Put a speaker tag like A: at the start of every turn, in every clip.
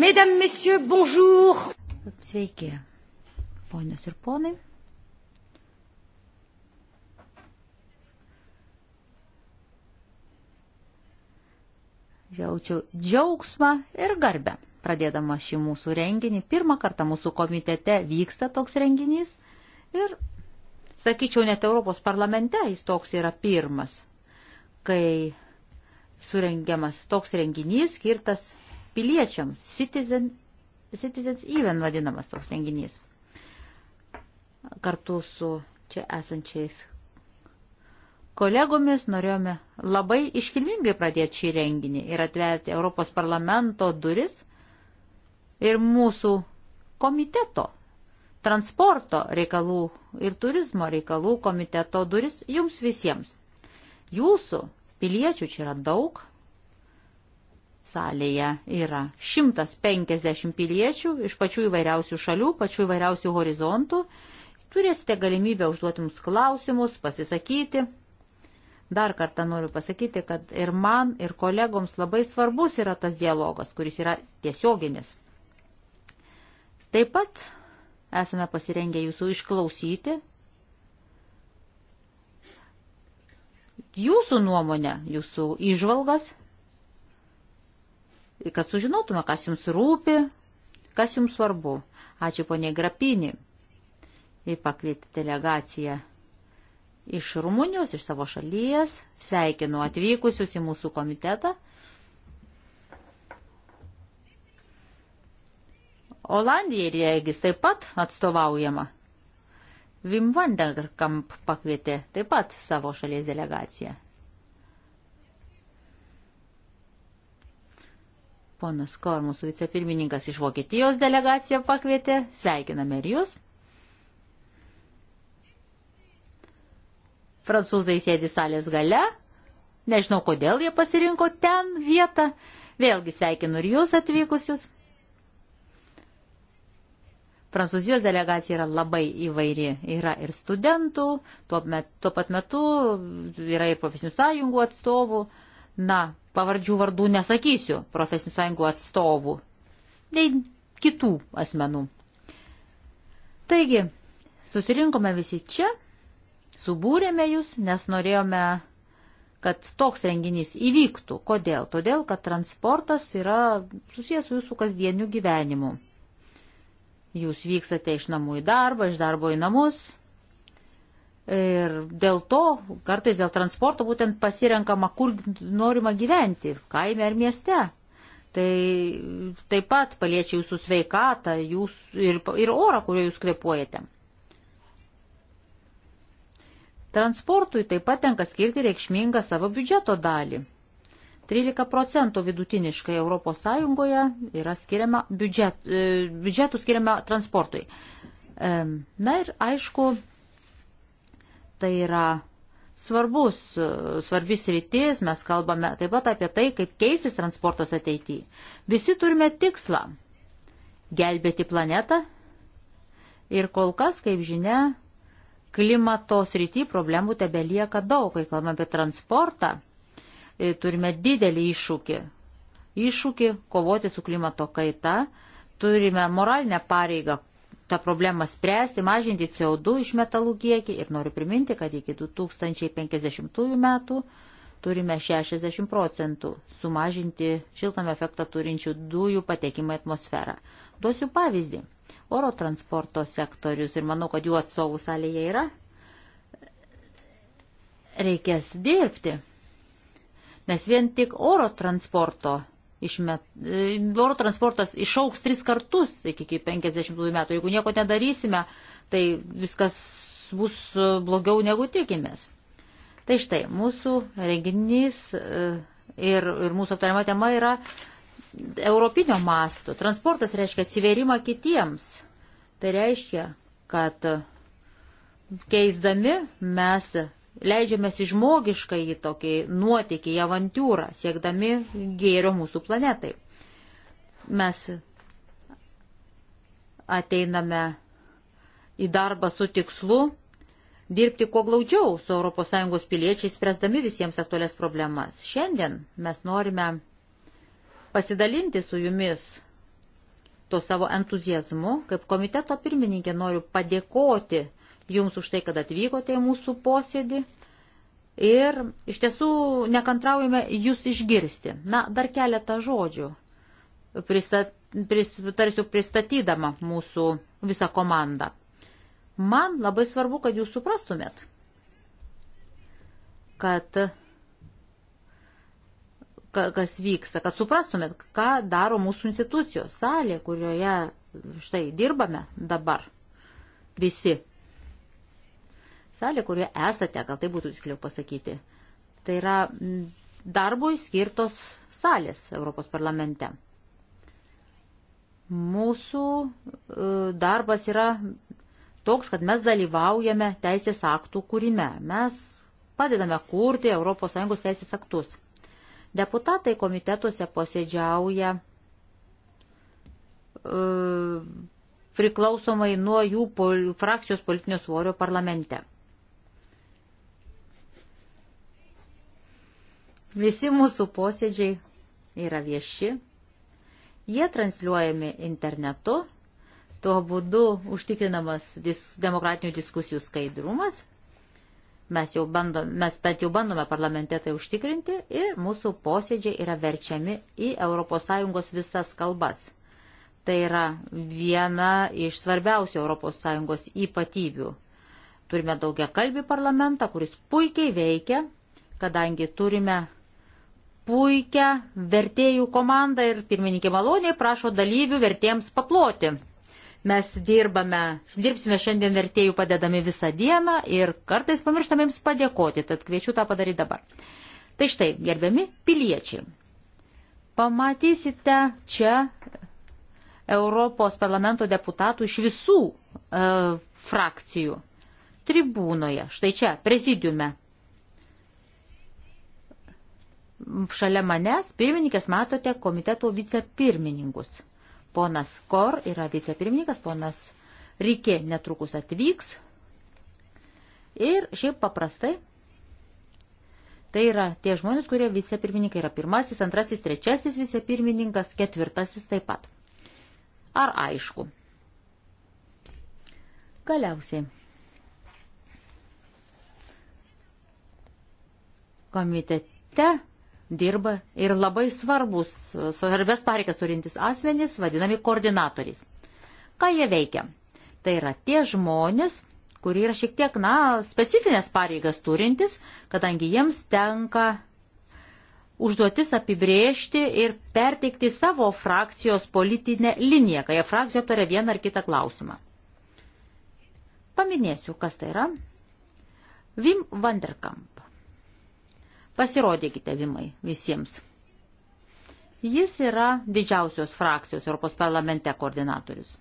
A: Mesdames, messieurs, bonjour. Sveiki, ponios ir ponai. Jaučiu džiaugsmą ir garbę. Pradėdama šį mūsų renginį, pirmą kartą mūsų komitete vyksta toks renginys ir, sakyčiau, net Europos parlamente jis toks yra pirmas, kai surengiamas toks renginys skirtas piliečiams. Citizen, Citizens Even vadinamas toks renginys. Kartu su čia esančiais kolegomis norėjome labai iškilmingai pradėti šį renginį ir atverti Europos parlamento duris ir mūsų komiteto, transporto reikalų ir turizmo reikalų komiteto duris jums visiems. Jūsų piliečių čia yra daug, salėje yra 150 piliečių iš pačių įvairiausių šalių, pačių įvairiausių horizontų. Turėsite galimybę užduoti mums klausimus, pasisakyti. Dar kartą noriu pasakyti, kad ir man, ir kolegoms labai svarbus yra tas dialogas, kuris yra tiesioginis. Taip pat esame pasirengę jūsų išklausyti. Jūsų nuomonę, jūsų išvalgas kad sužinotume, kas jums rūpi, kas jums svarbu. Ačiū poniai Grapinį. Jį pakvietė delegaciją iš Rumunijos, iš savo šalies. Sveikinu atvykusius į mūsų komitetą. Olandijai regis taip pat atstovaujama. Vim Vandenkamp pakvietė taip pat savo šalies delegaciją. Ponas Kor, mūsų vicepirmininkas iš Vokietijos delegaciją pakvietė. Sveikiname ir jūs. Prancūzai sėdi salės gale. Nežinau, kodėl jie pasirinko ten vietą. Vėlgi sveikinu ir jūs atvykusius. Prancūzijos delegacija yra labai įvairi. Yra ir studentų, tuo, met, tuo pat metu yra ir profesinių sąjungų atstovų. Na, pavardžių vardų nesakysiu, profesinių sąjungų atstovų, nei kitų asmenų. Taigi, susirinkome visi čia, subūrėme jūs, nes norėjome, kad toks renginys įvyktų. Kodėl? Todėl, kad transportas yra susijęs su jūsų kasdieniu gyvenimu. Jūs vykstate iš namų į darbą, iš darbo į namus, Ir dėl to, kartais dėl transporto, būtent pasirenkama, kur norima gyventi, kaime ar mieste. Tai taip pat paliečia jūsų sveikatą jūs, ir, ir orą, kuriuo jūs kvepuojate. Transportui taip pat tenka skirti reikšmingą savo biudžeto dalį. 13 procentų vidutiniškai ES yra skiriama biudžet, e, biudžetų skiriama transportui. Na ir aišku, tai yra svarbus, svarbis rytis, mes kalbame taip pat apie tai, kaip keisis transportas ateityje. Visi turime tikslą - gelbėti planetą ir kol kas, kaip žinia, klimato srity problemų tebe lieka daug, kai kalbame apie transportą, e, turime didelį iššūkį. Iššūkį kovoti su klimato kaita, turime moralinę pareigą tą problemą spręsti, mažinti CO2 iš metalų kiekį ir noriu priminti, kad iki 2050 metų turime 60 procentų sumažinti šiltame efektą turinčių dujų patekimą į atmosferą. Duosiu pavyzdį. Oro transporto sektorius ir manau, kad jų atstovų salėje yra. Reikės dirbti. Nes vien tik oro transporto Met... E, oro transportas išauks tris kartus iki 50 metų. Jeigu nieko nedarysime, tai viskas bus e, blogiau negu tikimės. Tai štai, mūsų renginys e, ir, ir mūsų aptariama tema yra europinio masto. Transportas reiškia atsiverimą kitiems. Tai reiškia, kad keisdami mes leidžiamės į žmogišką į tokį nuotikį, į avantūrą, siekdami gėrio mūsų planetai. Mes ateiname į darbą su tikslu dirbti kuo glaudžiau su ES piliečiais, spręsdami visiems aktualias problemas. Šiandien mes norime pasidalinti su jumis tuo savo entuzijazmu. Kaip komiteto pirmininkė noriu padėkoti Jums už tai, kad atvykote į mūsų posėdį. Ir iš tiesų nekantraujame Jūs išgirsti. Na, dar keletą žodžių pristat, pris, tarsiu pristatydama mūsų visą komandą. Man labai svarbu, kad Jūs suprastumėt, kad kas vyksta, kad suprastumėt, ką daro mūsų institucijos, salė, kurioje štai dirbame dabar visi salė, kurioje esate, gal tai būtų tiksliau pasakyti. Tai yra darbui skirtos salės Europos parlamente. Mūsų e, darbas yra toks, kad mes dalyvaujame teisės aktų kūrime. Mes padedame kurti ES teisės aktus. Deputatai komitetuose posėdžiauja e, priklausomai nuo jų pol, frakcijos politinio svorio parlamente. Visi mūsų posėdžiai yra vieši, jie transliuojami internetu, tuo būdu užtikrinamas dis, demokratinių diskusijų skaidrumas. Mes, jau bandom, mes bent jau bandome parlamente tai užtikrinti ir mūsų posėdžiai yra verčiami į ES visas kalbas. Tai yra viena iš svarbiausių ES ypatybių. Turime daugia kalbį parlamentą, kuris puikiai veikia, kadangi turime puikią vertėjų komandą ir pirmininkė maloniai prašo dalyvių vertėjams paploti. Mes dirbame, dirbsime šiandien vertėjų padedami visą dieną ir kartais pamirštame jums padėkoti, tad kviečiu tą padaryti dabar. Tai štai, gerbiami piliečiai, pamatysite čia Europos parlamento deputatų iš visų e, frakcijų tribūnoje, štai čia, prezidiume, Šalia manęs pirmininkės matote komiteto vicepirmininkus. Ponas Kor yra vicepirmininkas, ponas Rikė netrukus atvyks. Ir šiaip paprastai Tai yra tie žmonės, kurie vicepirmininkai yra pirmasis, antrasis, trečiasis vicepirmininkas, ketvirtasis taip pat. Ar aišku? Galiausiai. Komitete dirba ir labai svarbus, svarbės pareikas turintis asmenys, vadinami koordinatoriais. Ką jie veikia? Tai yra tie žmonės, kurie yra šiek tiek, na, specifinės pareigas turintis, kadangi jiems tenka užduotis apibriežti ir perteikti savo frakcijos politinę liniją, kai jie frakcijoje aptaria vieną ar kitą klausimą. Paminėsiu, kas tai yra. Vim Vanderkamp Pasirodykite vimai visiems. Jis yra didžiausios frakcijos Europos parlamente koordinatorius.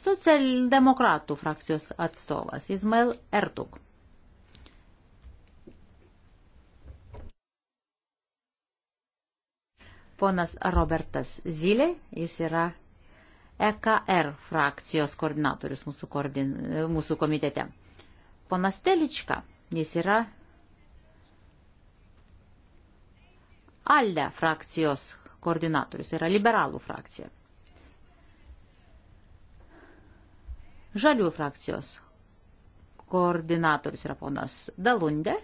A: Socialdemokratų frakcijos atstovas Izmail Ertuk. Ponas Robertas Zilė, jis yra EKR frakcijos koordinatorius mūsų, koordin, mūsų komitete. Ponas Telička, jis yra ALDE frakcijos koordinatorius, yra liberalų frakcija. Žalių frakcijos koordinatorius yra ponas Dalundė,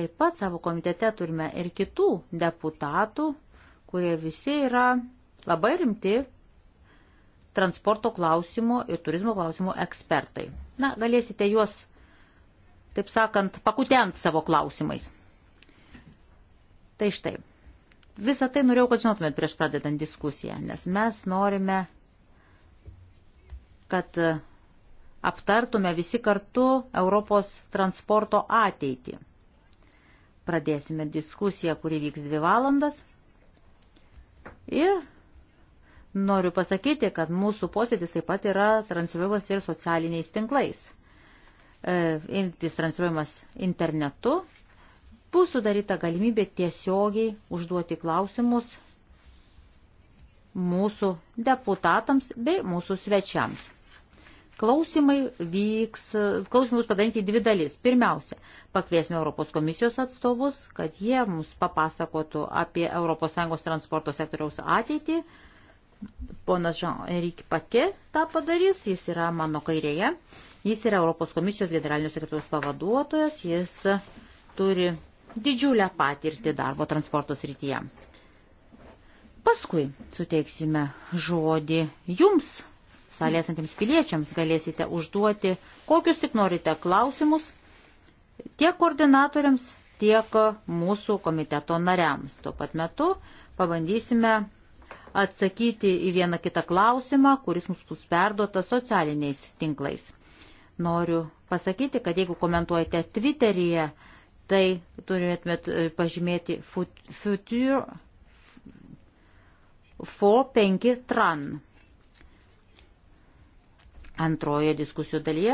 A: Taip pat savo komitete turime ir kitų deputatų, kurie visi yra labai rimti transporto klausimo ir turizmo klausimo ekspertai. Na, galėsite juos, taip sakant, pakutent savo klausimais. Tai štai. Visą tai norėjau, kad žinotumėt prieš pradedant diskusiją, nes mes norime, kad e, aptartume visi kartu Europos transporto ateitį. Pradėsime diskusiją, kuri vyks dvi valandas. Ir noriu pasakyti, kad mūsų posėdis taip pat yra transliuojamas ir socialiniais tinklais. Jis e, transliuojamas internetu. Bus sudaryta galimybė tiesiogiai užduoti klausimus mūsų deputatams bei mūsų svečiams. Klausimai vyks, klausimus padaryti dvi dalis. Pirmiausia, pakviesime Europos komisijos atstovus, kad jie mums papasakotų apie ES transporto sektoriaus ateitį. Ponas Jean-Erik Pake tą padarys, jis yra mano kairėje. Jis yra Europos komisijos generalinio sekretoriaus pavaduotojas, jis turi didžiulę patirtį darbo transporto srityje. Paskui suteiksime žodį jums, salėsantiems piliečiams galėsite užduoti kokius tik norite klausimus tiek koordinatoriams, tiek mūsų komiteto nariams. Tuo pat metu pabandysime atsakyti į vieną kitą klausimą, kuris mums bus perduotas socialiniais tinklais. Noriu pasakyti, kad jeigu komentuojate Twitteryje, tai turėtumėt e, pažymėti future 45 tran Antroje diskusijų dalyje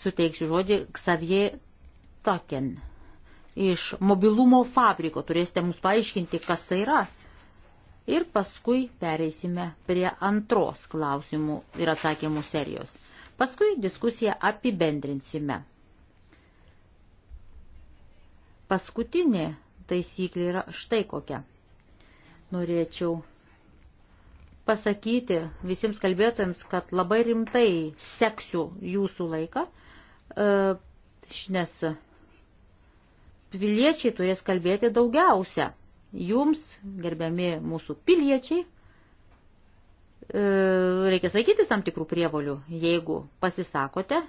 A: suteiksiu žodį Xavier Token. Iš mobilumo fabriko turėsite mums paaiškinti, kas tai yra. Ir paskui pereisime prie antros klausimų ir atsakymų serijos. Paskui diskusiją apibendrinsime. Paskutinė taisyklė yra štai kokia. Norėčiau pasakyti visiems kalbėtojams, kad labai rimtai seksiu jūsų laiką, e, nes piliečiai turės kalbėti daugiausia. Jums, gerbiami mūsų piliečiai, e, reikės laikytis tam tikrų prievolių. Jeigu pasisakote,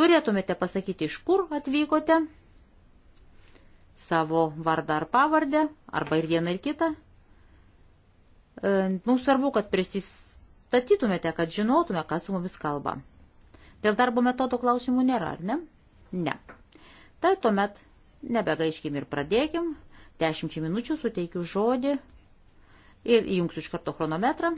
A: turėtumėte pasakyti, iš kur atvykote, savo vardą ar pavardę, arba ir vieną ir kitą. E, mums svarbu, kad prisistatytumėte, kad žinotume, kas su mumis kalba. Dėl darbo metodo klausimų nėra, ar ne? Ne. Tai tuomet nebegaiškim ir pradėkim. Dešimčiai minučių suteikiu žodį ir įjungsiu iš karto chronometrą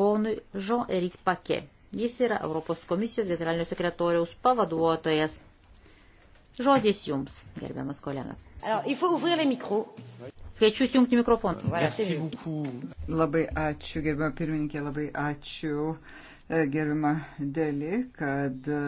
A: ponui Jean-Éric Paquet. Jis yra Europos komisijos generalinio sekretoriaus pavaduotojas. Žodis jums, gerbiamas kolega.
B: Kviečiu įjungti mikrofoną. Labai ačiū, gerbiama pirmininkė, labai ačiū, e, gerbiama Deli, kad e,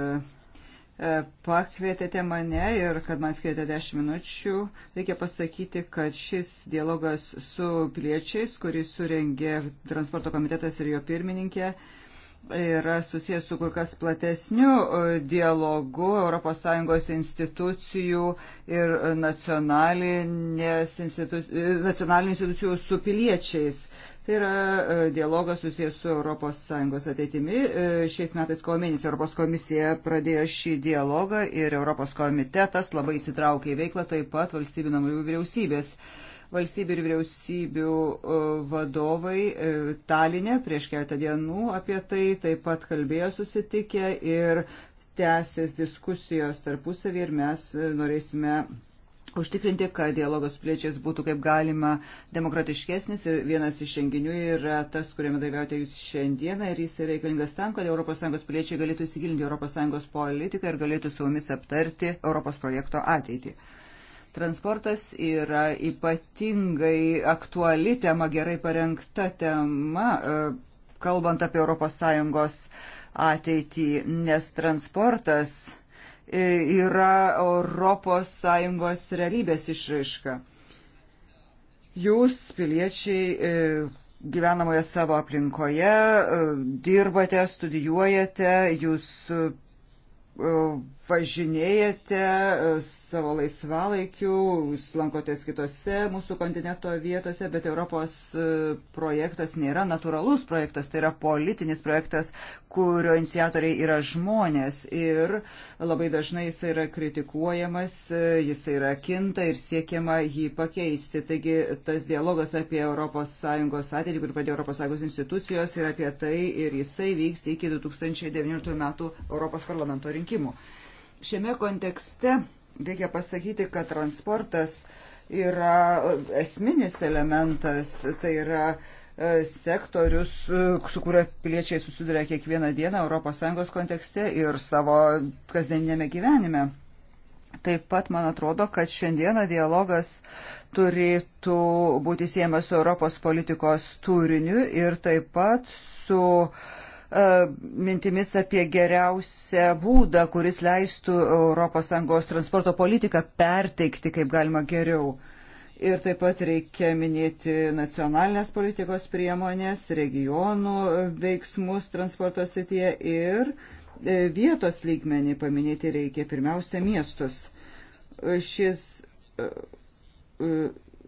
B: e, pakvietėte mane ir kad man skirėte 10 minučių. Reikia pasakyti, kad šis dialogas su piliečiais, kurį surengė transporto komitetas ir jo pirmininkė, yra susijęs su kur kas platesniu e, dialogu ES institucijų ir institu... E, nacionalinių institucijų su piliečiais. Tai yra e, dialogas susijęs su ES ateitimi. Šiais metais kovo mėnesį Europos komisija pradėjo šį dialogą ir Europos komitetas labai įsitraukė į veiklą, taip pat valstybių namų vyriausybės. vyriausybės valstybių ir vyriausybių e, vadovai e, Talinė prieš keletą dienų apie tai taip pat kalbėjo susitikę ir tęsis diskusijos tarpusavį ir mes e, norėsime užtikrinti, kad dialogas piliečiais būtų kaip galima demokratiškesnis ir vienas iš renginių yra tas, kuriame dalyvaujate jūs šiandieną ir jis yra reikalingas tam, kad ES piliečiai galėtų įsigilinti ES politiką ir galėtų su mumis aptarti ES projekto ateitį. Transportas yra ypatingai aktuali tema, gerai parengta tema, e, kalbant apie ES ateitį, nes transportas e, yra ES realybės išraiška. Jūs, piliečiai, e, gyvenamoje savo aplinkoje, dirbate, studijuojate, jūs važinėjate e, savo laisvalaikiu, lankotės kitose mūsų kontinento vietose, bet Europos e, projektas nėra natūralus projektas, tai yra politinis projektas, kurio iniciatoriai yra žmonės ir labai dažnai jis yra kritikuojamas, e, jis yra kinta ir siekiama jį pakeisti. Taigi tas dialogas apie ES ateitį, kurį pradėjo ES institucijos, yra apie tai ir jisai vyks iki 2019 metų Europos parlamento rinkimų. Šiame kontekste reikia pasakyti, kad transportas yra esminis elementas, tai yra e, sektorius, e, su kuria piliečiai susiduria kiekvieną dieną ES kontekste ir savo kasdieninėme gyvenime. Taip pat man atrodo, kad šiandieną dialogas turėtų būti siejamas su Europos politikos turiniu ir taip pat su uh, E, mintimis apie geriausią būdą, kuris leistų ES transporto politiką perteikti kaip galima geriau. Ir taip pat reikia minėti nacionalinės politikos priemonės, regionų veiksmus transporto srityje ir e, vietos lygmenį paminėti reikia pirmiausia miestus. Šis e,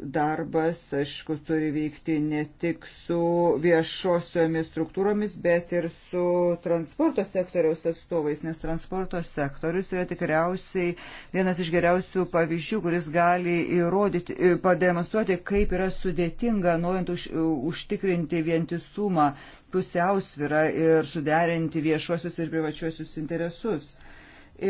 B: darbas, aišku, turi vykti ne tik su viešosiomis struktūromis, bet ir su transporto sektoriaus atstovais, nes transporto sektorius yra tikriausiai vienas iš geriausių pavyzdžių, kuris gali įrodyti, pademonstruoti, kaip yra sudėtinga, norint už, užtikrinti vientisumą, pusiausvirą ir suderinti viešuosius ir privačiuosius interesus.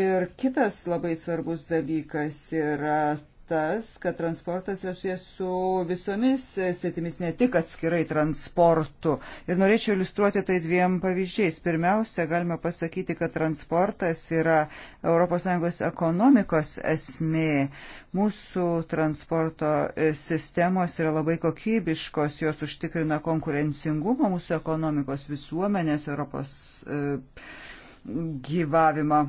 B: Ir kitas labai svarbus dalykas yra tas, kad transportas yra susijęs su visomis sritimis, ne tik atskirai transportu. Ir norėčiau iliustruoti tai dviem pavyzdžiais. Pirmiausia, galima pasakyti, kad transportas yra ES ekonomikos esmė. Mūsų transporto sistemos yra labai kokybiškos, jos užtikrina konkurencingumą mūsų ekonomikos visuomenės Europos e, gyvavimą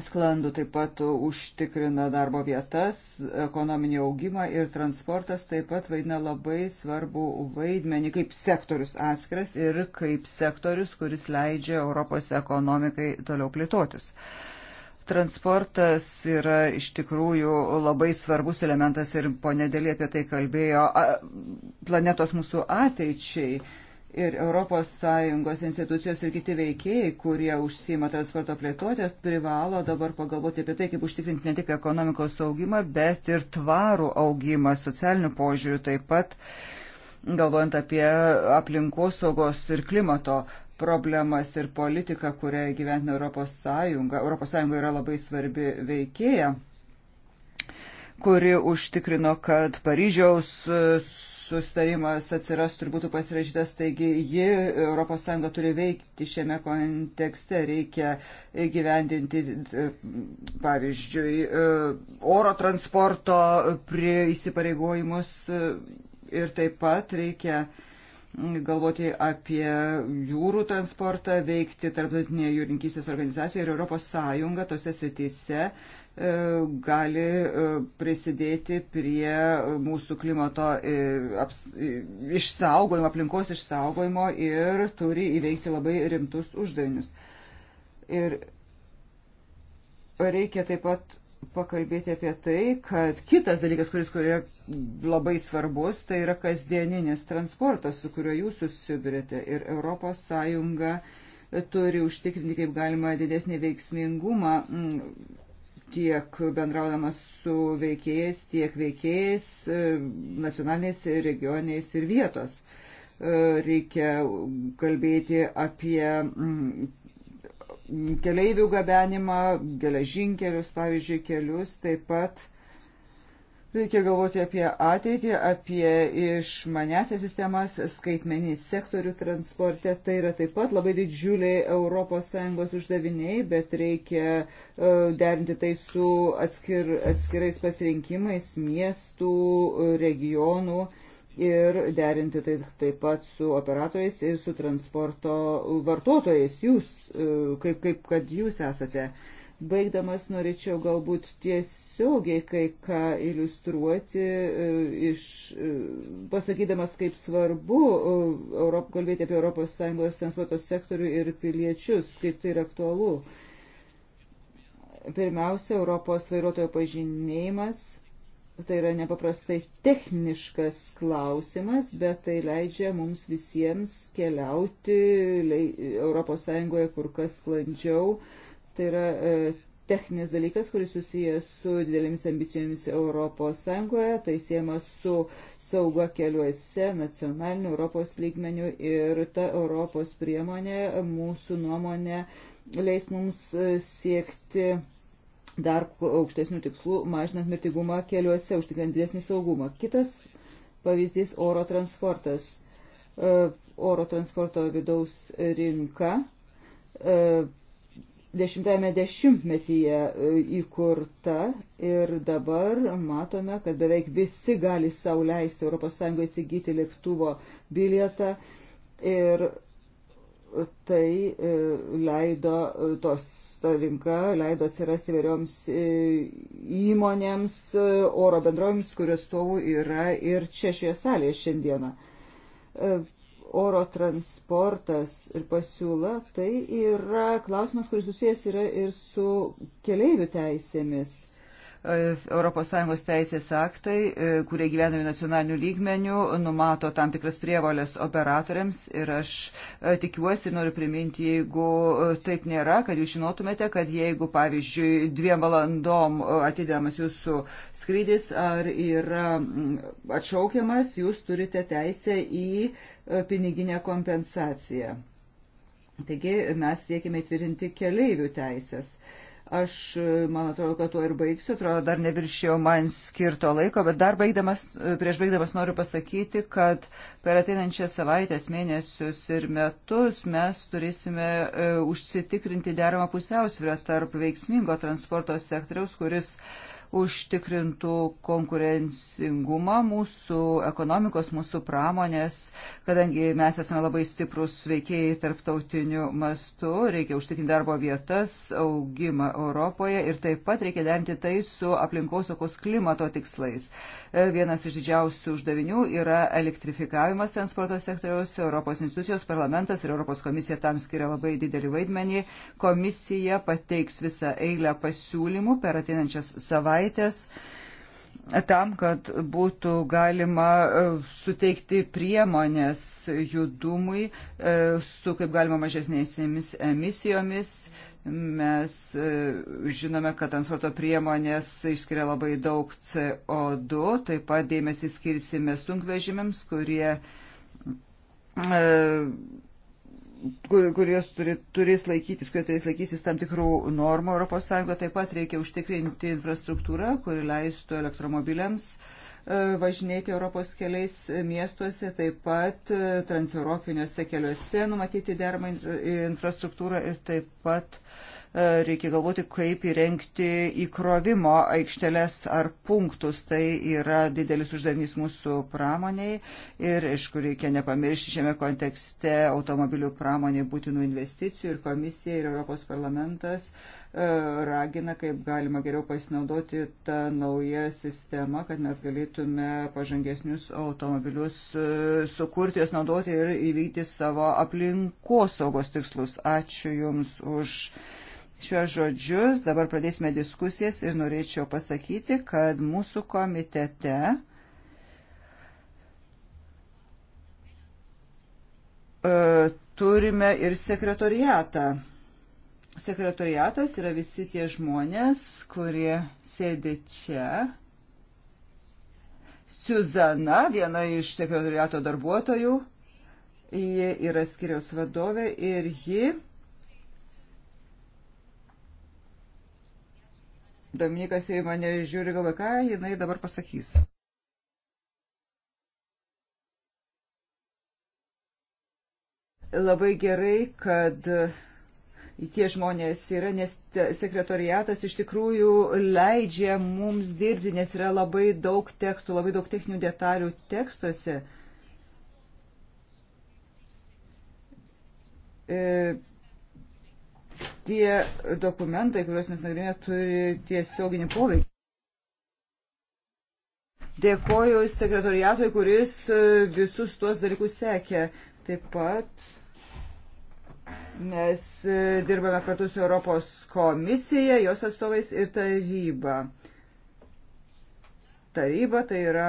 B: sklandų taip pat užtikrina darbo vietas, ekonominį augimą ir transportas taip pat vaidina labai svarbu vaidmenį kaip sektorius atskiras ir kaip sektorius, kuris leidžia Europos ekonomikai toliau plėtotis. Transportas yra iš tikrųjų labai svarbus elementas ir ponedėlė apie tai kalbėjo planetos mūsų ateičiai ir ES institucijos ir kiti veikėjai, kurie užsima transporto plėtotę, privalo dabar pagalvoti apie tai, kaip užtikrinti ne tik ekonomikos augimą, bet ir tvarų augimą socialinių požiūrių, taip pat galvojant apie aplinkosaugos ir klimato problemas ir politiką, kurią gyventina ES. ES yra labai svarbi veikėja kuri užtikrino, kad Paryžiaus sustarimas atsirastų ir būtų pasirašytas, taigi ji, ES turi veikti šiame kontekste, reikia gyvendinti, pavyzdžiui, oro transporto prie įsipareigojimus ir taip pat reikia galvoti apie jūrų transportą, veikti tarptautinėje jūrininkystės organizacijoje ir ES tose srityse E, gali e, prisidėti prie mūsų klimato e, išsaugojimo, aplinkos išsaugojimo ir turi įveikti labai rimtus uždavinius. Ir reikia taip pat pakalbėti apie tai, kad kitas dalykas, kuris kurie labai svarbus, tai yra kasdieninis transportas, su kuriuo jūs susidurite. Ir Europos Sąjunga turi užtikrinti kaip galima didesnį veiksmingumą tiek bendraudamas su veikėjais, tiek veikėjais e, nacionaliniais, regioniais ir vietos. E, reikia kalbėti apie mm, keleivių gabenimą, geležinkelius, pavyzdžiui, kelius, taip pat Reikia galvoti apie ateitį, apie išmanesias sistemas, skaitmenį sektorių transporte. Tai yra taip pat labai didžiuliai ES uždaviniai, bet reikia e, derinti tai su atskir, atskirais pasirinkimais miestų, regionų ir derinti tai taip pat su operatoriais ir su transporto vartotojais, jūs, e, kaip, kaip kad jūs esate. Uh, Baigdamas norėčiau galbūt tiesiogiai kai ką iliustruoti, e, iš, e, pasakydamas, kaip svarbu e, Europ, kalbėti apie ES transporto sektorių ir piliečius, kaip tai yra aktualu. Pirmiausia, Europos vairuotojo pažinėjimas tai yra nepaprastai techniškas klausimas, bet tai leidžia mums visiems keliauti ES kur kas sklandžiau, Tai yra e, techninis dalykas, kuris susijęs su didelėmis ambicijomis ES, tai siejama su sauga keliuose, nacionaliniu Europos lygmeniu ir ta Europos priemonė mūsų nuomonė leis mums e, siekti dar aukštesnių tikslų, mažinant mirtigumą keliuose, užtikrinant didesnį saugumą. Kitas pavyzdys - oro transportas. E, oro transporto vidaus rinka dešimtajame dešimtmetyje e, įkurta ir dabar matome, kad beveik visi gali sauliaisti ES įsigyti lėktuvo bilietą ir tai e, leido e, tos ta rinka leido atsirasti įvairioms įmonėms, oro bendrovėms, kurios stovų yra ir čia šioje salėje šiandieną oro transportas ir pasiūla, tai yra klausimas, kuris susijęs yra ir su keleivių teisėmis. ES teisės aktai, e, kurie gyvenami nacionalinių lygmenių, numato tam tikras prievalės operatoriams ir aš e, tikiuosi ir noriu priminti, jeigu e, taip nėra, kad jūs žinotumėte, kad jeigu, pavyzdžiui, dviem valandom atidėmas jūsų skrydis ar yra mm, atšaukiamas, jūs turite teisę į piniginę kompensaciją. Taigi mes siekime įtvirtinti keleivių teisės. Uh, Aš, man atrodo, kad tuo ir baigsiu, atrodo, dar neviršėjau man skirto laiko, bet dar baigdamas, prieš baigdamas noriu pasakyti, kad per ateinančias savaitės, mėnesius ir metus mes turėsime e, užsitikrinti deramą pusiausvyrą tarp veiksmingo transporto sektoriaus, kuris e, užtikrintų konkurencingumą mūsų ekonomikos, mūsų pramonės, kadangi mes esame labai stiprus veikėjai tarptautiniu mastu, reikia užtikrinti darbo vietas, augimą Europoje ir taip pat reikia derinti tai su aplinkosaugos klimato tikslais. E, vienas iš didžiausių uždavinių yra elektrifikavimas transporto sektoriaus, Europos institucijos, parlamentas ir Europos komisija tam skiria labai didelį vaidmenį. Komisija pateiks visą eilę pasiūlymų per ateinančias savaitę savaitės tam, kad būtų galima e, suteikti priemonės judumui e, su kaip galima mažesnėmis emisijomis. Mes e, žinome, kad transporto priemonės išskiria labai daug CO2, taip pat dėmesį skirsime sunkvežimiams, kurie kur, kurios turi, turės laikytis, kurie turės laikysis tam tikrų normų ES, taip pat reikia užtikrinti infrastruktūrą, kuri leistų elektromobiliams uh, E, važinėti Europos keliais miestuose, taip pat e, transeuropiniuose keliuose numatyti dermą e, infrastruktūrą ir taip pat reikia galvoti, kaip įrengti įkrovimo aikšteles ar punktus. Tai yra didelis uždavinys mūsų pramoniai ir, aišku, reikia nepamiršti šiame kontekste automobilių pramonė būtinų investicijų ir komisija ir Europos parlamentas uh, E, ragina, kaip galima geriau pasinaudoti tą naują sistemą, kad mes galėtume pažangesnius automobilius e, sukurti, juos naudoti ir įvykti savo aplinkosaugos tikslus. Ačiū Jums už šiuos žodžius. Dabar pradėsime diskusijas ir norėčiau pasakyti, kad mūsų komitete e, turime ir sekretoriatą sekretoriatas yra visi tie žmonės, kurie sėdi čia. Suzana, viena iš sekretoriato darbuotojų, ji yra skiriaus vadovė ir ji Dominikas į mane žiūri galvoje, ką jinai dabar pasakys. Labai gerai, kad tie žmonės yra, nes sekretoriatas iš tikrųjų leidžia mums dirbti, nes yra labai daug tekstų, labai daug techninių detalių tekstuose. E, tie dokumentai, kuriuos mes nagrinėjame, turi tiesioginį poveikį. Dėkoju sekretoriatui, kuris visus tuos dalykus sekė. Taip pat Mes e, dirbame kartu su Europos komisija, jos atstovais ir taryba. Taryba tai yra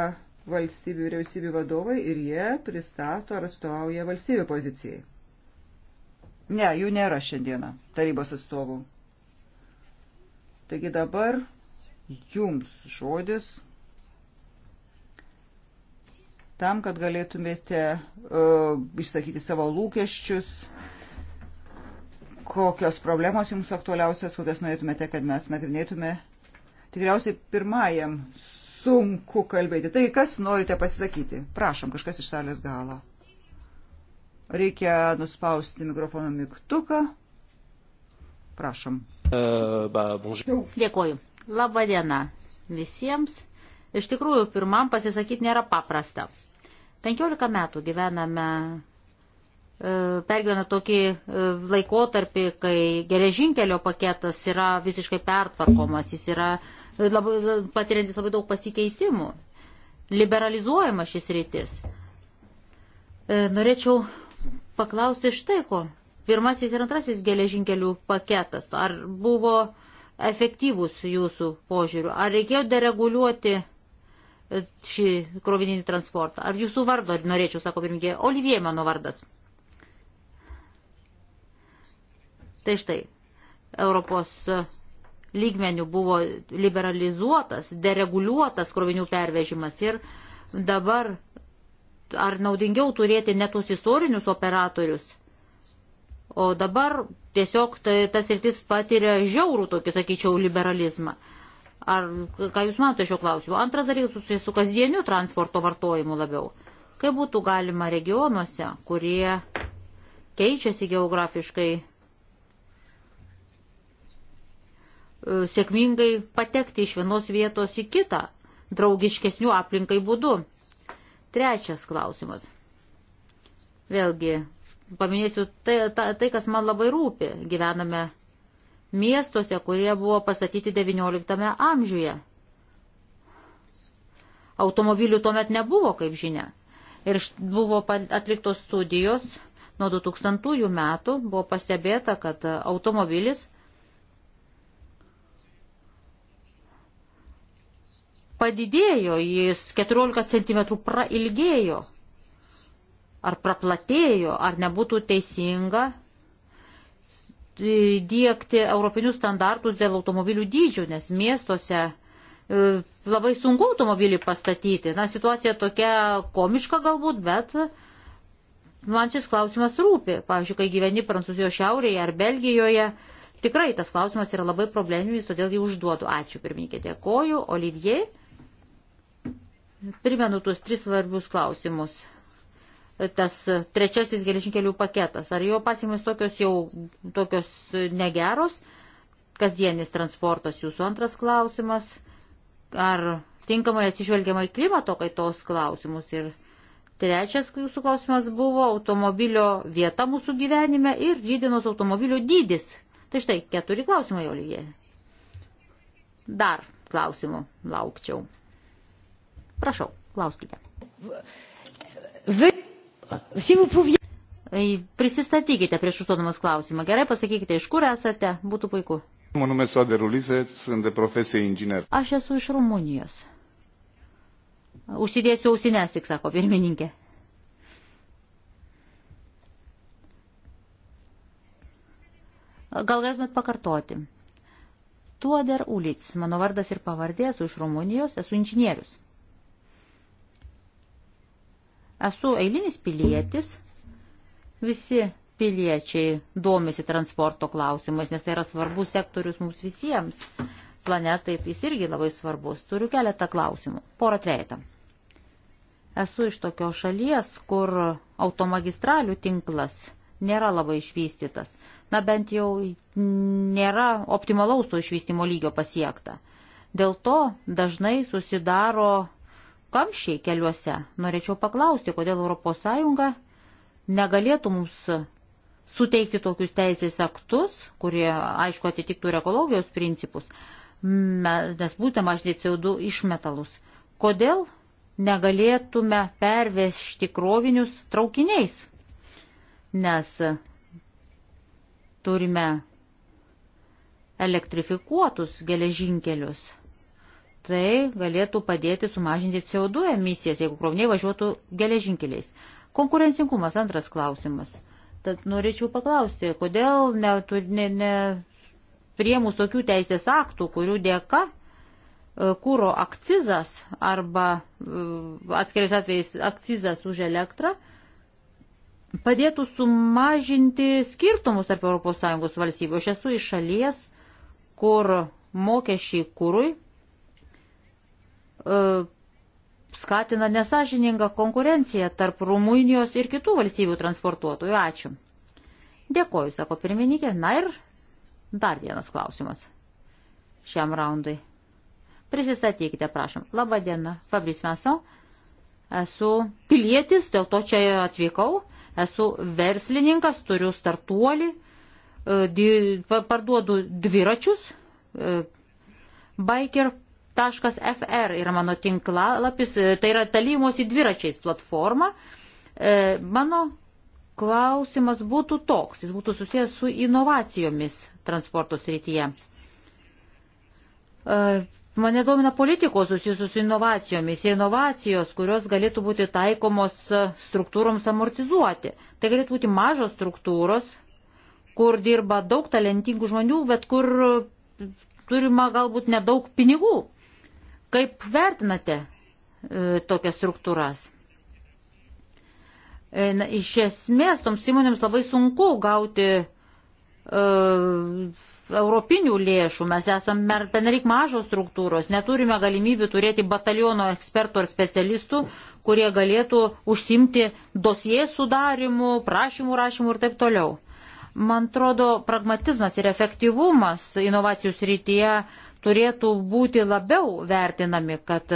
B: valstybių vyriausybių vadovai ir jie pristato ar atstovauja valstybių pozicijai. Ne, jų nėra šiandieną tarybos atstovų. Taigi dabar jums žodis tam, kad galėtumėte uh, išsakyti savo lūkesčius kokios problemos jums aktualiausias, kokias norėtumėte, kad mes nagrinėtume. Tikriausiai pirmajam sunku kalbėti. Tai kas norite pasisakyti? Prašom, kažkas iš salės galo. Reikia nuspausti mikrofono mygtuką. Prašom. Uh, ba,
A: Dėkuoju. Labadiena visiems. Iš tikrųjų, pirmam pasisakyti nėra paprasta. 15 metų gyvename pergyvena tokį e, laikotarpį, kai geležinkelio paketas yra visiškai pertvarkomas, jis yra e, labai, patiriantis labai daug pasikeitimų, liberalizuojama šis rytis. E, norėčiau paklausti štai ko. Pirmasis ir antrasis geležinkelių paketas. Ar buvo efektyvus jūsų požiūriu? Ar reikėjo dereguliuoti šį krovininį transportą? Ar jūsų vardo norėčiau, sako pirmininkė, Olivie mano vardas. Tai štai, Europos lygmenių buvo liberalizuotas, dereguliuotas krovinių pervežimas ir dabar ar naudingiau turėti ne tuos istorinius operatorius, o dabar tiesiog tai, tas rytis patiria žiaurų tokį, sakyčiau, liberalizmą. Ar ką Jūs matote šio klausimu? Antras dalykas susijęs su kasdieniu transporto vartojimu labiau. Kaip būtų galima regionuose, kurie keičiasi geografiškai sėkmingai patekti iš vienos vietos į kitą, draugiškesnių aplinkai būdu. Trečias klausimas. Vėlgi, paminėsiu tai, ta, tai, kas man labai rūpi. Gyvename miestuose, kurie buvo pastatyti XIX amžiuje. Automobilių tuomet nebuvo, kaip žinia. Ir buvo atliktos studijos nuo 2000 metų, buvo pastebėta, kad automobilis padidėjo, jis 14 cm prailgėjo ar praplatėjo, ar nebūtų teisinga e, dėkti europinius standartus dėl automobilių dydžių, nes miestuose e, labai sunku automobilį pastatyti. Na, situacija tokia komiška galbūt, bet man šis klausimas rūpi. Pavyzdžiui, kai gyveni Prancūzijos šiaurėje ar Belgijoje, tikrai tas klausimas yra labai probleminis, todėl jį užduodu. Ačiū, pirmininkė, dėkoju. Olivier. Primenu tuos tris svarbius klausimus. Tas trečiasis geležinkelių paketas. Ar jo pasimis tokios jau tokios negeros? Kasdienis transportas jūsų antras klausimas. Ar tinkamai atsižvelgiama į klimato kaitos klausimus? Ir trečias jūsų klausimas buvo automobilio vieta mūsų gyvenime ir rydienos automobilio dydis. Tai štai keturi klausimai, Olivie. Dar klausimų laukčiau. Prašau, klauskite. Prisistatykite prieš užduodamas klausimą. Gerai pasakykite, iš kur esate, būtų puiku.
C: Mano nume Soade Rulise, sunt de profesie inginer.
A: Aš esu iš Rumunijos. Užsidėsiu ausinės, tik sako pirmininkė. Gal galėtumėt pakartoti? Tuoder Ulic, mano vardas ir pavardė, esu iš Rumunijos, esu inžinierius. Esu eilinis pilietis, visi piliečiai domisi transporto klausimais, nes tai yra svarbus sektorius mums visiems. Planetai tai irgi labai svarbus. Turiu keletą klausimų. Porą trejetą. Esu iš tokios šalies, kur automagistralių tinklas nėra labai išvystytas. Na bent jau nėra optimalaus to išvystymo lygio pasiekta. Dėl to dažnai susidaro kamščiai keliuose. Norėčiau paklausti, kodėl ES negalėtų mums suteikti tokius teisės aktus, kurie, aišku, atitiktų ir ekologijos principus, nes būtent mažinti CO2 išmetalus. Kodėl negalėtume pervežti krovinius traukiniais? Nes turime elektrifikuotus geležinkelius tai galėtų padėti sumažinti CO2 emisijas, jeigu kroviniai važiuotų geležinkeliais. Konkurencingumas antras klausimas. Tad norėčiau paklausti, kodėl nepriemus ne, ne tokių teisės aktų, kurių dėka e, kūro akcizas arba e, atskiriais atvejais akcizas už elektrą padėtų sumažinti skirtumus tarp ES valstybių. Aš esu iš šalies, kur mokesčiai kūrui E, skatina nesažiningą konkurenciją tarp Rumunijos ir kitų valstybių transportuotojų. Ačiū. Dėkoju, sako pirmininkė. Na ir dar vienas klausimas šiam raundui. Prisistatykite, prašom. Labą dieną, Fabris Meso. Esu pilietis, dėl to čia atvykau. Esu verslininkas, turiu startuolį, e, parduodu dviračius, e, biker fr yra mano tinklalapis, tai yra dalymosi dviračiais platforma. E, mano klausimas būtų toks, jis būtų susijęs su inovacijomis transporto srityje. E, mane domina politikos susijusios su inovacijomis ir inovacijos, kurios galėtų būti taikomos struktūroms amortizuoti. Tai galėtų būti mažos struktūros, kur dirba daug talentingų žmonių, bet kur turima galbūt nedaug pinigų. Kaip vertinate e, tokias struktūras? E, na, iš esmės, toms įmonėms labai sunku gauti e, europinių lėšų. Mes esame penelik mažos struktūros, neturime galimybių turėti bataliono ekspertų ar specialistų, kurie galėtų užsimti dosie sudarimu, prašymų rašymu ir taip toliau. Man atrodo, pragmatizmas ir efektyvumas inovacijų srityje turėtų būti labiau vertinami, kad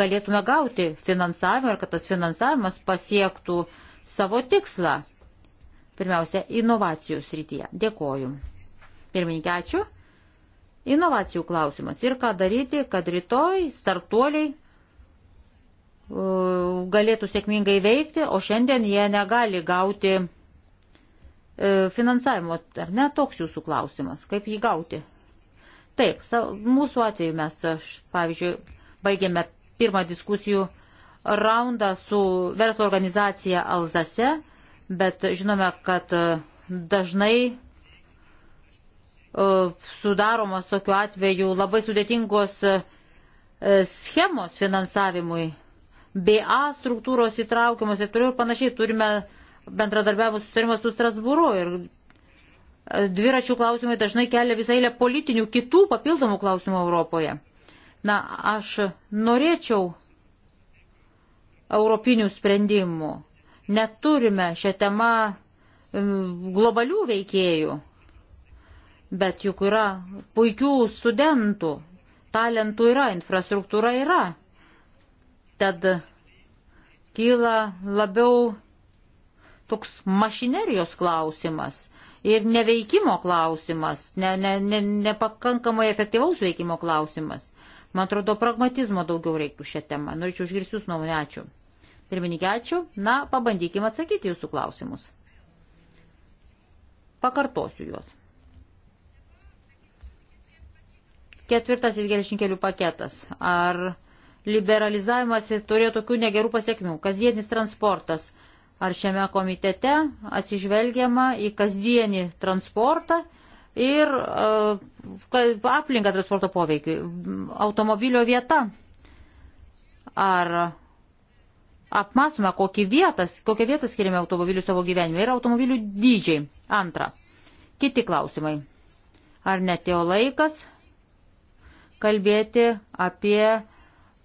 A: galėtume gauti finansavimą ir kad tas finansavimas pasiektų savo tikslą. Pirmiausia, inovacijų srityje. Dėkoju. Pirmininkė, ačiū. Inovacijų klausimas. Ir ką daryti, kad rytoj startuoliai galėtų sėkmingai veikti, o šiandien jie negali gauti e, finansavimo. Ar ne toks jūsų klausimas? Kaip jį gauti? Taip, mūsų atveju mes, aš, pavyzdžiui, baigėme pirmą diskusijų raundą su verslo organizacija Alzase, bet žinome, kad e, dažnai e, sudaromas tokiu atveju labai sudėtingos e, schemos finansavimui, BA struktūros įtraukiamos ir toliau ir panašiai turime bendradarbiavimo susitarimą su Strasbūru ir dviračių klausimai dažnai kelia visą eilę politinių kitų papildomų klausimų Europoje. Na, aš norėčiau europinių sprendimų. Neturime šią temą globalių veikėjų, bet juk yra puikių studentų, talentų yra, infrastruktūra yra. Tad kyla labiau toks mašinerijos klausimas ir neveikimo klausimas, ne, ne, ne, nepakankamai efektyvaus veikimo klausimas. Man atrodo, pragmatizmo daugiau reiktų šią temą. Norėčiau išgirsti Jūsų nuomonę. Ačiū. Pirmininkė, ačiū. Na, pabandykime atsakyti Jūsų klausimus. Pakartosiu juos. Ketvirtasis geležinkelių paketas. Ar liberalizavimas turėjo tokių negerų pasiekmių? Kasdienis transportas ar šiame komitete atsižvelgiama į kasdienį transportą ir uh, aplinką transporto poveikiui, automobilio vieta. Ar apmastome, kokią vietą, kokią vietą skiriame automobilių savo gyvenime ir automobilių dydžiai. Antra. Kiti klausimai. Ar netėjo laikas kalbėti apie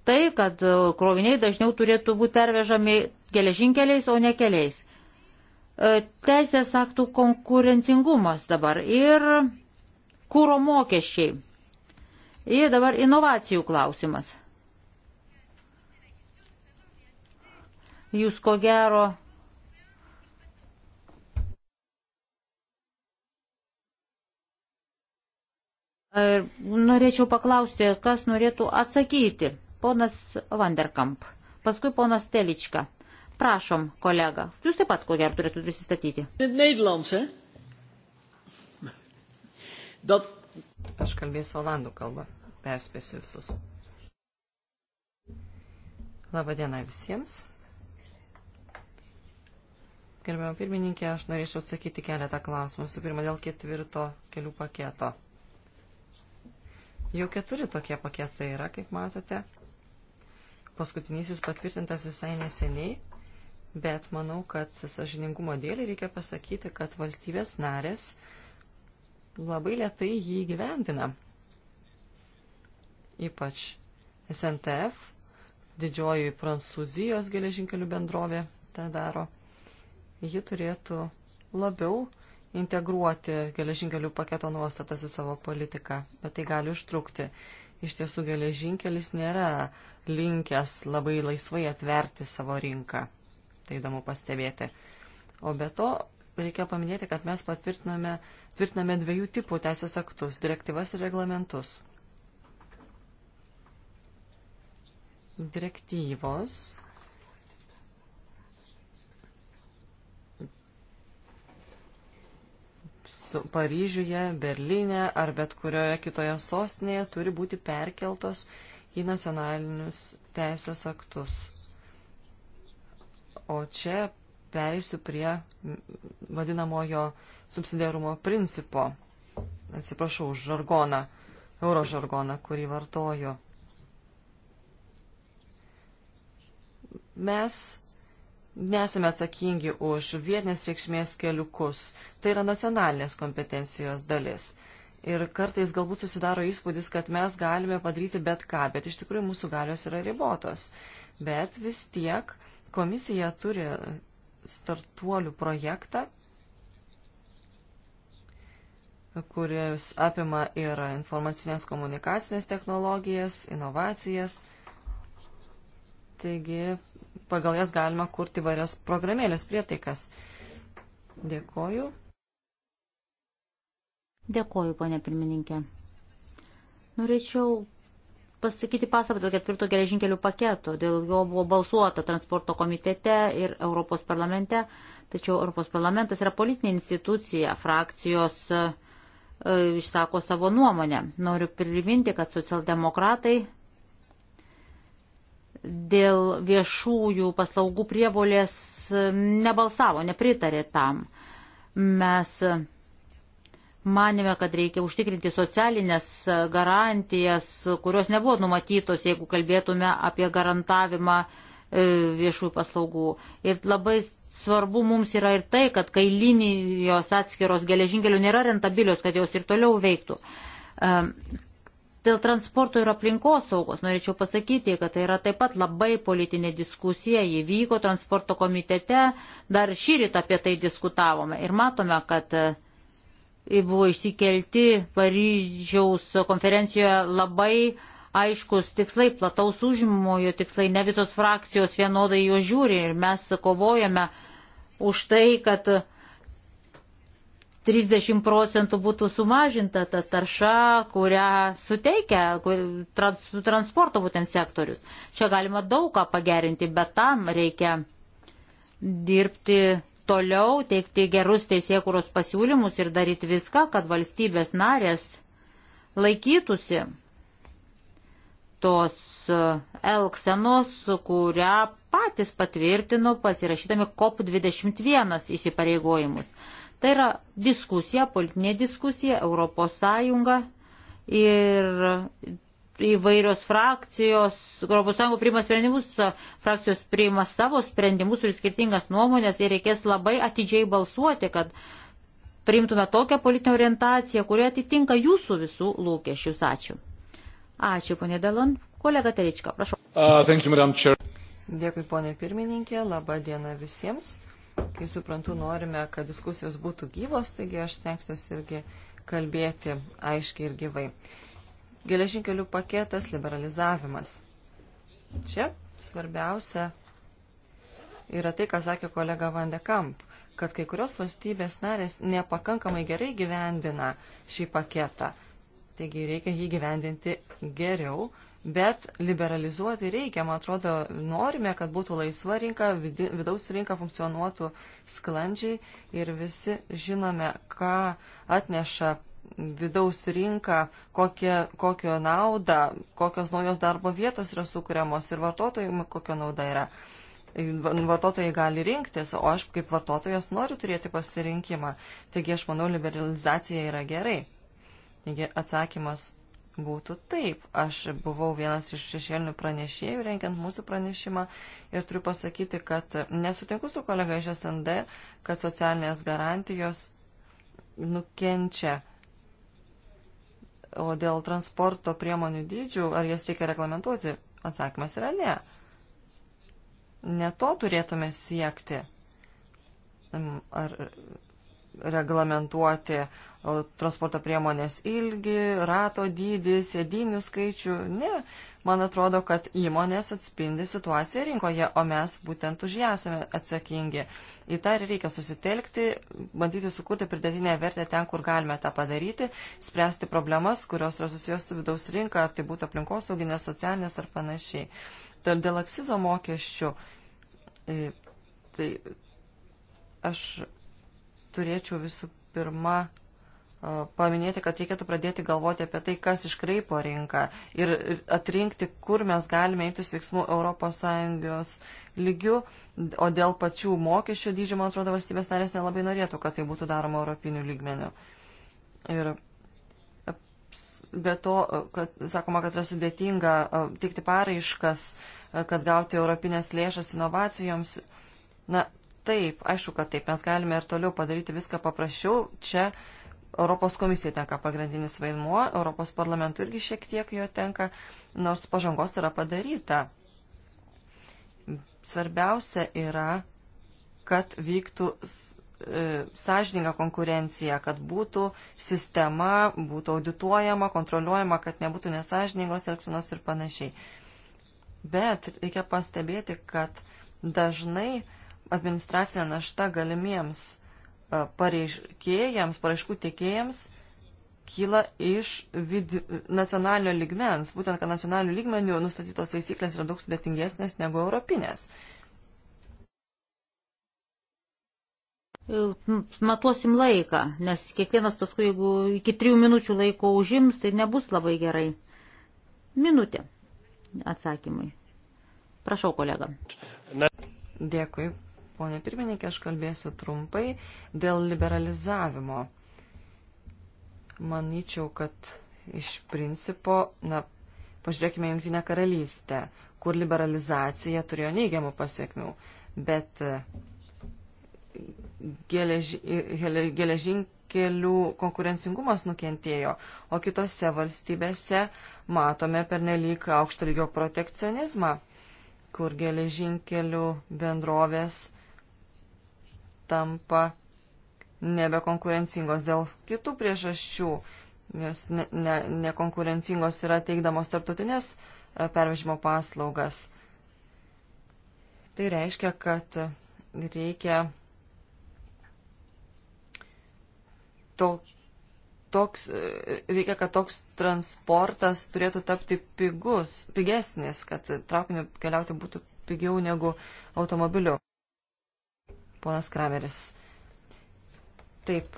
A: tai, kad kroviniai dažniau turėtų būti pervežami geležinkeliais, o ne keliais. E, teisės aktų konkurencingumas dabar ir kūro mokesčiai. Ir dabar inovacijų klausimas. Jūs ko gero Ir norėčiau paklausti, kas norėtų atsakyti. Ponas Vanderkamp, paskui ponas Telička. Prašom, kolega. Jūs taip pat, ko gero, turėtų prisistatyti.
C: Aš kalbėsiu olandų kalbą. Perspėsiu visus. Labadiena visiems. Gerbiamą pirmininkę, aš norėčiau atsakyti keletą klausimų. Visų pirma, dėl ketvirto kelių paketo. Jau keturi tokie paketai yra, kaip matote. Paskutinysis patvirtintas visai neseniai bet manau, kad sažiningumo dėlį reikia pasakyti, kad valstybės narės labai lietai jį gyvendina. Ypač SNTF, didžioji Prancūzijos geležinkelių bendrovė, tą daro. Ji turėtų labiau integruoti geležinkelių paketo nuostatas į savo politiką, bet tai gali užtrukti. Iš tiesų, geležinkelis nėra linkęs labai laisvai atverti savo rinką tai įdomu pastebėti. O be to, reikia paminėti, kad mes patvirtiname tvirtiname dviejų tipų teisės aktus - direktyvas ir reglamentus. Direktyvos su Paryžiuje, Berlyne ar bet kurioje kitoje sostinėje turi būti perkeltos į nacionalinius teisės aktus. O čia pereisiu prie vadinamojo subsidiarumo principo. Atsiprašau už žargoną, euro žargoną, kurį vartoju. Mes nesame atsakingi už vietinės reikšmės keliukus. Tai yra nacionalinės kompetencijos dalis. Ir kartais galbūt susidaro įspūdis, kad mes galime padaryti bet ką, bet iš tikrųjų mūsų galios yra ribotos. Bet vis tiek Komisija turi startuolių projektą, kuris apima ir informacinės komunikacinės technologijas, inovacijas. Taigi, pagal jas galima kurti varias programėlės prietaikas. Dėkoju. Dėkoju, ponė pirmininkė.
A: Norėčiau pasakyti pasabą dėl ketvirto geležinkelių paketo. Dėl jo buvo balsuota transporto komitete ir Europos parlamente. Tačiau Europos parlamentas yra politinė institucija, frakcijos e, e išsako savo nuomonę. Noriu priminti, kad socialdemokratai dėl viešųjų paslaugų prievolės e, nebalsavo, nepritarė tam. Mes Manėme, kad reikia užtikrinti socialinės garantijas, kurios nebuvo numatytos, jeigu kalbėtume apie garantavimą e, viešųjų paslaugų. Ir labai svarbu mums yra ir tai, kad kai linijos atskiros geležinkelių nėra rentabilios, kad jos ir toliau veiktų. E, dėl transporto ir aplinkos saugos norėčiau pasakyti, kad tai yra taip pat labai politinė diskusija, jį vyko transporto komitete, dar šį rytą apie tai diskutavome ir matome, kad buvo išsikelti Paryžiaus konferencijoje labai aiškus tikslai, plataus užmojo tikslai, ne visos frakcijos vienodai jo žiūri ir mes kovojame už tai, kad 30 procentų būtų sumažinta ta tarša, kurią suteikia trans, transporto būtent sektorius. Čia galima daug ką pagerinti, bet tam reikia dirbti toliau teikti gerus teisėkuros pasiūlymus ir daryti viską, kad valstybės narės laikytųsi tos e, elksenos, kurią patys patvirtino pasirašydami COP21 įsipareigojimus. Tai yra diskusija, politinė diskusija, Europos Sąjunga ir įvairios frakcijos, Europos Sąjunga priima sprendimus, frakcijos priima savo sprendimus ir skirtingas nuomonės ir reikės labai atidžiai balsuoti, kad priimtume tokią politinę orientaciją, kuri atitinka jūsų visų lūkesčius. Ačiū.
C: Ačiū, ponė Delon. Kolega Terička, prašau. Uh, you, Dėkui, ponė pirmininkė. Labą dieną visiems. Kai suprantu, norime, kad diskusijos būtų gyvos, taigi aš tenksiuosi irgi kalbėti aiškiai ir gyvai. Uh, Geležinkelių paketas, liberalizavimas. Čia svarbiausia yra tai, ką sakė kolega Van de Kamp, kad kai kurios valstybės narės nepakankamai gerai gyvendina šį paketą. Taigi reikia jį gyvendinti geriau, bet liberalizuoti reikia. Man atrodo, norime, kad būtų laisva rinka, vidaus rinka funkcionuotų sklandžiai ir visi žinome, ką atneša vidaus rinką, kokie, kokio naudą, kokios naujos darbo vietos yra sukūriamos ir vartotojai kokio nauda yra. Vartotojai gali rinktis, o aš kaip vartotojas noriu turėti pasirinkimą. Taigi aš manau, liberalizacija yra gerai. Taigi atsakymas būtų taip. Aš buvau vienas iš šešėlinių pranešėjų renkiant mūsų pranešimą ir turiu pasakyti, kad nesutinku su kolega iš SND, kad socialinės garantijos nukenčia O dėl transporto priemonių dydžių, ar jas reikia reglamentuoti? Atsakymas yra ne. Ne to turėtume siekti. Ar reglamentuoti transporto priemonės ilgį, rato dydį, sėdinių skaičių. Ne, man atrodo, kad įmonės atspindi situaciją rinkoje, o mes būtent už ją esame atsakingi. Į tą ir reikia susitelkti, bandyti sukurti pridėtinę vertę ten, kur galime tą padaryti, spręsti problemas, kurios yra susijęs su vidaus rinka, ar tai būtų aplinkosauginės, socialinės ar panašiai. Tad dėl akcizo mokesčių, e, tai aš turėčiau visų pirma paminėti, kad reikėtų pradėti galvoti apie tai, kas iškraipo rinką ir atrinkti, kur mes galime imtis veiksmų ES lygių, o dėl pačių mokesčių dydžio, man atrodo, valstybės narės nelabai norėtų, kad tai būtų daroma europinių lygmenių. Ir be to, kad sakoma, kad yra sudėtinga teikti paraiškas, kad gauti europinės lėšas inovacijoms, na, Taip, aišku, kad taip, mes galime ir toliau padaryti viską paprasčiau. Čia Europos komisijai tenka pagrindinis vaidmuo, Europos parlamentui irgi šiek tiek jo tenka, nors pažangos yra padaryta. Svarbiausia yra, kad vyktų e, sąžininga konkurencija, kad būtų sistema, būtų audituojama, kontroliuojama, kad nebūtų nesažiningos elgsenos ir panašiai. Bet reikia pastebėti, kad dažnai uh, administracinė našta galimiems e, pareiškėjams, paraiškų tiekėjams kyla iš vid... nacionalinio ligmens. Būtent, kad nacionalinių lygmenių nustatytos taisyklės yra daug sudėtingesnės negu europinės. Matuosim laiką,
A: nes kiekvienas paskui, jeigu iki trijų minučių laiko užims, tai nebus labai gerai.
C: Minutė atsakymui. Prašau, kolega. Dėkui, ponė pirmininkė, aš kalbėsiu trumpai dėl liberalizavimo. Manyčiau, kad iš principo, na, pažiūrėkime Junktinę karalystę, kur liberalizacija turėjo neigiamų pasiekmių, bet e, geleži, e, geležinkelių konkurencingumas nukentėjo, o kitose valstybėse matome pernelyg aukšto lygio protekcionizmą, kur geležinkelių bendrovės tampa nebekonkurencingos dėl kitų priežasčių, nes nekonkurencingos ne, ne yra teikdamos tarptautinės e, pervežimo paslaugas. Tai reiškia, kad reikia to, toks, e, reikia, kad toks transportas turėtų tapti pigus, pigesnis, kad traukiniu keliauti būtų pigiau negu automobiliu. Ponas Krameris. Taip,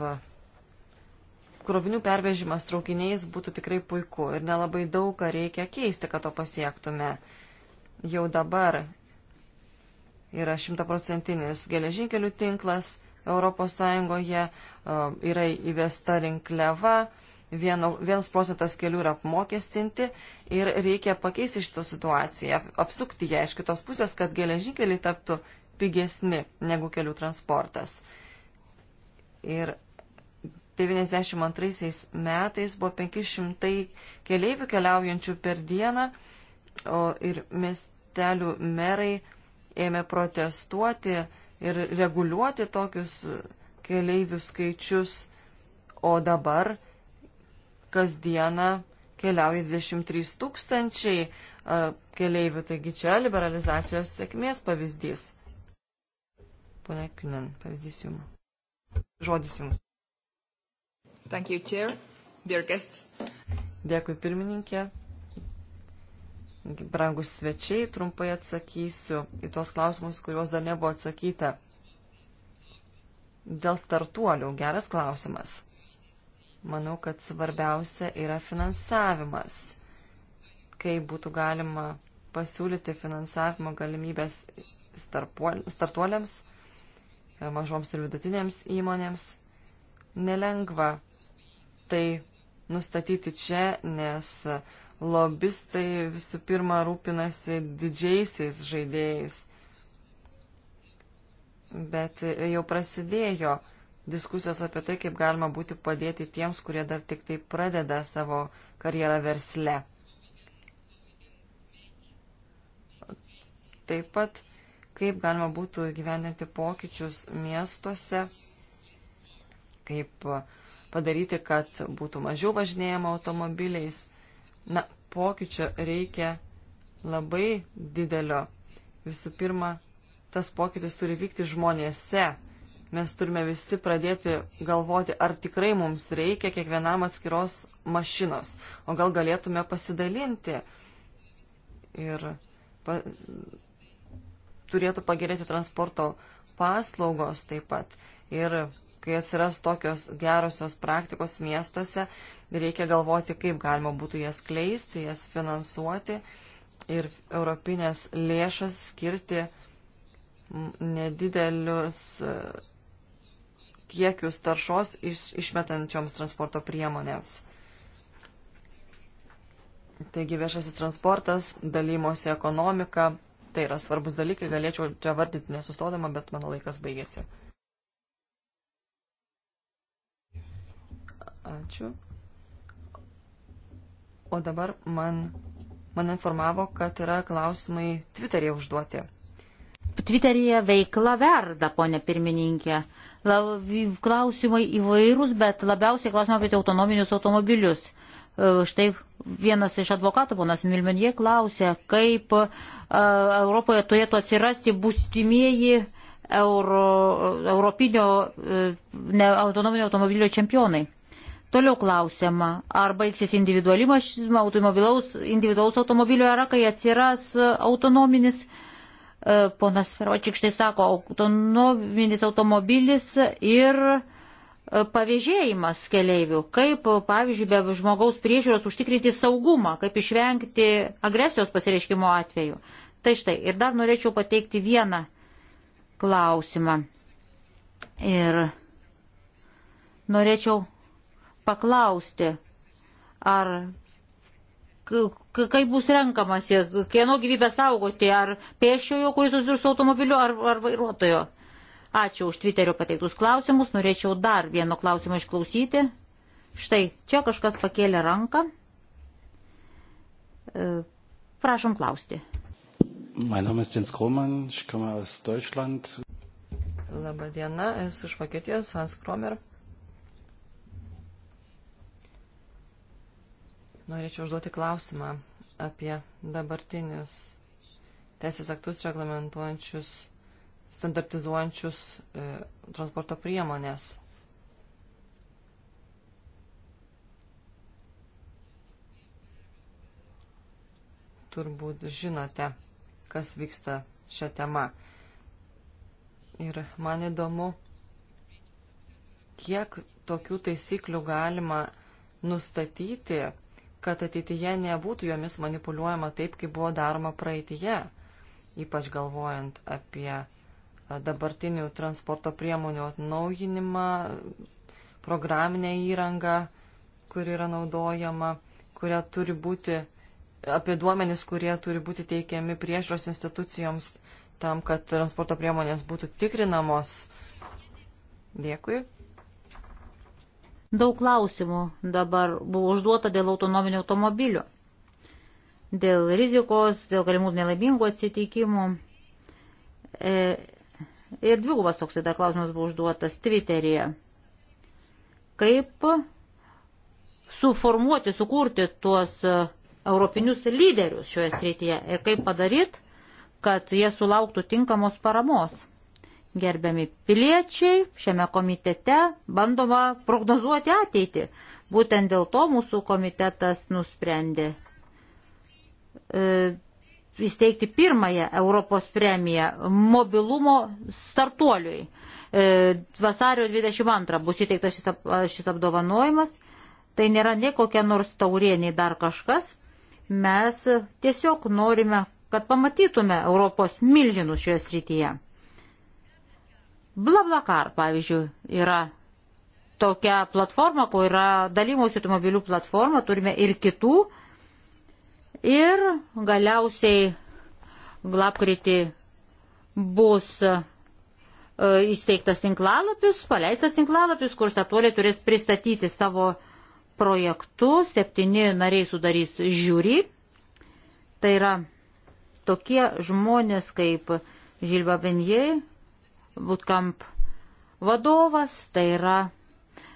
C: krovinių pervežimas traukiniais būtų tikrai puiku ir nelabai daug ką reikia keisti, kad to pasiektume. Jau dabar yra šimtaprocentinis geležinkelių tinklas ES, e, yra įvesta rinkliava, vienas procentas kelių yra apmokestinti ir reikia pakeisti šitą situaciją, apsukti ją iš kitos pusės, kad geležinkeliai taptų pigesni negu kelių transportas. Ir 92 metais buvo 500 keleivių keliaujančių per dieną, o ir miestelių merai ėmė protestuoti ir reguliuoti tokius keleivių skaičius, o dabar kasdieną keliauja 23 tūkstančiai keleivių, taigi čia liberalizacijos sėkmės pavyzdys. Pone Kinen, pavyzdys jums. Žodis jums.
B: Thank you, chair. Dear guests.
C: Dėkui pirmininkė. Brangus svečiai, trumpai atsakysiu į tuos klausimus, kuriuos dar nebuvo atsakyta. Dėl startuolių geras klausimas. Manau, kad svarbiausia yra finansavimas. Kaip būtų galima pasiūlyti finansavimo galimybės startuoliams mažoms ir vidutinėms įmonėms. Nelengva tai nustatyti čia, nes lobistai visų pirma rūpinasi didžiaisiais žaidėjais. Bet jau prasidėjo diskusijos apie tai, kaip galima būti padėti tiems, kurie dar tik tai pradeda savo karjerą versle. Taip pat kaip galima būtų gyvendinti pokyčius miestuose, kaip padaryti, kad būtų mažiau važinėjama automobiliais. Na, pokyčio reikia labai didelio. Visų pirma, tas pokytis turi vykti žmonėse. Mes turime visi pradėti galvoti, ar tikrai mums reikia kiekvienam atskiros mašinos, o gal galėtume pasidalinti ir pa, turėtų pagerėti transporto paslaugos taip pat. Ir kai atsiras tokios gerosios praktikos miestuose, reikia galvoti, kaip galima būtų jas kleisti, jas finansuoti ir europinės lėšas skirti nedidelius e, kiekius taršos iš, išmetančioms transporto priemonėms. Taigi viešasis transportas, dalymosi ekonomika, Tai yra svarbus dalykai, galėčiau čia vardyti nesustodama, bet mano laikas baigėsi. Ačiū. O dabar man, man informavo, kad yra klausimai Twitter'e užduoti.
A: Twitter'yje veikla verda, ponė pirmininkė. Klausimai įvairūs, bet labiausiai klausimai apie autonominius automobilius. E, štai vienas iš advokatų, ponas Milmenie, klausė, kaip e, Europoje turėtų atsirasti būstimieji euro, europinio e, ne, autonominio automobilio čempionai. Toliau klausiama, ar baigsis individualimas individualaus automobilio era, kai atsiras autonominis. Ponas Feročik štai sako, autonominis automobilis ir E, pavėžėjimas keleivių, kaip, e, pavyzdžiui, be žmogaus priežiūros užtikrinti saugumą, kaip išvengti agresijos pasireiškimo atveju. Tai štai, ir dar norėčiau pateikti vieną klausimą. Ir norėčiau paklausti, ar kaip bus renkamasi, kieno gyvybę saugoti, ar pėšiojo, kuris susidurs su automobiliu, ar, ar vairuotojo. Ačiū už Twitterio pateiktus klausimus. Norėčiau dar vieno klausimo išklausyti. Štai, čia kažkas pakėlė ranką.
C: E, prašom klausti. Mein Name ist Jens Kroman, ich komme aus
A: Deutschland.
C: Labą dieną, esu iš Vokietijos, Hans Kromer. Norėčiau užduoti klausimą apie dabartinius teisės aktus reglamentuojančius standartizuojančius e, transporto priemonės. Turbūt žinote, kas vyksta šią temą. Ir man įdomu, kiek tokių taisyklių galima nustatyti, kad ateityje nebūtų jomis manipuliuojama taip, kaip buvo daroma praeitie, ypač galvojant apie dabartinių transporto priemonių atnaujinimą, programinę įrangą, kuri yra naudojama, kuria turi būti, apie duomenis, kurie turi būti teikiami priežiūros institucijoms tam, kad transporto priemonės būtų tikrinamos. Dėkui.
A: Daug klausimų dabar buvo užduota dėl autonominių automobilių, dėl rizikos, dėl galimų nelaimingų atsitikimų. E, Ir dvigubas toksai dar klausimas buvo užduotas Twitter'yje. Kaip suformuoti, sukurti tuos e, europinius lyderius šioje srityje ir kaip padaryti, kad jie sulauktų tinkamos paramos. Gerbiami piliečiai, šiame komitete bandoma prognozuoti ateitį. Būtent dėl to mūsų komitetas nusprendė e, įsteigti pirmąją Europos premiją mobilumo startuoliui. E, vasario 22 bus įteiktas šis, ap, šis apdovanojimas. Tai nėra ne kokia nors taurė, nei dar kažkas. Mes tiesiog norime, kad pamatytume Europos milžinus šioje srityje. Blablakar, pavyzdžiui, yra tokia platforma, kur yra dalymosi automobilių platforma, turime ir kitų Ir galiausiai lapkritį bus e, įsteigtas tinklalapis, paleistas tinklalapis, kur statuoliai turės pristatyti savo projektus, septyni nariai sudarys žiūri. Tai yra tokie žmonės kaip Žilba Benjei, Butkamp vadovas, tai yra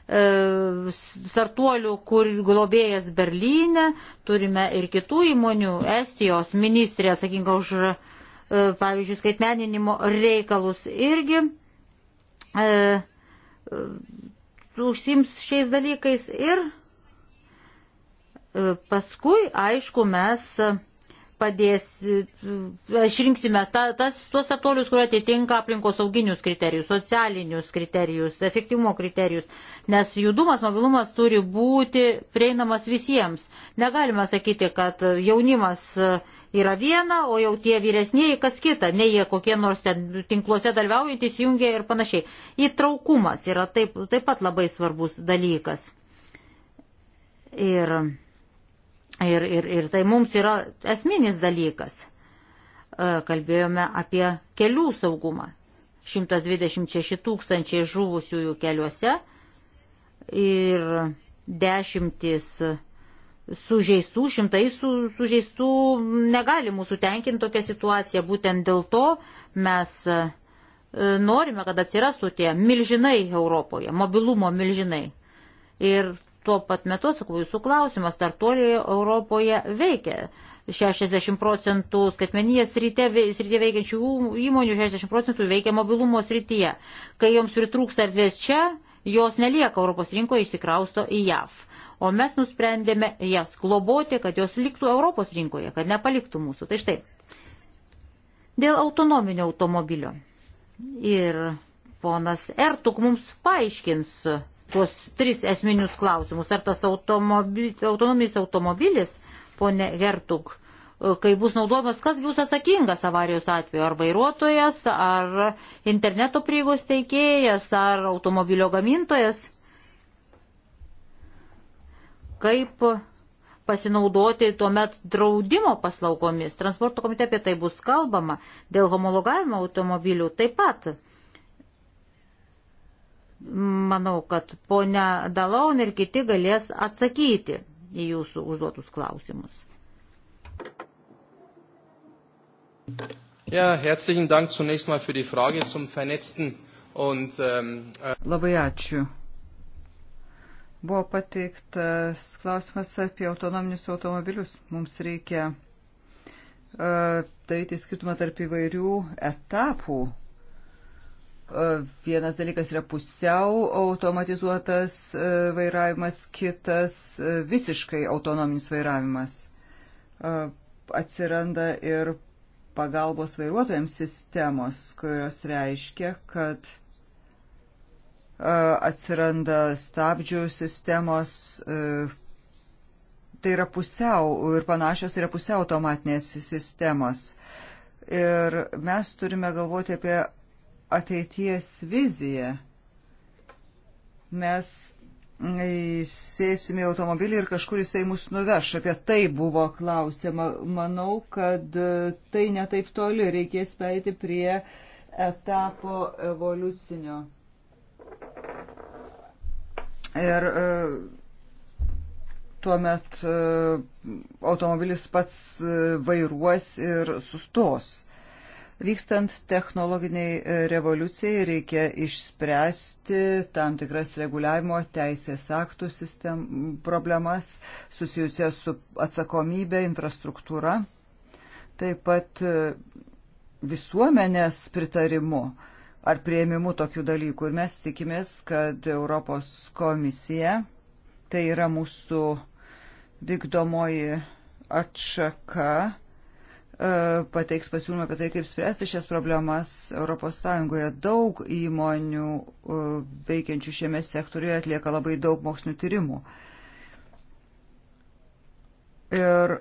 A: E, startuolių, kur globėjas Berlyne, turime ir kitų įmonių, Estijos ministrė atsakinga už, e, pavyzdžiui, skaitmeninimo reikalus irgi e, e užsims šiais dalykais ir paskui, aišku, mes padės, išrinksime ta, tas, tuos aktualius, kurie atitinka aplinkosauginius kriterijus, socialinius kriterijus, efektyvumo kriterijus, nes judumas, mobilumas turi būti prieinamas visiems. Negalima sakyti, kad jaunimas yra viena, o jau tie vyresnieji kas kita, ne jie kokie nors ten tinkluose dalyvaujantys jungia ir panašiai. Įtraukumas yra taip, taip pat labai svarbus dalykas. Ir Ir, ir, ir tai mums yra esminis dalykas. E, kalbėjome apie kelių saugumą. 126 tūkstančiai žuvusiųjų keliuose ir dešimtis sužeistų, šimtai su, sužeistų negali mūsų tenkinti tokia situacija. Būtent dėl to mes e, norime, kad atsirastų tie milžinai Europoje, mobilumo milžinai. Ir Tuo pat metu, sakau, jūsų klausimas, startuoliai Europoje veikia. 60 procentų skaitmenyje srityje veikiančių įmonių, 60 procentų veikia mobilumo srityje. Kai joms pritrūksta erdvės čia, jos nelieka Europos rinkoje, išsikrausto į JAV. O mes nusprendėme jas globoti, kad jos liktų Europos rinkoje, kad nepaliktų mūsų. Tai štai. Dėl autonominio automobilio. Ir ponas Ertuk mums paaiškins tuos tris esminius klausimus. Ar tas automobi, autonominis automobilis, ponė Gertuk, e, kai bus naudojamas, kas bus atsakingas avarijos atveju, ar vairuotojas, ar interneto prieigos teikėjas, ar automobilio gamintojas, kaip pasinaudoti tuomet draudimo paslaugomis. Transporto komitete apie tai bus kalbama, dėl homologavimo automobilių taip pat manau, kad ponia Dalaun ir kiti galės atsakyti į jūsų užduotus klausimus.
C: Ja, herzlichen Dank zunächst mal für die Frage zum vernetzten und. Ähm,
B: äh, Labai ačiū. Buvo pateiktas klausimas apie autonominius automobilius. Mums reikia uh, daryti skirtumą tarp įvairių etapų, E, vienas dalykas yra pusiau automatizuotas e, vairavimas, kitas e, visiškai autonominis vairavimas. Atsiranda ir pagalbos vairuotojams sistemos, kurios reiškia, kad atsiranda stabdžių sistemos, tai yra pusiau ir panašios tai yra pusiau automatinės sistemos. Ir mes turime galvoti apie ateities viziją. Mes e, sėsime į automobilį ir kažkur jisai mus nuveš. Apie tai buvo klausima. Manau, kad e, tai netaip toli. Reikės perėti prie etapo evoliucinio. Ir e, tuomet automobilis pats vairuos ir sustos. Vykstant technologiniai e, revoliucijai reikia išspręsti tam tikras reguliavimo teisės aktų sistem, problemas susijusias su atsakomybė, infrastruktūra, taip pat e, visuomenės pritarimu ar prieimimu tokių dalykų. Ir mes tikimės, kad Europos komisija, tai yra mūsų vykdomoji atšaka, E, pateiks pasiūlymą apie tai, kaip spręsti šias problemas ES. Daug įmonių e, veikiančių šiame sektoriuje atlieka labai daug mokslinių tyrimų. Ir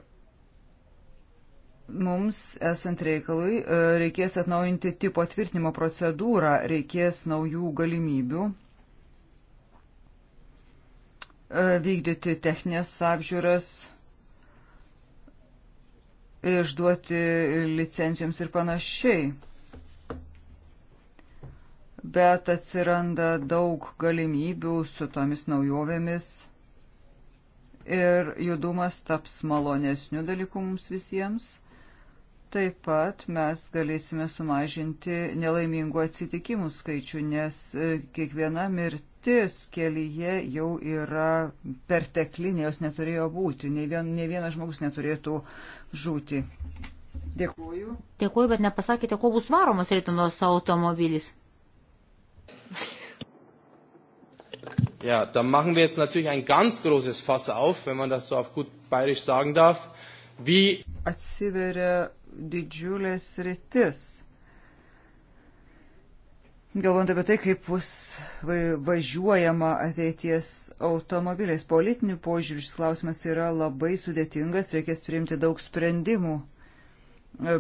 B: mums, esant reikalui, e, reikės atnaujinti tipo tvirtinimo procedūrą, reikės naujų galimybių vykdyti techninės apžiūras išduoti licencijoms ir panašiai. Bet atsiranda daug galimybių su tomis naujovėmis ir judumas taps malonesniu dalyku mums visiems. Taip pat mes galėsime sumažinti nelaimingų atsitikimų skaičių, nes e, kiekviena mirtis kelyje jau yra perteklinė, jos neturėjo būti. Ne, vien, ne vienas žmogus neturėtų uh, žūti. Dėkuoju. Dėkuoju, bet nepasakėte, kuo bus varomas Rytinos
A: automobilis.
C: Ja, da machen wir jetzt natürlich ein ganz großes Fass auf, wenn man das so auf gut bayerisch sagen darf. Wie
B: atsiveria didžiulės rytis galvojant apie tai, kaip bus važiuojama ateities automobiliais. Politinių požiūrių šis klausimas yra labai sudėtingas, reikės priimti daug sprendimų. E,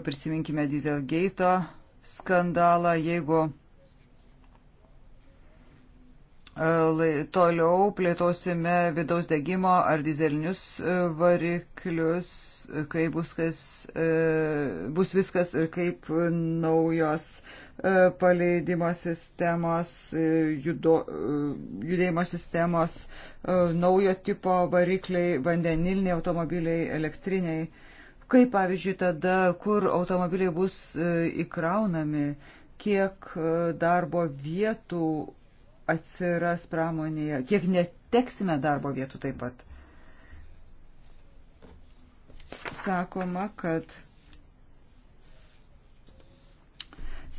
B: prisiminkime Dieselgate skandalą, jeigu e, toliau plėtosime vidaus degimo ar dizelinius e, variklius, kaip bus, kas, bus viskas ir kaip naujos E, paleidimo sistemos, e, judo, e, judėjimo sistemos, naujo tipo varikliai, vandeniliniai automobiliai, elektriniai. Kaip pavyzdžiui tada, kur automobiliai bus įkraunami, kiek darbo vietų atsiras pramonėje, kiek neteksime darbo vietų taip pat. Sakoma, kad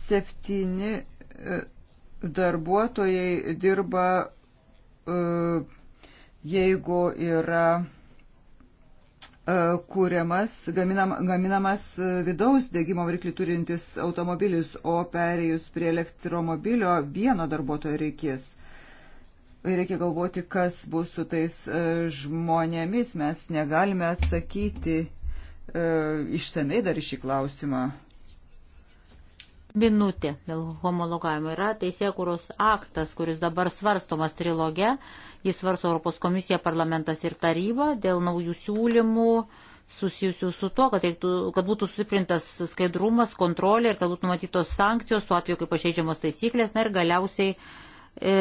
B: Septyni e, darbuotojai dirba, e, jeigu yra e, kūriamas, gaminam, gaminamas vidaus degimo variklį turintis automobilis, o perėjus prie elektromobilio vieno darbuotojo reikės. Reikia galvoti, kas bus su tais žmonėmis. Mes negalime atsakyti e, išsamei dar iš šį klausimą
A: minutė dėl homologavimo. Yra teisėkūros aktas, kuris dabar svarstomas triloge. Jis svarsto Europos komisija, parlamentas ir taryba dėl naujų siūlymų susijusių su to, kad, reiktų, kad būtų sustiprintas skaidrumas, kontrolė ir kad būtų numatytos sankcijos, tuo atveju kaip pažeidžiamos taisyklės. Na ir galiausiai e,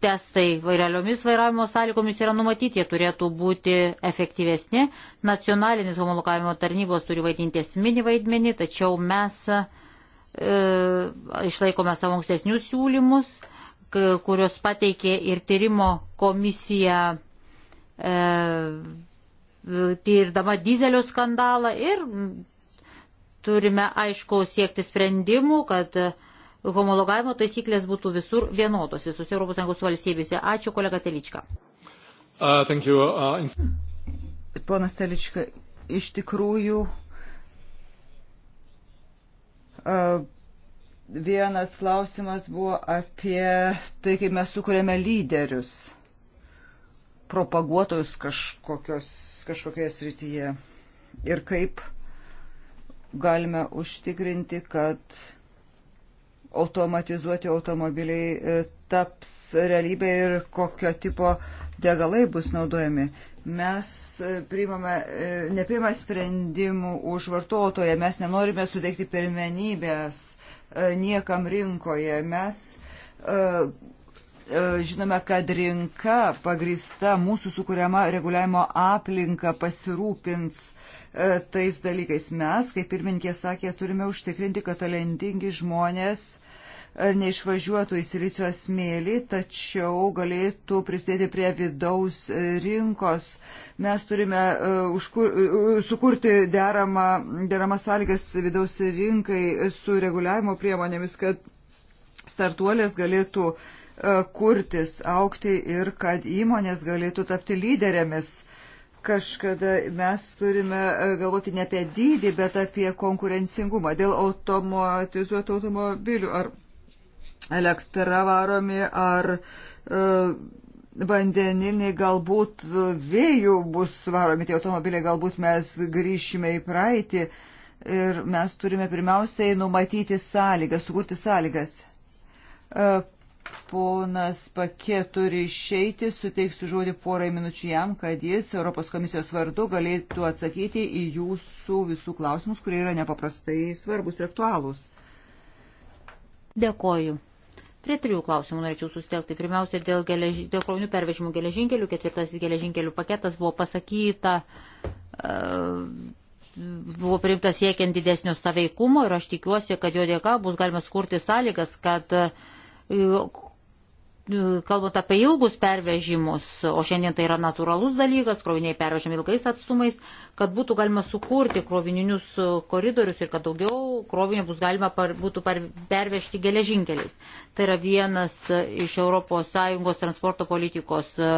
A: testai vaireliomis vairavimo sąlygomis yra numatyti, jie turėtų būti efektyvesni. Nacionalinis homologavimo tarnybos turi vaidinti esminį vaidmenį, tačiau mes. E, E, išlaikome savo ankstesnius siūlymus, kurios pateikė ir tyrimo komisija e, tirdama dizelio skandalą ir turime aišku siekti sprendimų, kad homologavimo taisyklės būtų visur vienodos visus ES valstybėse. Ačiū kolega Teličką.
B: Uh, uh, in... Ponas Telička, iš tikrųjų Vienas klausimas buvo apie tai, kaip mes sukūrėme lyderius, propaguotojus kažkokios, kažkokioje srityje ir kaip galime užtikrinti, kad automatizuoti automobiliai e, taps realybė ir kokio tipo degalai bus naudojami. Mes e, priimame, e, neprimame sprendimų už vartotoją, mes nenorime suteikti pirmenybės e, niekam rinkoje. Mes žinome, kad rinka pagrįsta mūsų sukūriama reguliavimo aplinka pasirūpins tais dalykais. Mes, kaip pirmininkė sakė, turime užtikrinti, kad talentingi žmonės neišvažiuotų į silicio smėlį, tačiau galėtų prisidėti prie vidaus rinkos. Mes turime e, užkur, e, sukurti deramą, deramas sąlygas vidaus rinkai su reguliavimo priemonėmis, kad startuolės galėtų e, kurtis, aukti ir kad įmonės galėtų tapti lyderėmis kažkada mes turime galvoti ne apie dydį, bet apie konkurencingumą dėl automatizuotų automobilių ar elektra varomi ar e, vandeniliniai, galbūt vėjų bus varomi tie automobiliai, galbūt mes grįšime į praeitį ir mes turime pirmiausiai numatyti sąlygas, sukurti sąlygas. E, ponas Pakė turi išeiti, suteiksiu žodį porai minučių jam, kad jis Europos komisijos vardu galėtų atsakyti į jūsų visų klausimus, kurie yra nepaprastai svarbus ir aktualūs.
A: Dėkoju. Prie trijų klausimų norėčiau sustelkti. Pirmiausia, dėl, geleži, dėl krovinių pervežimų geležinkelių. Ketvirtasis geležinkelių paketas buvo pasakyta, e, buvo priimtas siekiant didesnio saveikumo ir aš tikiuosi, kad jo dėka bus galima skurti sąlygas, kad e, kalbant apie ilgus pervežimus, o šiandien tai yra natūralus dalykas, kroviniai pervežami ilgais atstumais, kad būtų galima sukurti krovininius koridorius ir kad daugiau krovinio bus galima par, būtų par, pervežti geležinkeliais. Tai yra vienas iš ES transporto politikos e,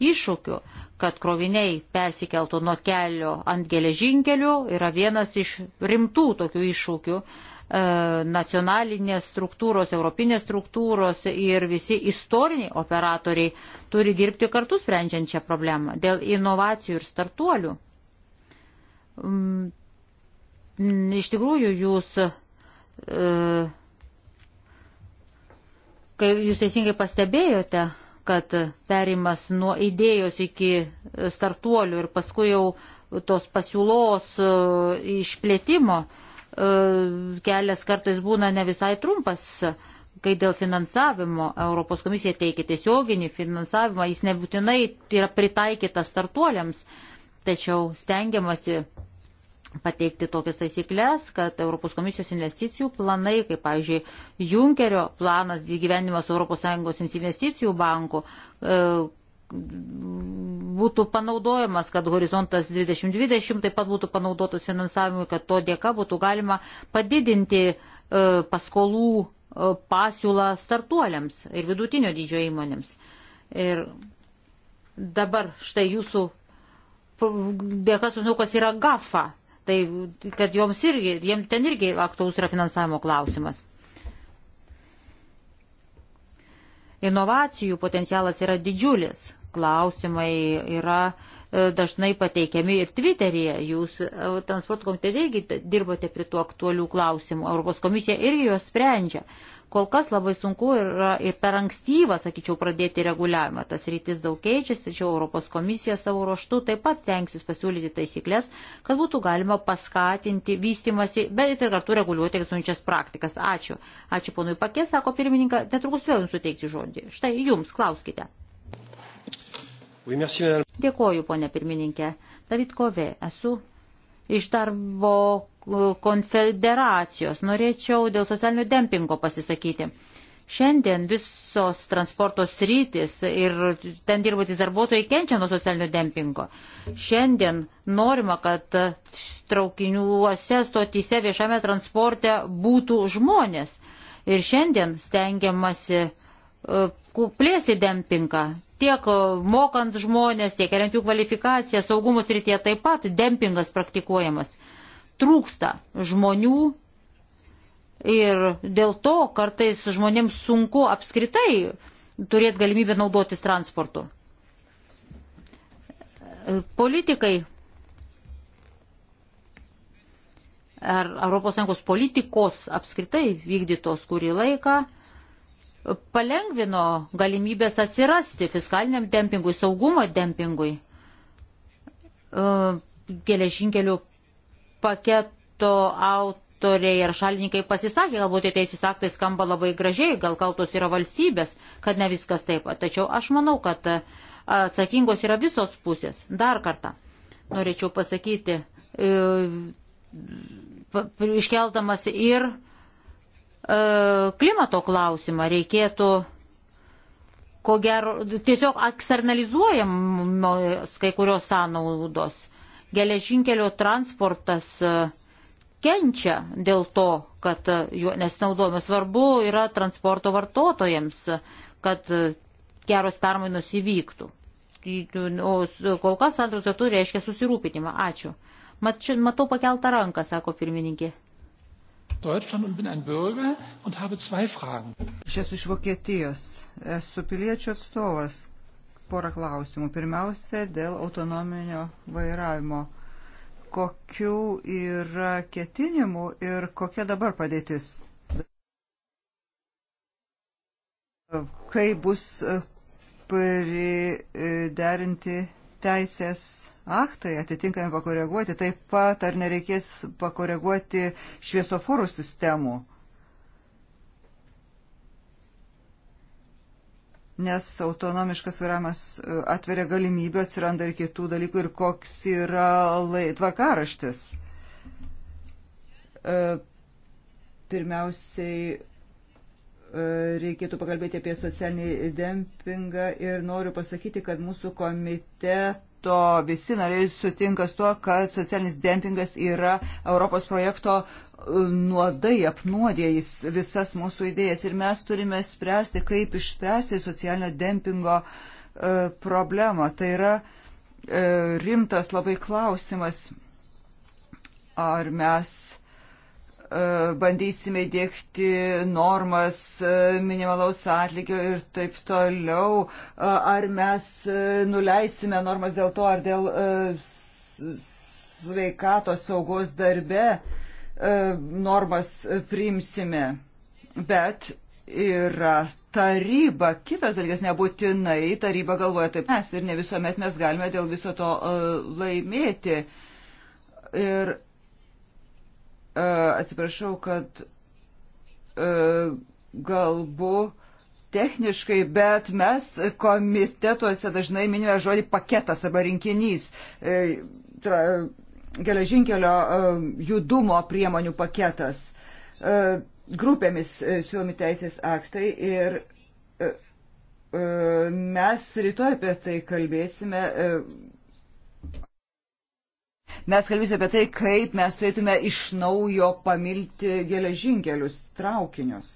A: iššūkių, kad kroviniai persikeltų nuo kelio ant geležinkelių yra vienas iš rimtų tokių iššūkių E, nacionalinės struktūros, europinės struktūros ir visi istoriniai operatoriai turi dirbti kartu sprendžiant šią problemą dėl inovacijų ir startuolių. Mm, iš tikrųjų, jūs, e, kai jūs teisingai pastebėjote, kad perimas nuo idėjos iki startuolių ir paskui jau tos pasiūlos e, išplėtimo uh, E, kelias kartais būna ne visai trumpas, kai dėl finansavimo Europos komisija teikia tiesioginį finansavimą, jis nebūtinai yra pritaikytas startuoliams, tačiau stengiamasi pateikti tokias taisyklės, kad Europos komisijos investicijų planai, kaip, pavyzdžiui, Junkerio planas gyvenimas ES investicijų bankų, e, būtų panaudojamas, kad horizontas 2020 taip pat būtų panaudotas finansavimui, kad to dėka būtų galima padidinti e, paskolų e, pasiūlą startuoliams ir vidutinio dydžio įmonėms. Ir dabar štai jūsų dėka sužinau, kas yra GAFA, tai kad joms irgi, jiem ten irgi aktualus yra finansavimo klausimas. Inovacijų potencialas yra didžiulis klausimai yra e, dažnai pateikiami ir Twitter'yje. Jūs e, transporto komitete irgi dirbote prie tų aktualių klausimų. Europos komisija irgi juos sprendžia. Kol kas labai sunku yra ir per ankstyvą, sakyčiau, pradėti reguliavimą. Tas rytis daug keičiasi, tačiau Europos komisija savo ruoštų taip pat stengsis pasiūlyti taisyklės, kad būtų galima paskatinti vystimasi, bet ir kartu reguliuoti egzistuojančias praktikas. Ačiū. Ačiū ponui Pakė, sako pirmininkas, netrukus vėl jums suteikti žodį. Štai jums, klauskite. Dėkoju, ponė pirmininkė. David Kove, esu iš darbo konfederacijos. Norėčiau dėl socialinio dempingo pasisakyti. Šiandien visos transporto sritis ir ten dirbantis darbuotojai kenčia nuo socialinio dempingo. Šiandien norima, kad traukiniuose, stotyse, viešame transporte būtų žmonės. Ir šiandien stengiamasi e, plėsti dempingą tiek mokant žmonės, tiek keliant jų kvalifikaciją, saugumus rytie taip pat dempingas praktikuojamas. Trūksta žmonių ir dėl to kartais žmonėms sunku apskritai turėti galimybę naudotis transportu. Politikai ar ES politikos apskritai vykdytos kurį laiką palengvino galimybės atsirasti fiskaliniam dempingui, saugumo dempingui. E, geležinkelių paketo autoriai ir šalininkai pasisakė, galbūt tie teisės aktai skamba labai gražiai, gal kaltos yra valstybės, kad ne viskas taip. Tačiau aš manau, kad atsakingos yra visos pusės. Dar kartą norėčiau pasakyti, e, iškeldamas ir E, klimato klausimą reikėtų ko gero, tiesiog eksternalizuojamos kai kurios sąnaudos. Geležinkelio transportas e, kenčia dėl to, kad e, juo nesinaudojame. Svarbu yra transporto vartotojams, kad geros permainos įvyktų. O kol kas Andrius turi reiškia susirūpinimą. Ačiū. Mat, matau pakeltą ranką, sako pirmininkė.
B: Deutschland und bin ein Bürger und habe zwei Fragen. Aš esu iš Vokietijos, esu piliečių atstovas. Porą klausimų. Pirmiausia, dėl autonominio vairavimo. Kokių yra ketinimų ir kokia dabar padėtis? Kai bus priderinti teisės aktai atitinkami pakoreguoti, taip pat ar nereikės pakoreguoti šviesoforų sistemų. Nes autonomiškas vairavimas e, atveria galimybę, atsiranda ir kitų dalykų ir koks yra lai, tvarkaraštis. E, pirmiausiai E, reikėtų pakalbėti apie socialinį dempingą ir noriu pasakyti, kad mūsų komiteto visi nariai sutinka su tuo, kad socialinis dempingas yra Europos projekto e, nuodai apnuodėjais visas mūsų idėjas ir mes turime spręsti, kaip išspręsti socialinio dempingo e, problemą. Tai yra rimtas labai klausimas, ar mes E, bandysime dėkti normas e, minimalaus atlygio ir taip toliau, e, ar mes nuleisime normas dėl to, ar dėl sveikatos saugos darbe normas priimsime. Bet yra taryba. Kitas dalykas, nebūtinai taryba galvoja taip mes ir ne visuomet mes galime dėl viso to laimėti. Ir E, atsiprašau, kad e, galbu techniškai, bet mes komitetuose dažnai minime žodį paketas arba rinkinys e, tra, geležinkelio judumo priemonių paketas. Grupėmis siūlomi teisės aktai ir mes rytoj apie tai kalbėsime Mes kalbėsime apie tai, kaip mes turėtume iš naujo pamilti geležinkelius, traukinius.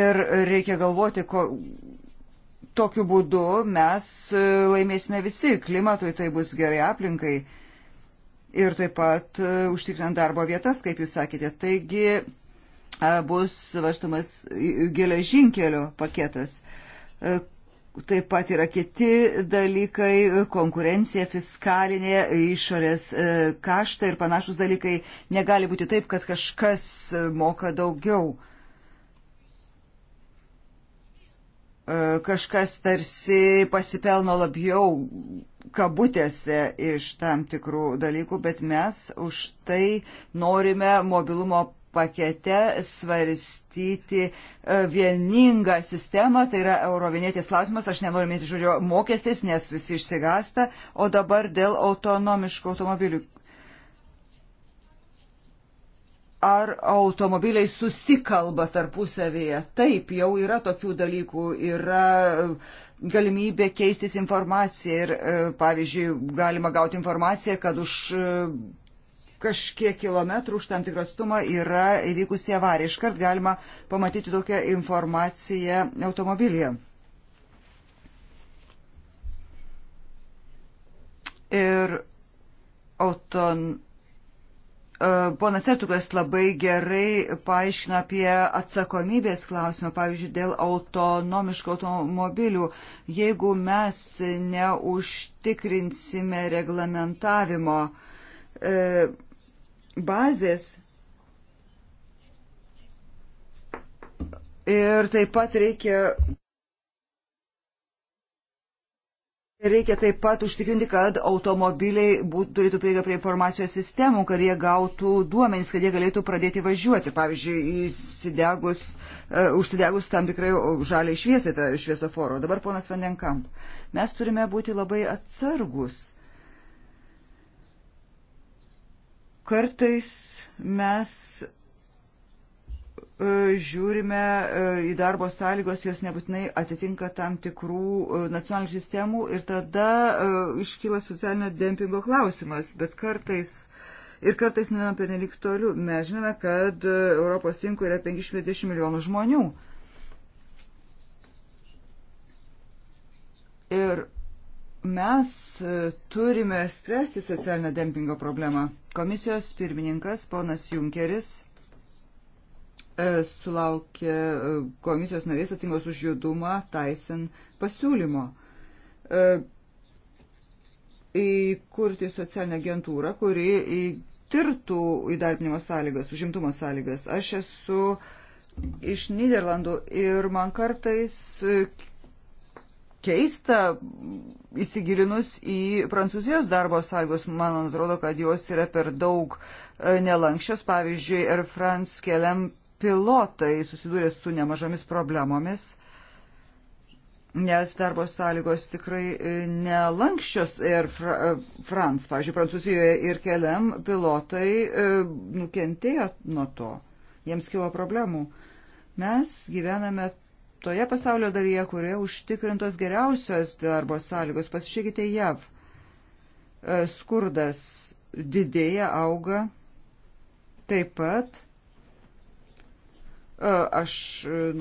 B: Ir reikia galvoti, ko, tokiu būdu mes e, laimėsime visi, klimatui tai bus gerai aplinkai ir taip pat e, užtikrinant darbo vietas, kaip jūs sakėte. Taigi e, bus važtamas geležinkelių paketas. Taip pat yra kiti dalykai - konkurencija, fiskalinė, išorės e, kaštai ir panašus dalykai. Negali būti taip, kad kažkas moka daugiau. E, kažkas tarsi pasipelno labiau kabutėse iš tam tikrų dalykų, bet mes už tai norime mobilumo pakete svarstyti e, vieningą sistemą, tai yra eurovinėtės klausimas, aš nenoriu minėti žodžio mokestis, nes visi išsigasta, o dabar dėl autonomiškų automobilių. Ar automobiliai susikalba tarpusavyje? Taip, jau yra tokių dalykų, yra e, galimybė keistis informaciją ir, e, pavyzdžiui, galima gauti informaciją, kad už kažkiek kilometrų už tam tikrą atstumą yra įvykusi avarija. Iškart galima pamatyti tokią informaciją automobilyje. Ir auton... E, ponas Ertukas labai gerai paaiškino apie atsakomybės klausimą, pavyzdžiui, dėl autonomiškų automobilių. Jeigu mes neužtikrinsime reglamentavimo, uh, E, bazės. Ir taip pat reikia. Reikia taip pat užtikrinti, kad automobiliai būt, turėtų prieigą prie informacijos sistemų, kad jie gautų duomenys, kad jie galėtų pradėti važiuoti. Pavyzdžiui, įsidegus, uh, užsidegus tam tikrai žaliai šviesai, tai šviesoforo. Dabar ponas Vandenkamp. Mes turime būti labai atsargus Kartais mes e, žiūrime e, į darbo sąlygos, jos nebūtinai atitinka tam tikrų e, nacionalinių sistemų ir tada iškyla socialinio dempingo klausimas, bet kartais ir kartais miname apie nelik tolių. Mes žinome, kad Europos rinkoje yra 520 milijonų žmonių. Ir Mes e, turime spręsti socialinę dempingo problemą. Komisijos pirmininkas ponas Junkeris e, sulaukė e, komisijos narės atsingos už judumą Tyson pasiūlymo įkurti socialinę agentūrą, kuri tirtų įdarbinimo sąlygas, užimtumo sąlygas. Aš esu iš Niderlandų ir man kartais keista įsigilinus į Prancūzijos darbo sąlygos. Man atrodo, kad jos yra per daug e, nelankščios. Pavyzdžiui, Air France keliam pilotai susidūrė su nemažomis problemomis, nes darbo sąlygos tikrai e, nelankščios Air e, France. Pavyzdžiui, Prancūzijoje ir keliam pilotai nukentėjo nuo to. Jiems kilo problemų. Mes gyvename toje pasaulio dalyje, kurioje užtikrintos geriausios darbo sąlygos. Pasižiūrėkite JAV. E, skurdas didėja, auga. Taip pat e, aš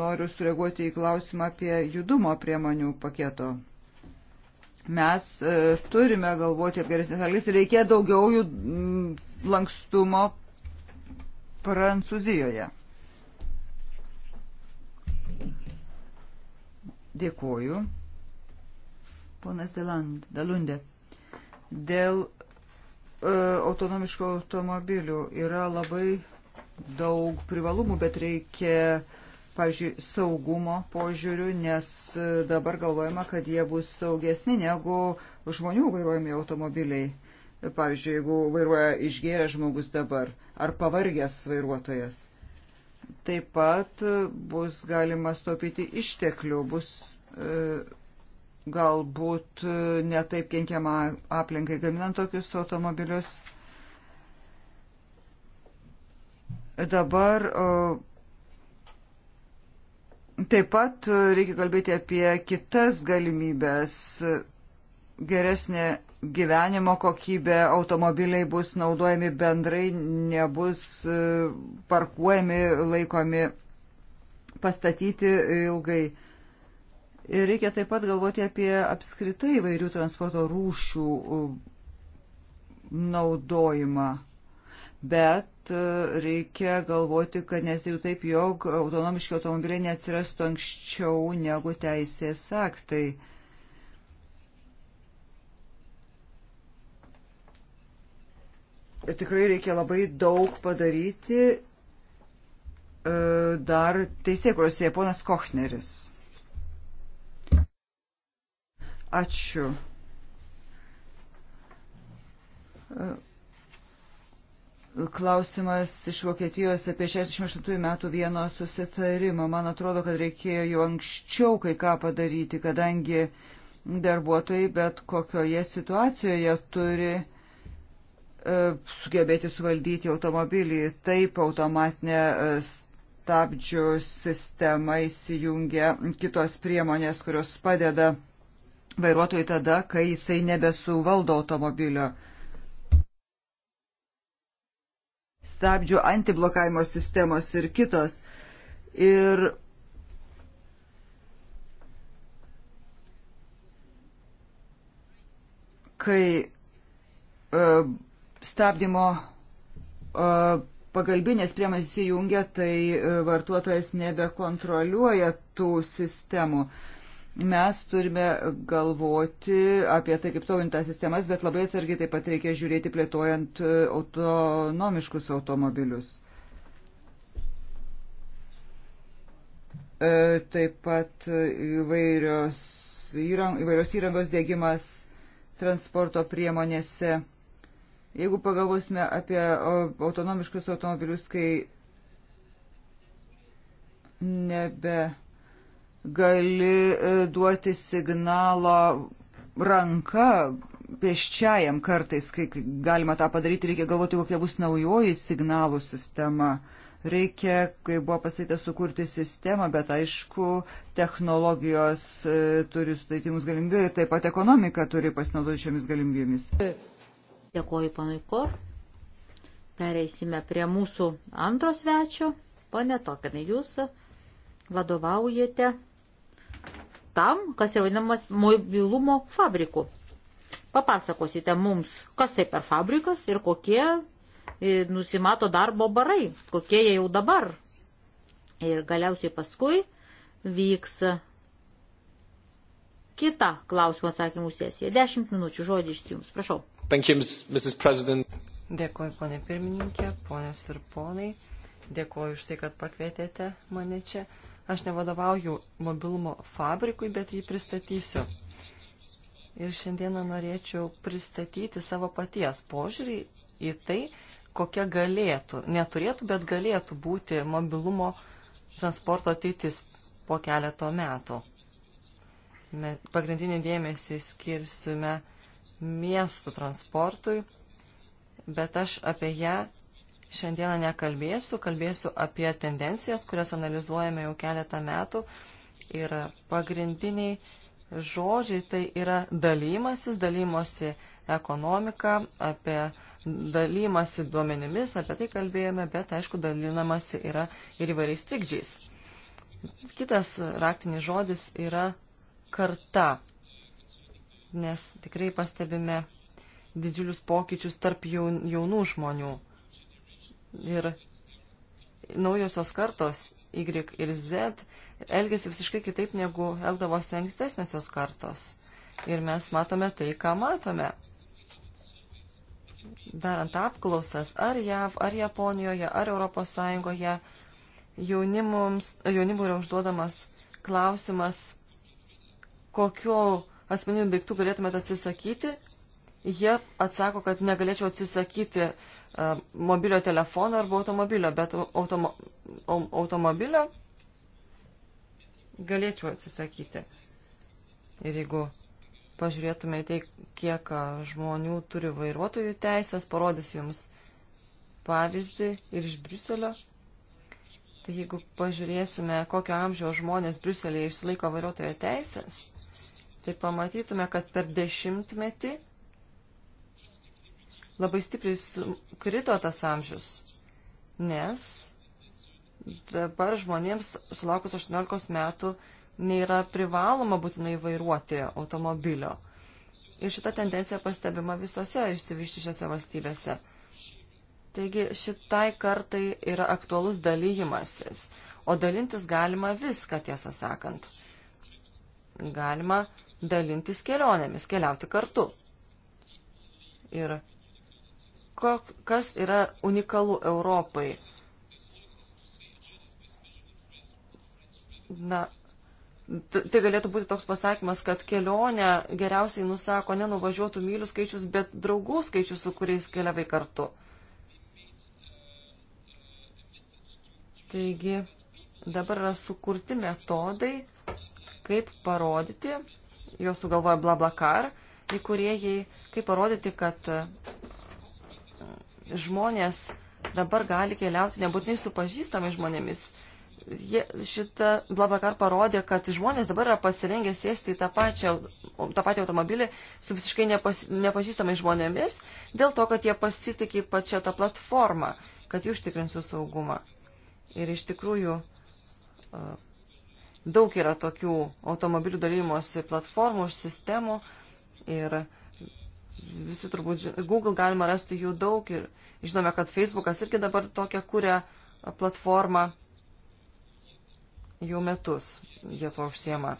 B: noriu sureaguoti į klausimą apie judumo priemonių paketo. Mes e, turime galvoti apie geresnės sąlygas ir reikia daugiau jud... lankstumo Prancūzijoje. Dėkuoju. Ponas Deland, Dalundė. Dėl e, autonomiškų automobilių yra labai daug privalumų, bet reikia, pavyzdžiui, saugumo požiūrių, nes e, dabar galvojama, kad jie bus saugesni negu žmonių vairuojami automobiliai. E, pavyzdžiui, jeigu vairuoja išgėręs žmogus dabar ar pavargęs vairuotojas. Taip pat bus galima stopyti išteklių, bus e, galbūt e, netaip kenkiama aplinkai gaminant tokius automobilius. Dabar taip pat reikia kalbėti apie kitas galimybės geresnė gyvenimo kokybė, automobiliai bus naudojami bendrai, nebus e, parkuojami, laikomi pastatyti ilgai. Ir reikia taip pat galvoti apie apskritai vairių transporto rūšių e, naudojimą. Bet e, reikia galvoti, kad nesitiktų taip, jog autonomiški automobiliai neatsirastų anksčiau negu teisės aktai. tikrai reikia labai daug padaryti e, dar teisėkurose ponas Kochneris. Ačiū. E, klausimas iš Vokietijos apie 68 metų vieno susitarimą. Man atrodo, kad reikėjo jau anksčiau kai ką padaryti, kadangi darbuotojai bet kokioje situacijoje turi uh, E, sugebėti suvaldyti automobilį. Taip automatinė e, stabdžių sistema įsijungia kitos priemonės, kurios padeda vairuotojui tada, kai jisai nebesuvaldo automobilio. Stabdžių antiblokavimo sistemos ir kitos. Ir kai uh, stabdymo pagalbinės priemonės įjungia, tai e, vartotojas nebekontroliuoja tų sistemų. Mes turime galvoti apie tai, kaip tobulinti sistemas, bet labai atsargiai taip pat reikia žiūrėti plėtojant e, autonomiškus automobilius. E, taip pat įvairios, įvairios įrangos dėgymas transporto priemonėse Jeigu pagalvosime apie autonomiškus automobilius, kai nebe gali e, duoti signalo ranka pėsčiajam kartais, kai galima tą padaryti, reikia galvoti, kokia bus naujoji signalų sistema. Reikia, kai buvo pasakyta, sukurti sistemą, bet aišku, technologijos e, turi suteikimus galimybę ir taip pat ekonomika turi pasinaudoti šiomis galimybėmis. E, Dėkoju panui Kor.
A: Pereisime prie mūsų antro svečio. Pane Tokinai, jūs vadovaujate tam, kas yra vadinamas mobilumo fabriku. Papasakosite mums, kas tai per fabrikas ir kokie e, nusimato darbo barai, kokie jie jau dabar. Ir galiausiai paskui vyks kitą klausimą atsakymų sesiją. Dešimt minučių žodį iš jums, prašau.
C: Dėkuoju, ponė pirmininkė, ponios ir ponai. Dėkuoju už tai, kad pakvietėte mane čia. Aš nevadovauju mobilumo fabrikui, bet jį pristatysiu. Ir šiandieną norėčiau pristatyti savo paties požiūrį į tai, kokia galėtų, neturėtų, bet galėtų būti mobilumo transporto ateitis po keleto metų. Pagrindinį dėmesį skirsime miestų transportui, bet aš apie ją šiandieną nekalbėsiu, kalbėsiu apie tendencijas, kurias analizuojame jau keletą metų ir pagrindiniai žodžiai tai yra dalymasis, dalymosi ekonomika, apie dalymasi duomenimis, apie tai kalbėjome, bet aišku, dalinamasi yra ir įvairiais trikdžiais. Kitas raktinis žodis yra karta nes tikrai pastebime didžiulius pokyčius tarp jaunų žmonių. Ir naujosios kartos Y ir Z elgesi visiškai kitaip, negu elgdavosi ankstesniosios kartos. Ir mes matome tai, ką matome. Darant apklausas ar JAV, ar Japonijoje, ar Europos Sąjungoje, jaunimui yra užduodamas klausimas, kokio asmeninių daiktų galėtumėt atsisakyti, jie atsako, kad negalėčiau atsisakyti e, mobilio telefono arba automobilio, bet automo, automobilio galėčiau atsisakyti. Ir jeigu pažiūrėtume į tai, kiek e, žmonių turi vairuotojų teisės, parodysiu jums pavyzdį ir iš Briuselio. Tai jeigu pažiūrėsime, kokio amžiaus žmonės Briuselėje išsilaiko vairuotojo teisės, tai pamatytume, kad per dešimtmetį labai stipriai krito tas amžius, nes dabar žmonėms sulaukus 18 metų nėra privaloma būtinai vairuoti automobilio. Ir šita tendencija pastebima visose išsivyščiusiose valstybėse. Taigi šitai kartai yra aktualus dalyjimasis, o dalintis galima viską, tiesą sakant. Galima uh, dalintis kelionėmis, keliauti kartu. Ir kok, kas yra unikalu Europai? Na, tai galėtų būti toks pasakymas, kad kelionę geriausiai nusako ne nuvažiuotų mylių skaičius, bet draugų skaičius, su kuriais keliavai kartu. Taigi dabar yra sukurti metodai, kaip parodyti, jos sugalvojo BlaBlaCar, įkurėjai, kaip parodyti, kad e, žmonės dabar gali keliauti nebūtinai su pažįstamais žmonėmis. Jie, šita BlaBlaCar parodė, kad žmonės dabar yra pasirengę sėsti į tą, pačią, tą patį automobilį su visiškai nepas, nepažįstamais žmonėmis dėl to, kad jie pasitikė pačią tą platformą, kad jų užtikrins jų saugumą. Ir iš tikrųjų e, Daug yra tokių automobilių dalymosi platformų ir sistemų ir visi turbūt, Google galima rasti jų daug ir žinome, kad Facebookas irgi dabar tokią kūrė platformą jau metus, jie to užsiema.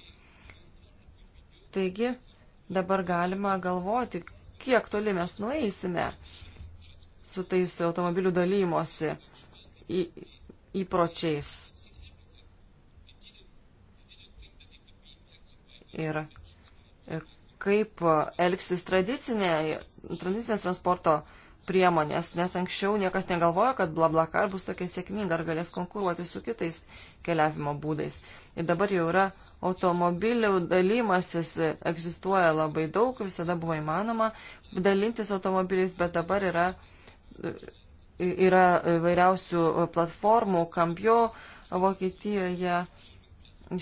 C: Taigi, dabar galima galvoti, kiek toli mes nueisime su tais automobilių dalymosi įpročiais. ir e, kaip elgsis tradicinės transporto priemonės, nes anksčiau niekas negalvojo, kad blablakar bus tokia sėkminga ar galės konkuruoti su kitais keliavimo būdais. Ir dabar jau yra automobilių dalymasis, e, egzistuoja labai daug, visada buvo įmanoma dalintis automobiliais, bet dabar yra, e, yra vairiausių platformų, kampio Vokietijoje,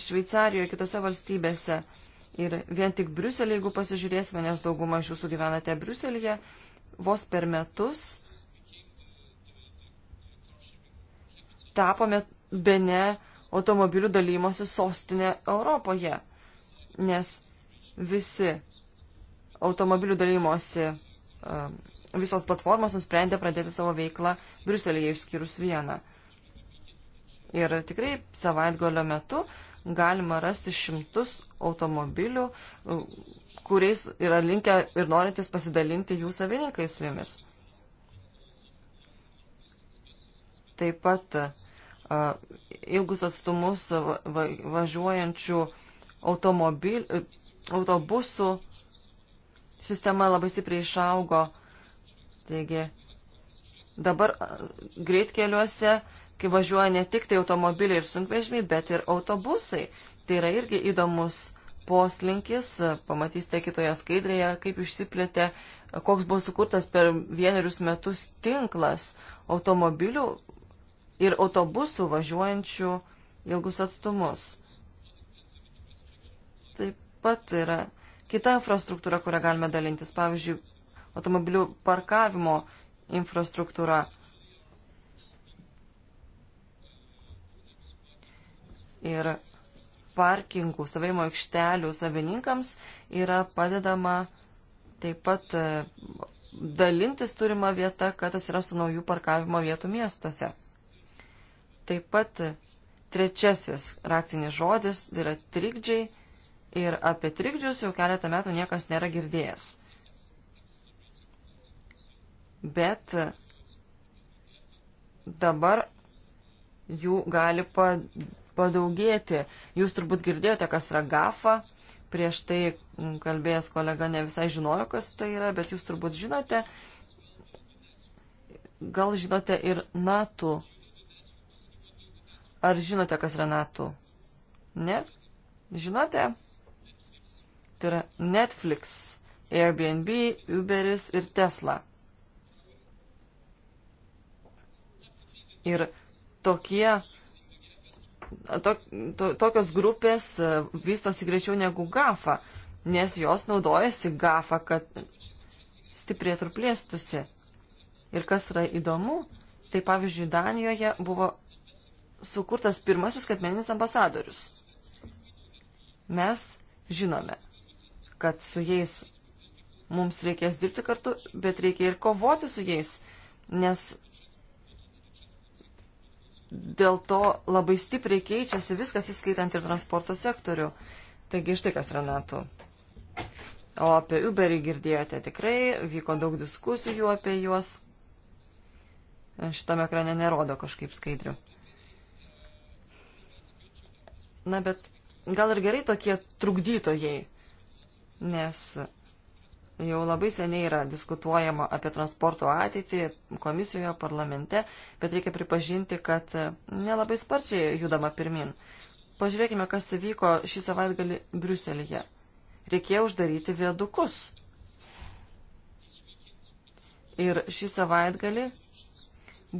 C: Šveicarijoje, kitose valstybėse. Ir vien tik Briuselį, jeigu pasižiūrėsime, nes dauguma iš jūsų gyvenate Briuselėje, vos per metus tapome be ne automobilių dalymosi sostinė Europoje, nes visi automobilių dalymosi um, visos platformos nusprendė pradėti savo veiklą Briuselėje išskyrus vieną. Ir tikrai savaitgalio metu uh, galima rasti šimtus automobilių, kuriais yra linkę ir norintys pasidalinti jų savininkai su jumis. Taip pat ilgus atstumus važiuojančių automobil, e, autobusų sistema labai stipriai išaugo. Taigi dabar greitkeliuose kai važiuoja ne tik tai automobiliai ir sunkvežimiai, bet ir autobusai. Tai yra irgi įdomus poslinkis, pamatysite kitoje skaidrėje, kaip išsiplėtė, koks buvo sukurtas per vienerius metus tinklas automobilių ir autobusų važiuojančių ilgus atstumus. Taip pat yra kita infrastruktūra, kurią galime dalintis, pavyzdžiui, automobilių parkavimo infrastruktūra. ir parkingų stovėjimo aikštelių savininkams yra padedama taip pat e, dalintis turima vieta, kad atsirastų naujų parkavimo vietų miestuose. Taip pat trečiasis raktinis žodis tai yra trikdžiai ir apie trikdžius jau keletą metų niekas nėra girdėjęs. Bet dabar jų gali padėti padaugėti. Jūs turbūt girdėjote, kas yra GAFA. Prieš tai mm, kalbėjęs kolega ne visai žinojo, kas tai yra, bet jūs turbūt žinote. Gal žinote ir NATO. Ar žinote, kas yra NATO? Ne? Žinote? Tai yra Netflix, Airbnb, Uberis ir Tesla. Ir tokie to, to, tokios grupės e, vystosi greičiau negu GAFA, nes jos naudojasi GAFA, kad stiprėtų ir plėstusi. Ir kas yra įdomu, tai pavyzdžiui, Danijoje buvo sukurtas pirmasis skaitmeninis ambasadorius. Mes žinome, kad su jais mums reikės dirbti kartu, bet reikia ir kovoti su jais, nes dėl to labai stipriai keičiasi viskas, įskaitant ir transporto sektorių. Taigi štai kas, Renatu. O apie Uberį girdėjote tikrai, vyko daug diskusijų apie juos. Šitame ekrane nerodo kažkaip skaidrių. Na, bet gal ir gerai tokie trukdytojai, nes Jau labai seniai yra diskutuojama apie transporto ateitį komisijoje, parlamente, bet reikia pripažinti, kad e, nelabai sparčiai judama pirmin. Pažiūrėkime, kas įvyko šį savaitgalį Briuselėje. Reikėjo uždaryti viedukus. Ir šį savaitgalį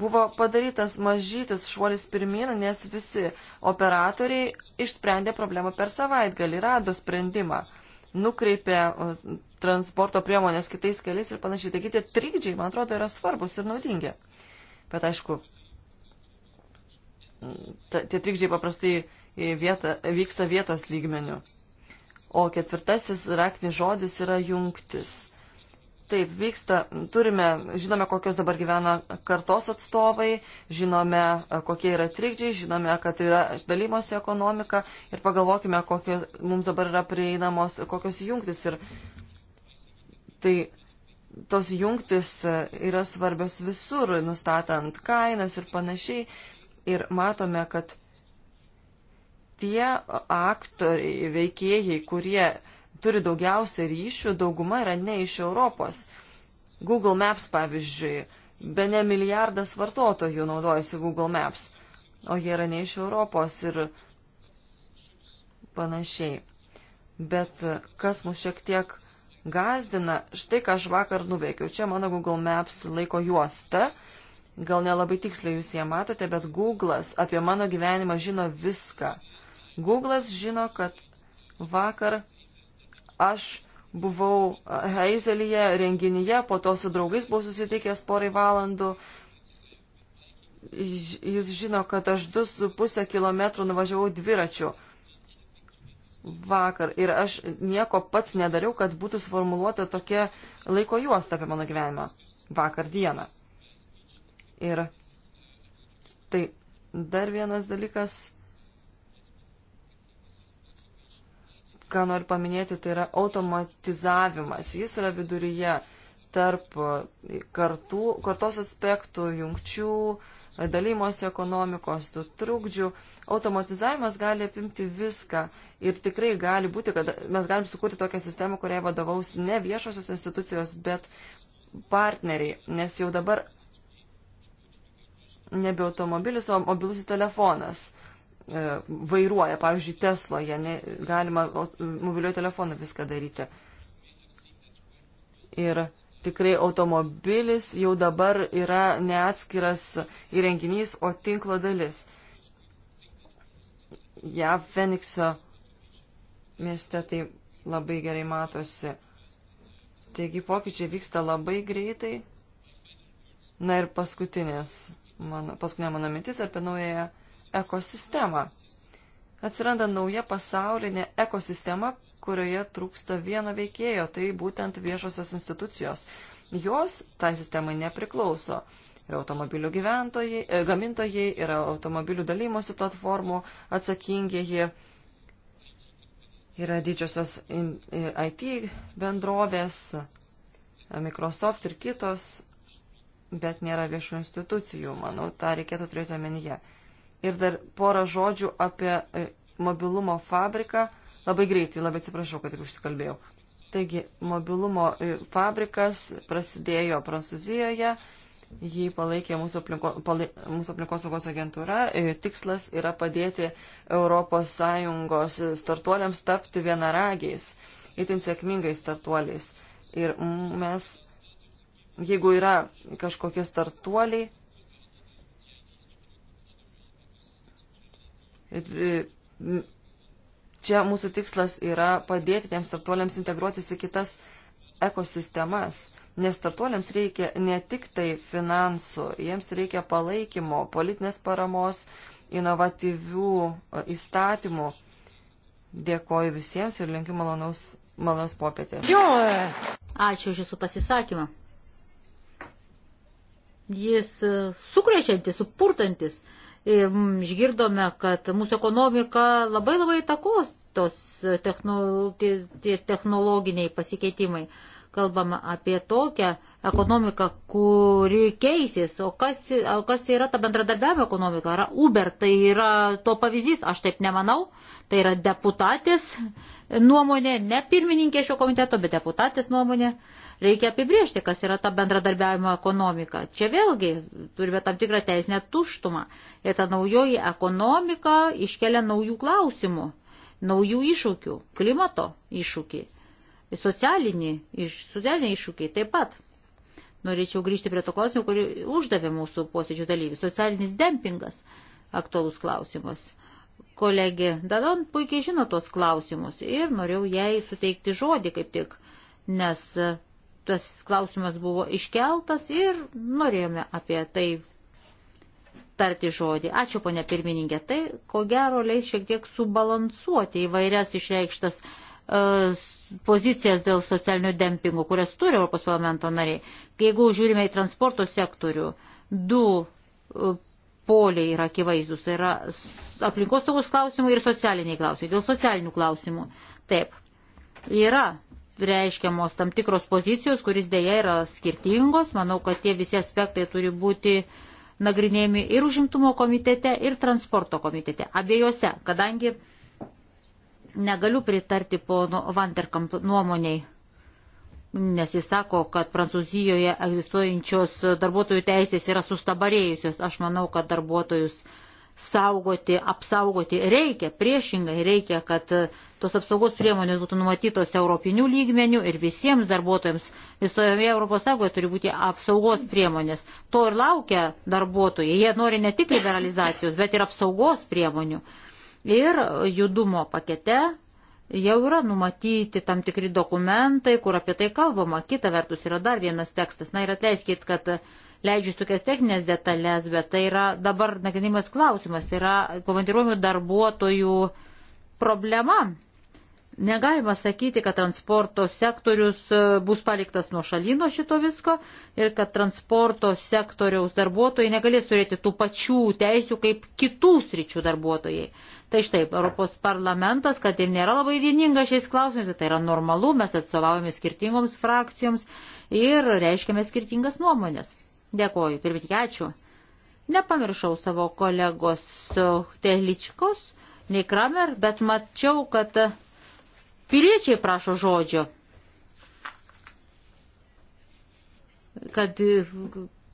C: buvo padarytas mažytis šuolis pirmin, nes visi operatoriai išsprendė problemą per savaitgalį, rado sprendimą, nukreipė transporto priemonės kitais keliais ir panašiai. Taigi tie trikdžiai, man atrodo, yra svarbus ir naudingi. Bet aišku, ta, tie trikdžiai paprastai vieta, vyksta vietos lygmenių. O ketvirtasis raktinis žodis yra jungtis. Taip, vyksta, turime, žinome, kokios dabar gyvena kartos atstovai, žinome, kokie yra trikdžiai, žinome, kad yra dalymosi ekonomika ir pagalvokime, kokie mums dabar yra prieinamos, kokios jungtis ir Tai tos jungtis e, yra svarbios visur, nustatant kainas ir panašiai. Ir matome, kad tie aktoriai, veikėjai, kurie turi daugiausia ryšių, dauguma yra ne iš Europos. Google Maps, pavyzdžiui, be ne milijardas vartotojų naudojasi Google Maps, o jie yra ne iš Europos ir panašiai. Bet kas mus šiek tiek uh, gazdina, štai ką aš vakar nuveikiau. Čia mano Google Maps laiko juosta. Gal nelabai tiksliai jūs ją matote, bet Google'as apie mano gyvenimą žino viską. Google'as žino, kad vakar aš buvau Heizelyje renginyje, po to su draugais buvau susitikęs porai valandų. Jis žino, kad aš 2,5 km nuvažiavau dviračiu vakar ir aš nieko pats nedariau, kad būtų sformuluota tokia laiko juosta apie mano gyvenimą vakar dieną. Ir tai dar vienas dalykas, ką noriu paminėti, tai yra automatizavimas. Jis yra viduryje tarp kartų, kartos aspektų, jungčių, uh, dalymosi ekonomikos, tų trukdžių. Automatizavimas gali apimti viską ir tikrai gali būti, kad mes galim sukurti tokią sistemą, kuriai vadovaus ne viešosios institucijos, bet partneriai, nes jau dabar nebe automobilis, o mobilusis telefonas e, vairuoja, pavyzdžiui, Tesloje, ne, galima mobiliuoju telefonu viską daryti. Ir tikrai automobilis jau dabar yra neatskiras įrenginys, o tinklo dalis. JAV Fenikso mieste tai labai gerai matosi. Taigi pokyčiai vyksta labai greitai. Na ir paskutinės, mano, paskutinė mano mintis apie naująją ekosistemą. Atsiranda nauja pasaulinė ekosistema kurioje trūksta vieno veikėjo, tai būtent viešosios institucijos. Jos tai sistemai nepriklauso. Yra automobilių gyventojai, e, gamintojai, yra automobilių dalymosi platformų atsakingieji, yra didžiosios IT bendrovės, Microsoft ir kitos, bet nėra viešų institucijų. Manau, tą reikėtų turėti omenyje. Ir dar porą žodžių apie e, mobilumo fabriką Labai greitai, labai atsiprašau, kad tik užsikalbėjau. Taigi, mobilumo fabrikas prasidėjo Prancūzijoje, jį palaikė mūsų, aplinko, palai, mūsų aplinkosaugos agentūra. Tikslas yra padėti ES startuoliams tapti vienaragiais, itin sėkmingais startuoliais. Ir mes, jeigu yra kažkokie startuoliai, ir Čia mūsų tikslas yra padėti tiems startuoliams integruotis į kitas ekosistemas, nes startuoliams reikia ne tik tai finansų, jiems reikia palaikymo, politinės paramos, inovatyvių e, įstatymų. Dėkoju visiems ir linkiu malonaus, malonaus popietės.
A: Ačiū už Jūsų pasisakymą. Jis e, sukrešiantis, supurtantis išgirdome, kad mūsų ekonomika labai labai įtakos tos technologiniai pasikeitimai. Kalbama apie tokią ekonomiką, kuri keisys. O kas, o kas yra ta bendradarbiavimo ekonomika? Ar Uber tai yra to pavyzdys? Aš taip nemanau. Tai yra deputatės nuomonė, ne pirmininkė šio komiteto, bet deputatės nuomonė. Uh, reikia apibriežti, kas yra ta bendradarbiavimo ekonomika. Čia vėlgi turime tam tikrą teisinę tuštumą. Ir ta naujoji ekonomika iškelia naujų klausimų, naujų iššūkių, klimato iššūkį, socialinį, iš, socialinį iššūkį taip pat. Norėčiau grįžti prie to klausimo, kurį uždavė mūsų posėdžių dalyvis. Socialinis dempingas aktualus klausimas kolegė Dadon puikiai žino tuos klausimus ir norėjau jai suteikti žodį kaip tik, nes tas klausimas buvo iškeltas ir norėjome apie tai tarti žodį. Ačiū, ponė pirmininkė. Tai, ko gero, leis šiek tiek subalansuoti įvairias išreikštas uh, pozicijas dėl socialinių dempingų, kurias turi Europos parlamento nariai. Jeigu žiūrime į transporto sektorių, du uh, poliai yra akivaizdus. Tai yra aplinkos saugos klausimai ir socialiniai klausimai. Dėl socialinių klausimų. Taip. Yra reiškiamos tam tikros pozicijos, kuris dėja yra skirtingos. Manau, kad tie visi aspektai turi būti nagrinėjami ir užimtumo komitete, ir transporto komitete. Abiejose, kadangi negaliu pritarti pono Vanderkamp nuomoniai, nes jis sako, kad Prancūzijoje egzistuojančios darbuotojų teisės yra sustabarėjusios. Aš manau, kad darbuotojus saugoti, apsaugoti reikia, priešingai reikia, kad tos apsaugos priemonės būtų numatytos europinių lygmenių ir visiems darbuotojams visoje ES turi būti apsaugos priemonės. To ir laukia darbuotojai. Jie nori ne tik liberalizacijos, bet ir apsaugos priemonių. Ir judumo pakete jau yra numatyti tam tikri dokumentai, kur apie tai kalbama. Kita vertus yra dar vienas tekstas. Na ir atleiskit, kad uh, leidžiu tokias techninės detalės, bet tai yra dabar nagrinimas klausimas, yra komandiruojamų darbuotojų problema. Negalima sakyti, kad transporto sektorius e, bus paliktas nuo šalino šito visko ir kad transporto sektoriaus darbuotojai negalės turėti tų pačių teisių kaip kitų sričių darbuotojai. Tai štai, Europos parlamentas, kad ir nėra labai vieninga šiais klausimais, tai yra normalu, mes atstovaujame skirtingoms frakcijoms ir reiškiame skirtingas nuomonės. Dėkoju, pirmininkė, ačiū. Nepamiršau savo kolegos Teličkos, nei Kramer, bet mačiau, kad piliečiai prašo žodžio. Kad,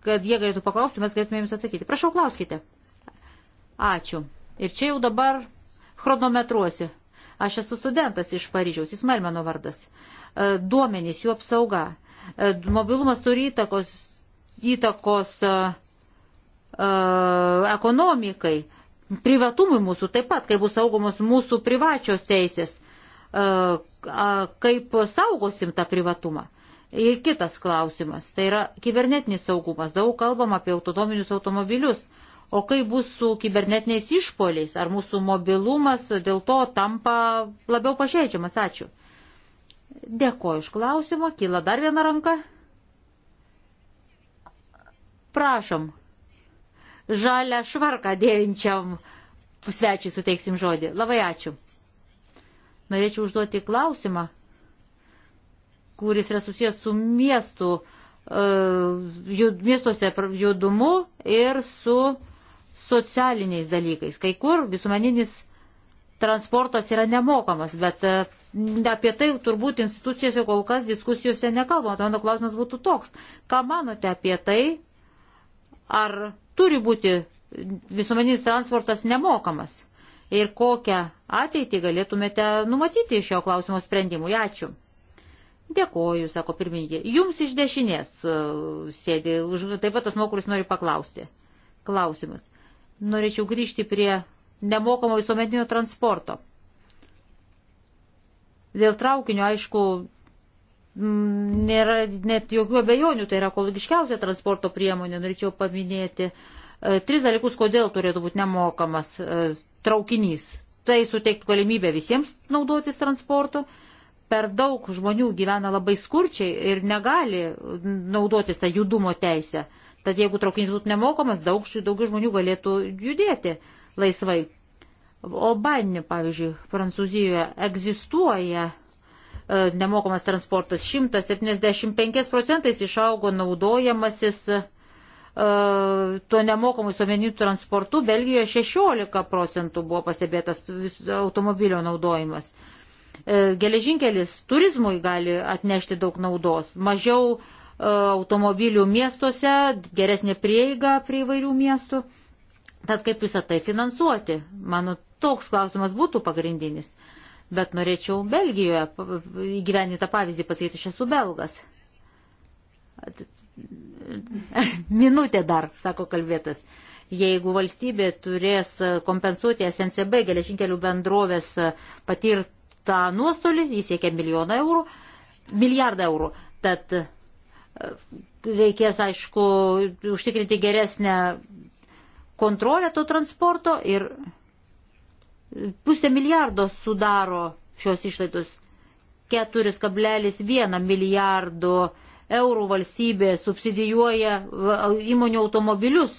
A: kad jie galėtų paklausti, mes galėtume jums atsakyti. Prašau, klauskite. Ačiū. Ir čia jau dabar chronometruosiu. Aš esu studentas iš Paryžiaus, jis man mano vardas. Duomenys, jų apsauga. Mobilumas turi įtakos įtakos e, e, ekonomikai, privatumui mūsų taip pat, kaip bus saugomos mūsų privačios teisės, e, kaip saugosim tą privatumą. Ir kitas klausimas, tai yra kibernetinis saugumas. Daug kalbam apie autonominius automobilius. O kaip bus su kibernetiniais išpoliais? Ar mūsų mobilumas dėl to tampa labiau pažeidžiamas? Ačiū. Dėkoju iš klausimą. Kyla dar viena ranka. Prašom, žalę švarką dėvinčiam svečiui suteiksim žodį. Labai ačiū. Norėčiau užduoti klausimą, kuris yra susijęs su miestu, e, jud, miestuose judumu ir su socialiniais dalykais. Kai kur visuomeninis transportas yra nemokamas, bet e, apie tai turbūt institucijose kol kas diskusijose nekalbama. Tai mano klausimas būtų toks. Ką manote apie tai, ar turi būti visuomeninis transportas nemokamas ir kokią ateitį galėtumėte numatyti šio klausimo sprendimui. Ačiū. Dėkoju, sako pirmininkė. Jums iš dešinės e, sėdi, taip pat tas mokuris nori paklausti. Klausimas. Norėčiau grįžti prie nemokamo visuomeninio transporto. Dėl traukinio, aišku, Mm, nėra net jokių abejonių, tai yra ekologiškiausia transporto priemonė. Norėčiau paminėti e, tris dalykus, kodėl turėtų būti nemokamas e, traukinys. Tai suteiktų galimybę visiems naudotis transportu. Per daug žmonių gyvena labai skurčiai ir negali naudotis tą judumo teisę. Tad jeigu traukinys būtų nemokamas, daug, daugiau žmonių galėtų judėti laisvai. Albaninė, pavyzdžiui, Prancūzijoje egzistuoja E, nemokamas transportas 175 procentais išaugo naudojamasis e, tuo nemokamu visuomeniniu transportu, Belgijoje 16 procentų buvo pastebėtas automobilio naudojimas. E, geležinkelis turizmui gali atnešti daug naudos, mažiau automobilių miestuose, geresnė prieiga prie įvairių miestų. Tad kaip visą tai finansuoti? Mano toks klausimas būtų pagrindinis. Uh, bet norėčiau Belgijoje įgyveninti tą pavyzdį pasakyti, aš esu belgas. Minutė dar, sako kalbėtas. Jeigu valstybė turės kompensuoti SNCB geležinkelių bendrovės patirtą nuostolį, jis siekia milijoną eurų, milijardą eurų, tad e, reikės, aišku, užtikrinti geresnę kontrolę to transporto ir Pusę milijardo sudaro šios išlaidos. 4,1 milijardo eurų valstybė subsidijuoja įmonių automobilius.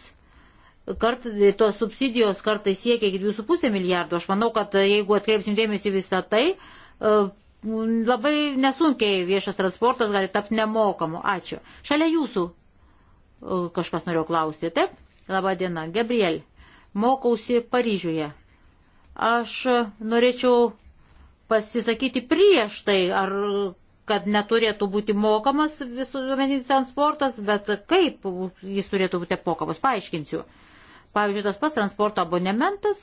A: Kart, tos subsidijos kartais siekia iki 2,5 milijardo. Aš manau, kad e, jeigu atkreipsim dėmesį visą tai, e, labai nesunkiai viešas transportas gali tapti nemokamu. Ačiū. Šalia jūsų e, kažkas norėjo klausyti. Taip? Labą dieną. Gabriel. Mokausi Paryžiuje. Aš norėčiau pasisakyti prieš tai, ar kad neturėtų būti mokamas visuomeninis transportas, bet kaip jis turėtų būti apmokamas, paaiškinsiu. Pavyzdžiui, tas pats transporto abonementas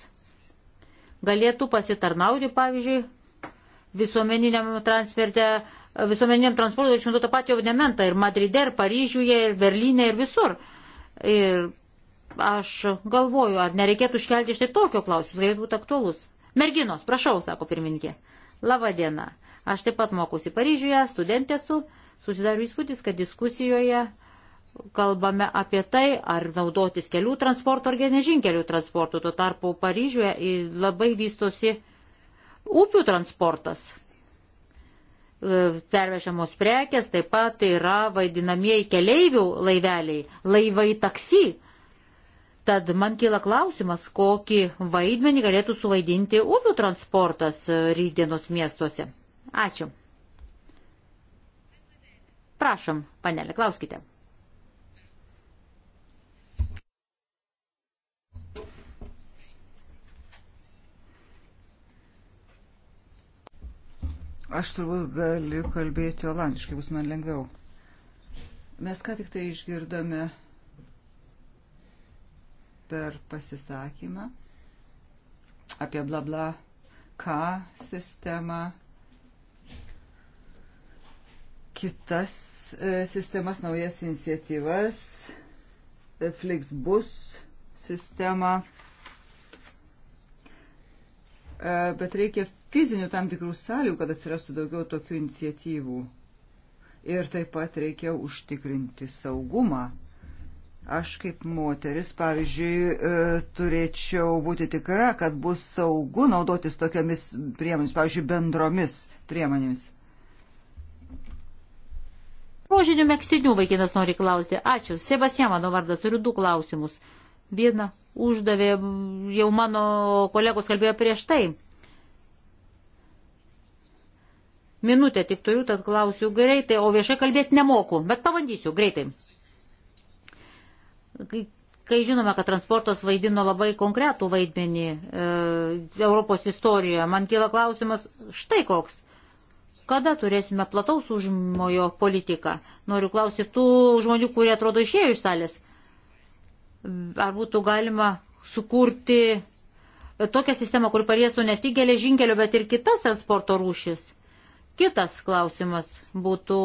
A: galėtų pasitarnauti, pavyzdžiui, visuomeniniam transperte, visuomeniniam transportui išnaudoti tą patį abonementą ir Madride, ir Paryžiuje, ir Berlyne, ir visur. Ir aš galvoju, ar nereikėtų iškelti štai tokio klausimus, galėtų būti aktualus. Merginos, prašau, sako pirmininkė. Labą dieną. Aš taip pat mokusi Paryžiuje, studentė esu. Susidariu įspūdis, kad diskusijoje kalbame apie tai, ar naudotis kelių transporto ar genežinkelių transportu. Tuo tarpu Paryžiuje labai vystosi upių transportas. E, pervežamos prekes taip pat yra vaidinamieji keleivių laiveliai, laivai taksi Tad man kyla klausimas, kokį vaidmenį galėtų suvaidinti upių transportas e, rydienos miestuose. Ačiū. Prašom, panelė, klauskite.
B: Aš turbūt galiu kalbėti olandiškai, bus man lengviau. Mes ką tik tai išgirdome per pasisakymą apie bla bla ką sistemą, kitas e, sistemas, naujas iniciatyvas, e, Flixbus sistemą e, bet reikia fizinių tam tikrų sąlygų, kad atsirastų daugiau tokių iniciatyvų. Ir taip pat reikia užtikrinti saugumą Aš kaip moteris, pavyzdžiui, e, turėčiau būti tikra, kad bus saugu naudotis tokiamis priemonėmis, pavyzdžiui, bendromis priemonėmis.
A: Rožinių mėgstinių vaikinas nori klausyti. Ačiū. Sebastien mano vardas, turiu du klausimus. Vieną uždavė, jau mano kolegos kalbėjo prieš tai. Minutę tik turiu, tad klausiu greitai, o viešai kalbėti nemoku, bet pabandysiu greitai. Kai, kai žinome, kad transportas vaidino labai konkretų vaidmenį e, Europos istorijoje, man kyla klausimas štai koks. Kada turėsime plataus užmojo politiką? Noriu klausyti tų žmonių, kurie atrodo išėjo iš salės. Ar būtų galima sukurti e, tokią sistemą, kur pariestų ne tik geležinkelio, bet ir kitas transporto rūšis? Kitas klausimas būtų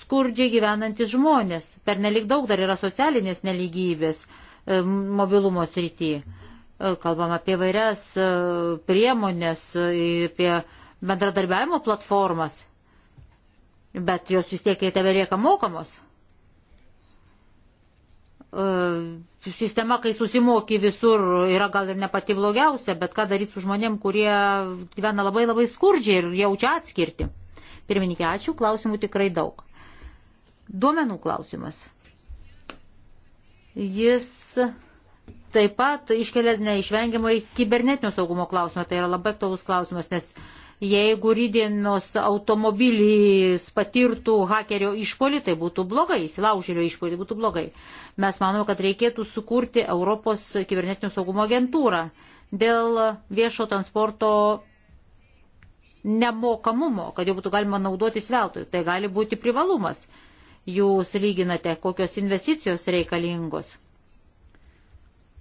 A: skurdžiai gyvenantis žmonės. Per nelik daug dar yra socialinės neligybės e, mobilumo srityje. Kalbam apie vairias e, priemonės, e, apie bendradarbiavimo platformas, bet jos vis tiek tebe lieka mokamos. Sistema, kai susimoky visur, yra gal ir ne pati blogiausia, bet ką daryti su žmonėm, kurie gyvena labai labai skurdžiai ir jaučia atskirti. Pirmininkė, ačiū, klausimų tikrai daug. Duomenų klausimas. Jis taip pat iškelia neišvengiamai kibernetinio saugumo klausimą. Tai yra labai aktualus klausimas, nes jeigu rydienos automobilis patirtų hakerio išpolį, tai būtų blogai, įsilaužėlio išpolį tai būtų blogai. Mes manome, kad reikėtų sukurti Europos kibernetinio saugumo agentūrą dėl viešo transporto nemokamumo, kad jau būtų galima naudotis veltui. Tai gali būti privalumas jūs lyginate, kokios investicijos reikalingos.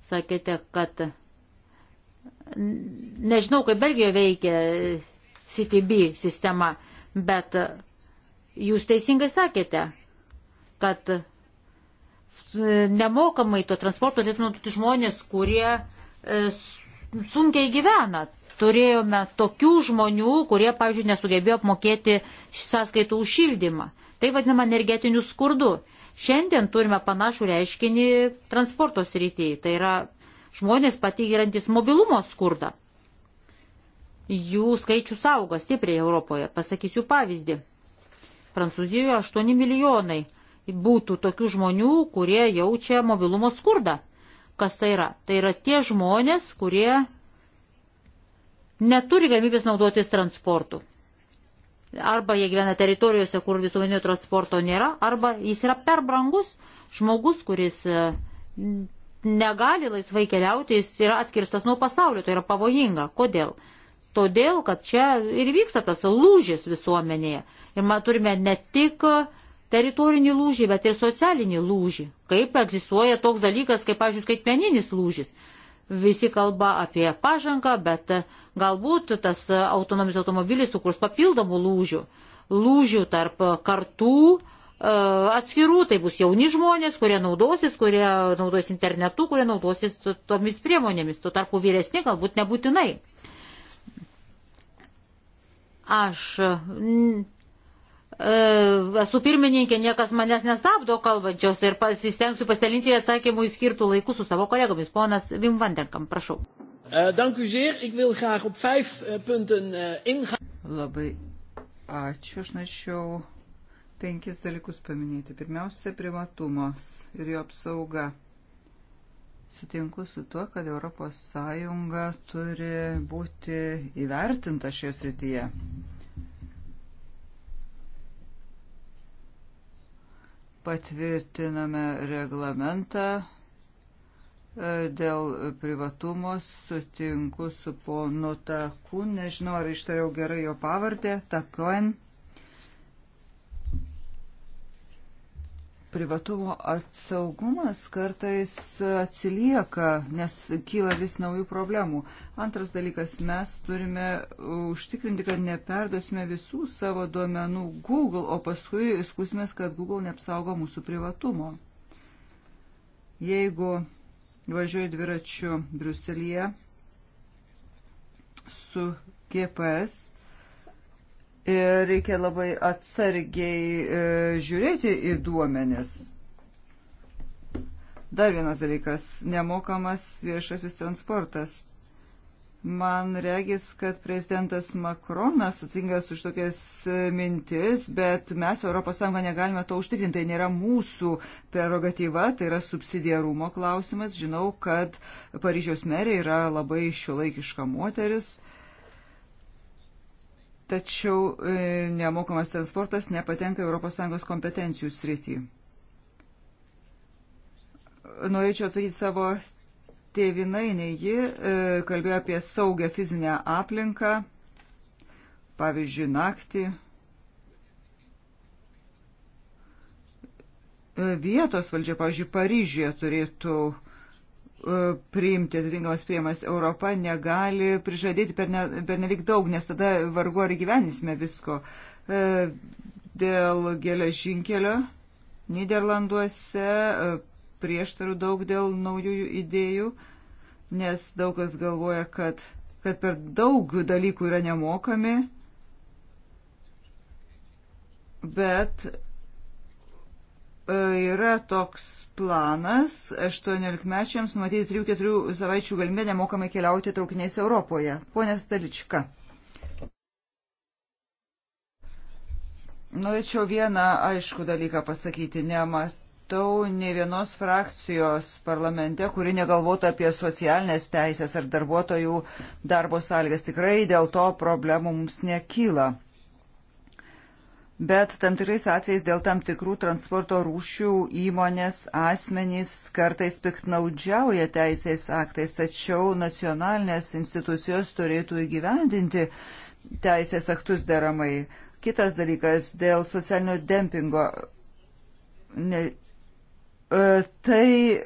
A: Sakėte, kad nežinau, kaip Belgijoje veikia CTB sistema, bet jūs teisingai sakėte, kad nemokamai to transporto turėtų naudoti žmonės, kurie e, sunkiai gyvena. Turėjome tokių žmonių, kurie, pavyzdžiui, nesugebėjo apmokėti sąskaitų už šildymą. Tai vadinama energetiniu skurdu. Šiandien turime panašų reiškinį transporto srityje. Tai yra žmonės patyrantis mobilumo skurdą. Jų skaičius auga stipriai Europoje. Pasakysiu pavyzdį. Prancūzijoje 8 milijonai būtų tokių žmonių, kurie jaučia mobilumo skurdą kas tai yra. Tai yra tie žmonės, kurie neturi galimybės naudotis transportu. Arba jie gyvena teritorijose, kur visuomeninio transporto nėra, arba jis yra per brangus žmogus, kuris e, negali laisvai keliauti, jis yra atkirstas nuo pasaulio, tai yra pavojinga. Kodėl? Todėl, kad čia ir vyksta tas lūžis visuomenėje. Ir man turime ne tik uh, teritorinį lūžį, bet ir socialinį lūžį. Kaip egzistuoja toks dalykas, kaip, pavyzdžiui, skaitmeninis lūžis. Visi kalba apie pažangą, bet e, galbūt tas autonominis automobilis sukurs papildomų lūžių. Lūžių tarp kartų e, atskirų, tai bus jauni žmonės, kurie naudosis, kurie naudosis internetu, kurie naudosis tomis priemonėmis, tuo tarpu vyresni galbūt nebūtinai. Aš E, esu pirmininkė, niekas manęs nestabdo kalbančios ir pasistengsiu pasidalinti atsakymų įskirtų laikų su savo kolegomis. Ponas Vim Vandenkam, prašau.
B: E, e, Labai ačiū, aš norėčiau penkis dalykus paminėti. Pirmiausia, privatumas ir jo apsauga. Sutinku su tuo, kad ES turi būti įvertinta šioje srityje. patvirtiname reglamentą e, dėl privatumo sutinku su ponu Takun, nežinau ar ištariau gerai jo pavardę, Takuen. privatumo atsaugumas kartais atsilieka, nes kyla vis naujų problemų. Antras dalykas, mes turime užtikrinti, kad neperdosime visų savo duomenų Google, o paskui skusmės, kad Google neapsaugo mūsų privatumo. Jeigu važiuoju dviračiu Bruselėje su GPS, ir reikia labai atsargiai e, žiūrėti į duomenis. Dar vienas dalykas - nemokamas viešasis transportas. Man regis, kad prezidentas Makronas atsingas už tokias e, mintis, bet mes ES negalime to užtikrinti. Tai nėra mūsų prerogatyva, tai yra subsidiarumo klausimas. Žinau, kad Paryžiaus merė yra labai šiuolaikiška moteris tačiau e, nemokamas transportas nepatenka ES kompetencijų srity. Norėčiau atsakyti savo tėvinainį, ji e, kalbėjo apie saugę fizinę aplinką, pavyzdžiui, naktį. E, vietos valdžia, pavyzdžiui, Paryžiuje turėtų uh, E, priimti atitinkamas priemas. Europa negali prižadėti per, ne, per nelik daug, nes tada vargu ar gyvenysime visko. E, dėl geležinkelio Niderlanduose e, prieštarų daug dėl naujųjų idėjų, nes daug kas galvoja, kad, kad per daug dalykų yra nemokami, bet E, yra toks planas 18-mečiams numatyti 3-4 savaičių galimybę nemokamai keliauti traukiniais Europoje. Pone Stalička. Norėčiau vieną aišku dalyką pasakyti. Nematau ne vienos frakcijos parlamente, kuri negalvotų apie socialinės teisės ar darbuotojų darbo sąlygas. Tikrai dėl to problemų mums nekyla bet tam tikrais atvejais dėl tam tikrų transporto rūšių įmonės asmenys kartais piktnaudžiauja teisės aktais, tačiau nacionalinės institucijos turėtų įgyvendinti teisės aktus deramai. Kitas dalykas dėl socialinio dempingo. Ne, e, tai e,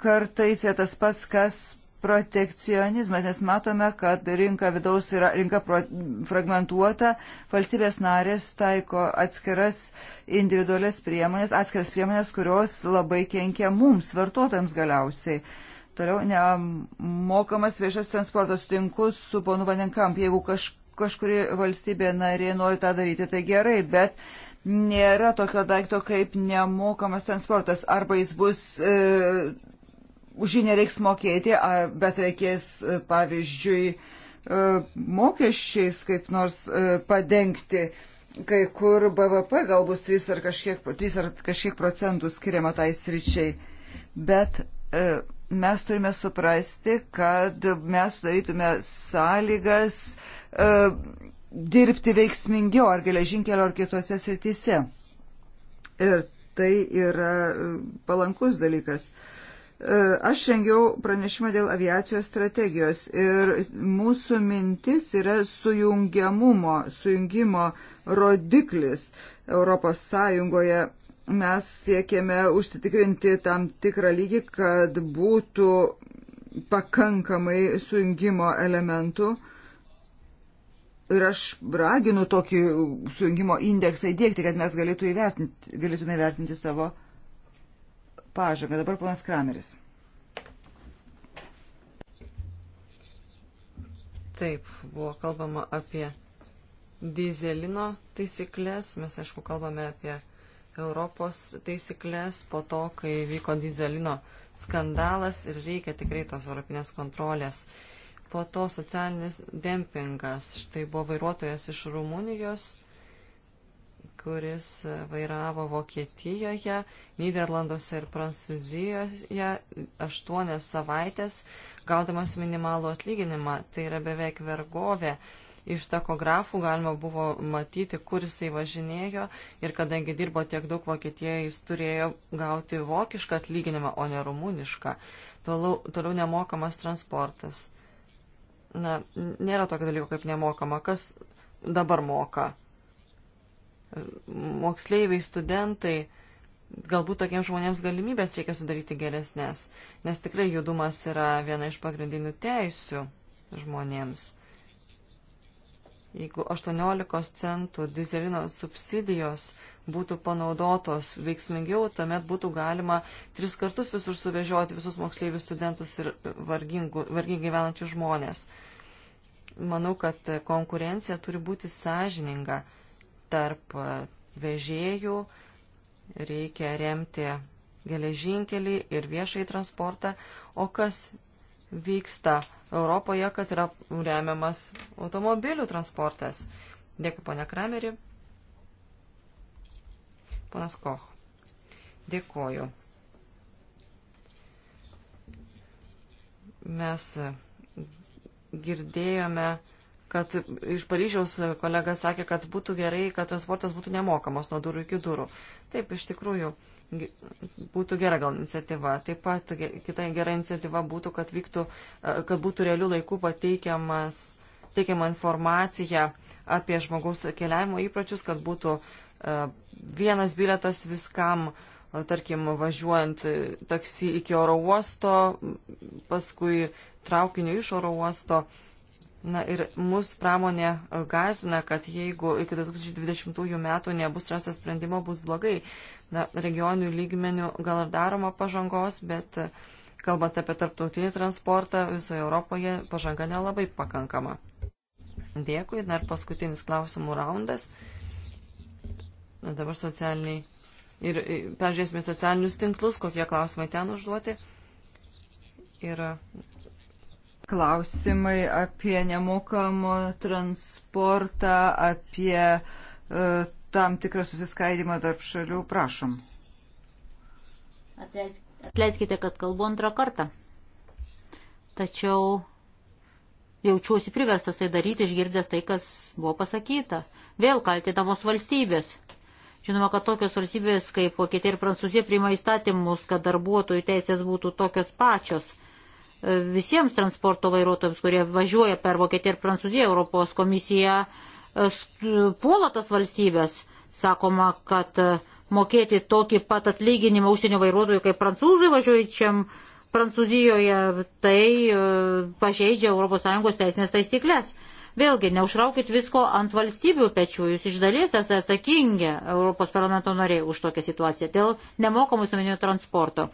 B: kartais yra tas pats, kas protekcionizmas, nes matome, kad rinka vidaus yra rinka pro, fragmentuota, valstybės narės taiko atskiras individualias priemonės, atskiras priemonės, kurios labai kenkia mums, vartotojams galiausiai. Toliau nemokamas viešas transportas sutinku su ponu Vaninkamp, jeigu kaž, kažkuri valstybė narė nori tą daryti, tai gerai, bet nėra tokio daikto kaip nemokamas transportas, arba jis bus. E, už jį nereiks mokėti, bet reikės, e, pavyzdžiui, e, mokesčiais kaip nors e, padengti. Kai kur BVP gal bus 3 ar kažkiek, 3 ar kažkiek procentų skiriama tai sričiai. Bet mes turime suprasti, kad mes sudarytume sąlygas dirbti veiksmingiau ar geležinkelio ar kitose srityse. Ir tai yra palankus dalykas. Uh, E, aš rengiau pranešimą dėl aviacijos strategijos ir mūsų mintis yra sujungiamumo, sujungimo rodiklis Europos Sąjungoje. Mes siekėme užsitikrinti tam tikrą lygį, kad būtų pakankamai sujungimo elementų. Ir aš raginu tokį sujungimo indeksą įdėkti, kad mes galėtume įvertinti, galėtume įvertinti savo uh, pažangą. Dabar ponas Krameris.
C: Taip, buvo kalbama apie dizelino taisyklės, mes aišku kalbame apie Europos taisyklės po to, kai vyko dizelino skandalas ir reikia tikrai tos europinės kontrolės. Po to socialinis dempingas, štai buvo vairuotojas iš Rumunijos, kuris vairavo Vokietijoje, Niderlanduose ir Prancūzijoje aštuonias savaitės, gaudamas minimalų atlyginimą. Tai yra beveik vergovė iš takografų galima buvo matyti, kur jisai važinėjo ir kadangi dirbo tiek daug Vokietijoje, jis turėjo gauti vokišką atlyginimą, o ne rumunišką. Toliau, toliau nemokamas transportas. Na, nėra tokio dalyko kaip nemokama. Kas dabar moka? moksleiviai, studentai, galbūt tokiems žmonėms galimybės reikia sudaryti geresnės, nes tikrai judumas yra viena iš pagrindinių teisių žmonėms. Jeigu 18 centų dizelino subsidijos būtų panaudotos veiksmingiau, tuomet būtų galima tris kartus visur suvežioti visus moksleivius, studentus ir vargingų, vargingai gyvenančius žmonės. Manau, kad konkurencija turi būti sąžininga tarp e, vežėjų, reikia remti geležinkelį ir viešai transportą, o kas vyksta Europoje, kad yra remiamas automobilių transportas. Dėkui, ponia Krameri. Ponas Koch. Dėkoju. Mes girdėjome kad iš Paryžiaus kolega sakė, kad būtų gerai, kad transportas būtų nemokamas nuo durų iki durų. Taip, iš tikrųjų, būtų gera gal iniciatyva. Taip pat kita gera iniciatyva būtų, kad, vyktų, e, kad būtų realių laikų pateikiamas teikiama informacija apie žmogaus keliavimo įpročius, kad būtų e, vienas biletas viskam, e, tarkim, važiuojant taksi iki oro uosto, paskui traukiniu iš oro uosto. Uh, Na ir mus pramonė e, gazina, kad jeigu iki 2020 metų nebus rastas sprendimo, bus blogai. Na, regionių lygmenių gal ir daroma pažangos, bet e, kalbant apie tarptautinį transportą, visoje Europoje pažanga nelabai pakankama. Dėkui, dar paskutinis klausimų raundas. Na, dabar socialiniai. Ir peržiūrėsime socialinius tinklus, kokie klausimai ten užduoti. Ir klausimai apie nemokamą
B: transportą, apie uh, tam tikrą susiskaidimą tarp šalių. Prašom. Atleiskite, kad kalbu antrą
A: kartą. Tačiau jaučiuosi priverstas tai daryti, išgirdęs tai, kas buvo pasakyta. Vėl kaltinamos valstybės. Žinoma, kad tokios valstybės kaip Vokietija ir Prancūzija priima įstatymus, kad darbuotojų teisės būtų tokios pačios visiems transporto vairuotojams, kurie važiuoja per Vokietiją ir Prancūziją, Europos komisija e, puola tas valstybės. Sakoma, kad e, mokėti tokį pat atlyginimą užsienio vairuotojui kaip prancūzui važiuojančiam Prancūzijoje, tai e, pažeidžia ES teisinės taisyklės. Vėlgi, neužraukit visko ant valstybių pečių, jūs iš dalies esate atsakingi Europos parlamento nariai už tokią situaciją dėl nemokamų visuomeninio transporto.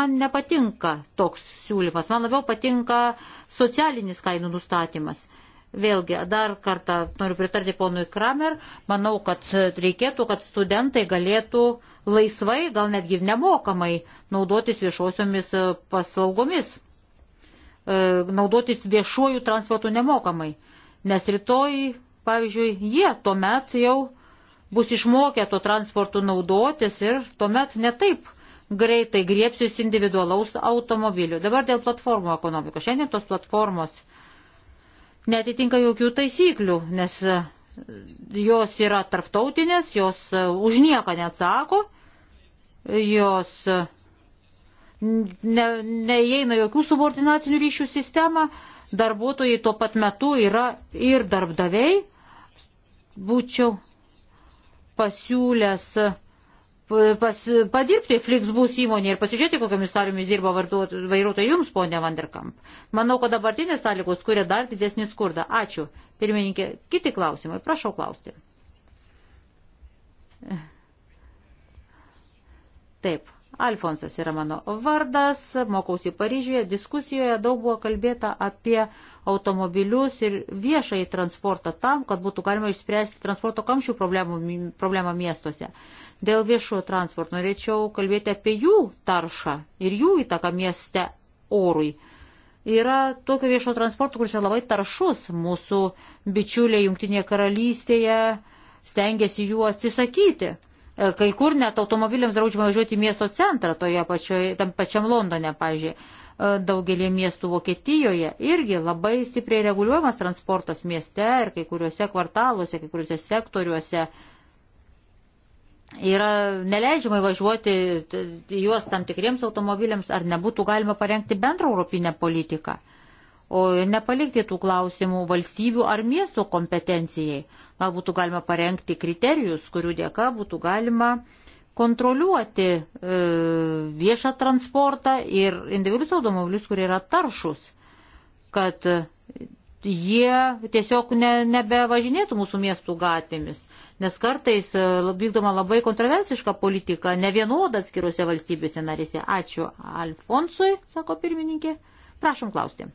A: Man nepatinka toks siūlymas, man labiau patinka socialinis kainų nustatymas. Vėlgi, dar kartą noriu pritarti ponui Kramer, manau, kad reikėtų, kad studentai galėtų laisvai, gal netgi nemokamai naudotis viešosiomis paslaugomis, e, naudotis viešuoju transportu nemokamai nes rytoj, pavyzdžiui, jie tuomet jau bus išmokę tuo transportu naudotis ir tuomet netaip greitai griepsis individualaus automobilių. Dabar dėl platformų ekonomikos. Šiandien tos platformos netitinka jokių taisyklių, nes e, jos yra tarptautinės, jos e, už nieką neatsako, jos e, neįeina ne jokių subordinacinių ryšių sistemą darbuotojai tuo pat metu yra ir darbdaviai. Būčiau pasiūlęs pas, padirbti Flixbus įmonėje ir pasižiūrėti, kokiamis sąlygomis dirba vairuotojai jums, ponė Vanderkamp. Manau, kad dabartinės sąlygos kuria dar didesnį skurdą. Ačiū. Pirmininkė, kiti klausimai. Prašau klausti. Taip. Alfonsas yra mano vardas, mokausi Paryžiuje, diskusijoje daug buvo kalbėta apie automobilius ir viešai transportą tam, kad būtų galima išspręsti transporto kamščių problemų, problemą miestuose. Dėl viešojo transporto norėčiau kalbėti apie jų taršą ir jų įtaką mieste orui. Yra tokio viešo transporto, kuris yra labai taršus. Mūsų bičiuliai Junktinėje karalystėje stengiasi jų atsisakyti E, kai kur net automobiliams draudžiama važiuoti į miesto centrą, toje pačioje, tam pačiam Londone, pažiūrėjau. E, daugelį miestų Vokietijoje irgi labai stipriai reguliuojamas transportas mieste ir kai kuriuose kvartaluose, kai kuriuose sektoriuose yra neleidžiama įvažiuoti juos tam tikriems automobiliams, ar nebūtų galima parengti bendrą europinę politiką, o nepalikti tų klausimų valstybių ar miestų kompetencijai gal būtų galima parengti kriterijus, kurių dėka būtų galima kontroliuoti e, viešą transportą ir individualius automobilius, kurie yra taršus, kad jie tiesiog ne, nebevažinėtų mūsų miestų gatvėmis, nes kartais e, vykdoma labai kontroversiška politika, ne vienoda atskiruose valstybėse narėse. Ačiū Alfonsui, sako pirmininkė. Prašom klausti.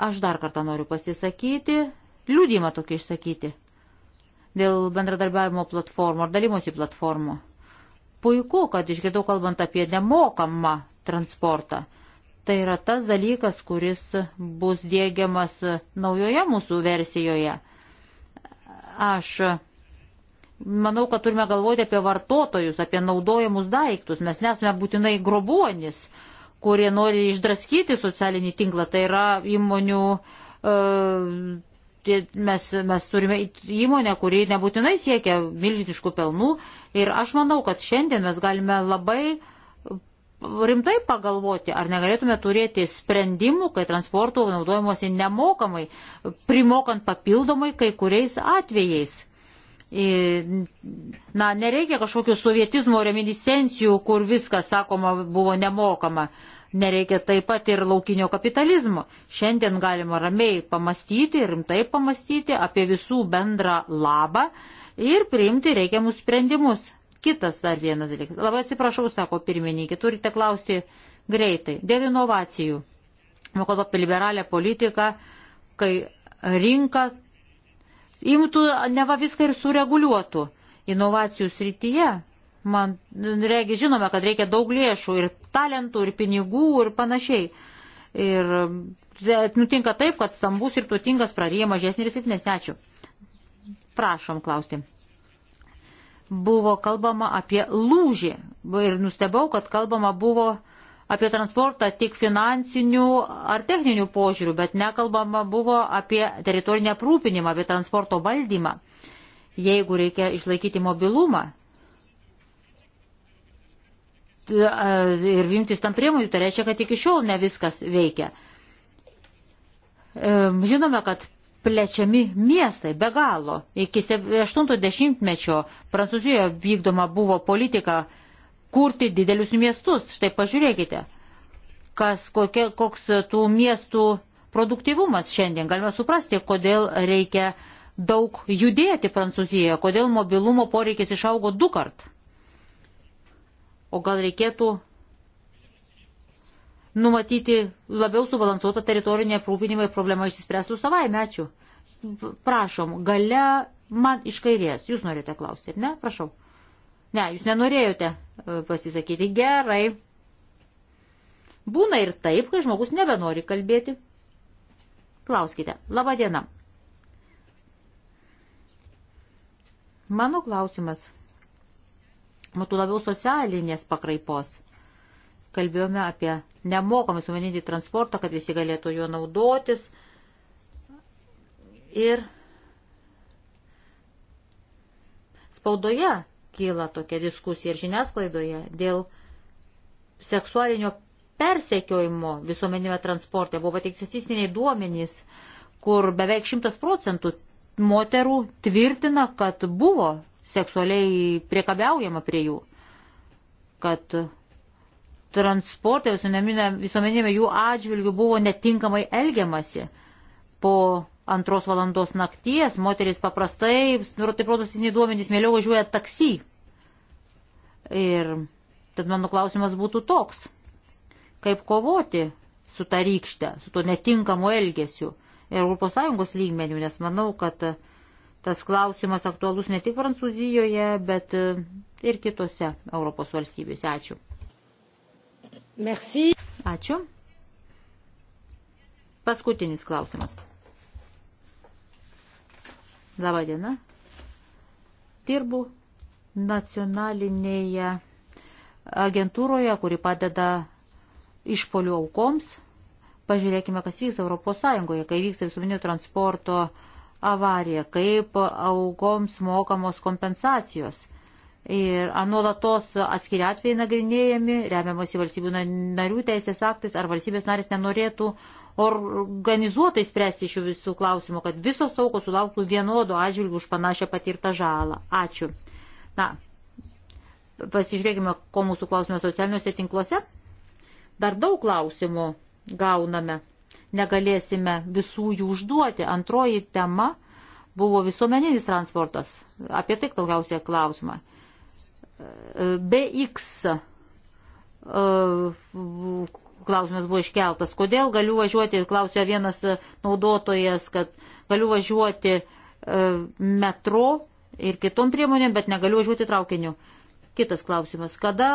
A: Aš dar kartą noriu pasisakyti, liūdimą tokį išsakyti dėl bendradarbiavimo platformų ar dalymosi platformų. Puiku, kad išgirdau kalbant apie nemokamą transportą. Tai yra tas dalykas, kuris bus dėgiamas naujoje mūsų versijoje. Aš manau, kad turime galvoti apie vartotojus, apie naudojamus daiktus. Mes nesame būtinai grobuonis, kurie nori išdraskyti socialinį tinklą. Tai yra įmonių e, mes, mes turime įmonę, kuri nebūtinai siekia milžiniškų pelnų ir aš manau, kad šiandien mes galime labai rimtai pagalvoti, ar negalėtume turėti sprendimų, kai transporto naudojimuose nemokamai, primokant papildomai kai kuriais atvejais. Na, nereikia kažkokių sovietizmo reminiscencijų, kur viskas, sakoma, buvo nemokama. Nereikia taip pat ir laukinio kapitalizmo. Šiandien galima ramiai pamastyti ir rimtai pamastyti apie visų bendrą labą ir priimti reikiamus sprendimus. Kitas dar vienas dalykas. Labai atsiprašau, sako pirmininkė, turite klausti greitai. Dėl inovacijų. Man kalba apie liberalę politiką, kai rinka imtų neva viską ir sureguliuotų. Inovacijų srityje Man reikia, žinome, kad reikia daug lėšų ir talentų, ir pinigų, ir panašiai. Ir e, nutinka taip, kad stambus ir turtingas praryja mažesnį ir silpnesnį. Ačiū. Prašom klausti. Buvo kalbama apie lūžį ir nustebau, kad kalbama buvo apie transportą tik finansinių ar techninių požiūrių, bet nekalbama buvo apie teritorinę aprūpinimą, apie transporto valdymą. Jeigu reikia išlaikyti mobilumą, ir imtis tam priemonių, tai reiškia, kad iki šiol ne viskas veikia. E, žinome, kad plečiami miestai be galo. Iki 80-mečio Prancūzijoje vykdoma buvo politika kurti didelius miestus. Štai pažiūrėkite, kas, kokie, koks tų miestų produktyvumas šiandien. Galime suprasti, kodėl reikia daug judėti Prancūzijoje, kodėl mobilumo poreikis išaugo du kart. O gal reikėtų numatyti labiau subalansuotą teritorinį aprūpinimą ir problema išsispręstų savaime. Ačiū. Prašom, gale man iš kairės. Jūs norite klausti, ar ne? Prašau. Ne, jūs nenorėjote e, pasisakyti. Gerai. Būna ir taip, kai žmogus nebenori kalbėti. Klauskite. Labadiena. Mano klausimas būtų labiau socialinės pakraipos. Kalbėjome apie nemokamą sumeninį transportą, kad visi galėtų juo naudotis. Ir spaudoje kyla tokia diskusija ir žiniasklaidoje dėl seksualinio persekiojimo visuomenėme transporte. Buvo pateikti statistiniai duomenys, kur beveik šimtas procentų moterų tvirtina, kad buvo seksualiai priekabiaujama prie jų, kad transporte visuomenėme jų atžvilgių buvo netinkamai elgiamasi. Po antros valandos nakties moteris paprastai, nurotai produsiniai duomenys, mėliau važiuoja taksi. Ir tad mano klausimas būtų toks, kaip kovoti su ta rykšte, su tuo netinkamu elgesiu Europos Sąjungos lygmeniu, nes manau, kad uh, Tas klausimas aktualus ne tik Prancūzijoje, bet e, ir kitose Europos valstybėse. Ačiū. Merci. Ačiū. Paskutinis klausimas. Labadiena. Dirbu nacionalinėje agentūroje, kuri padeda išpolių aukoms. Pažiūrėkime, kas vyksta Europos Sąjungoje, kai vyksta visuomeninio transporto uh, avariją, kaip aukoms mokamos kompensacijos. Ir nuolatos atskiri atvejai nagrinėjami, remiamosi valstybių narių teisės aktais, ar valstybės narės nenorėtų organizuotai spręsti šių visų klausimų, kad visos aukos sulauktų vienodo atžvilgių už panašią patirtą žalą. Ačiū. Na, pasižiūrėkime, ko mūsų klausime socialiniuose tinkluose. Dar daug klausimų gauname negalėsime visų jų užduoti. Antroji tema buvo visuomeninis transportas. Apie tai daugiausiai klausimą. BX e, klausimas buvo iškeltas. Kodėl galiu važiuoti, klausė vienas naudotojas, kad galiu važiuoti e, metro ir kitom priemonėm, bet negaliu važiuoti traukiniu. Kitas klausimas. Kada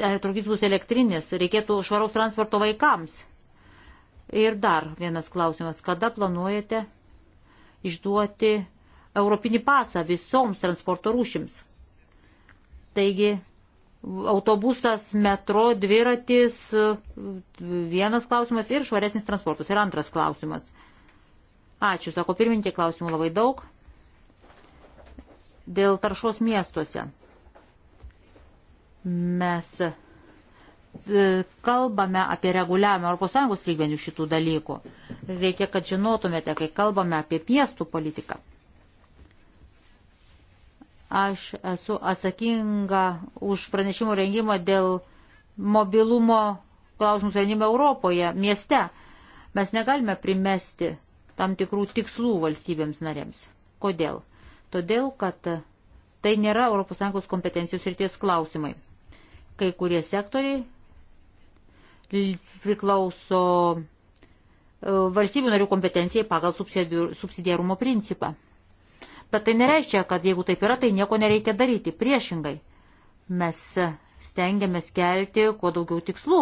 A: elektrokis bus elektrinės? Reikėtų švaraus transporto vaikams. Ir dar vienas klausimas. Kada planuojate išduoti europinį pasą visoms transporto rūšims? Taigi, autobusas, metro, dviratis, vienas klausimas ir švaresnis transportas. Ir antras klausimas. Ačiū, sako pirmininkė, klausimų labai daug. Dėl taršos miestuose. Mes E, kalbame apie reguliavimą ES lygmenių šitų dalykų. Reikia, kad žinotumėte, kai kalbame apie piestų politiką. Aš esu atsakinga už pranešimo rengimą dėl mobilumo klausimų sprendimą Europoje, mieste. Mes negalime primesti tam tikrų tikslų valstybėms narėms. Kodėl? Todėl, kad tai nėra ES kompetencijos ryties klausimai. Kai kurie sektoriai priklauso e, valstybių narių kompetencijai pagal subsidiarumo principą. Bet tai nereiškia, kad jeigu taip yra, tai nieko nereikia daryti. Priešingai, mes stengiamės kelti kuo daugiau tikslų.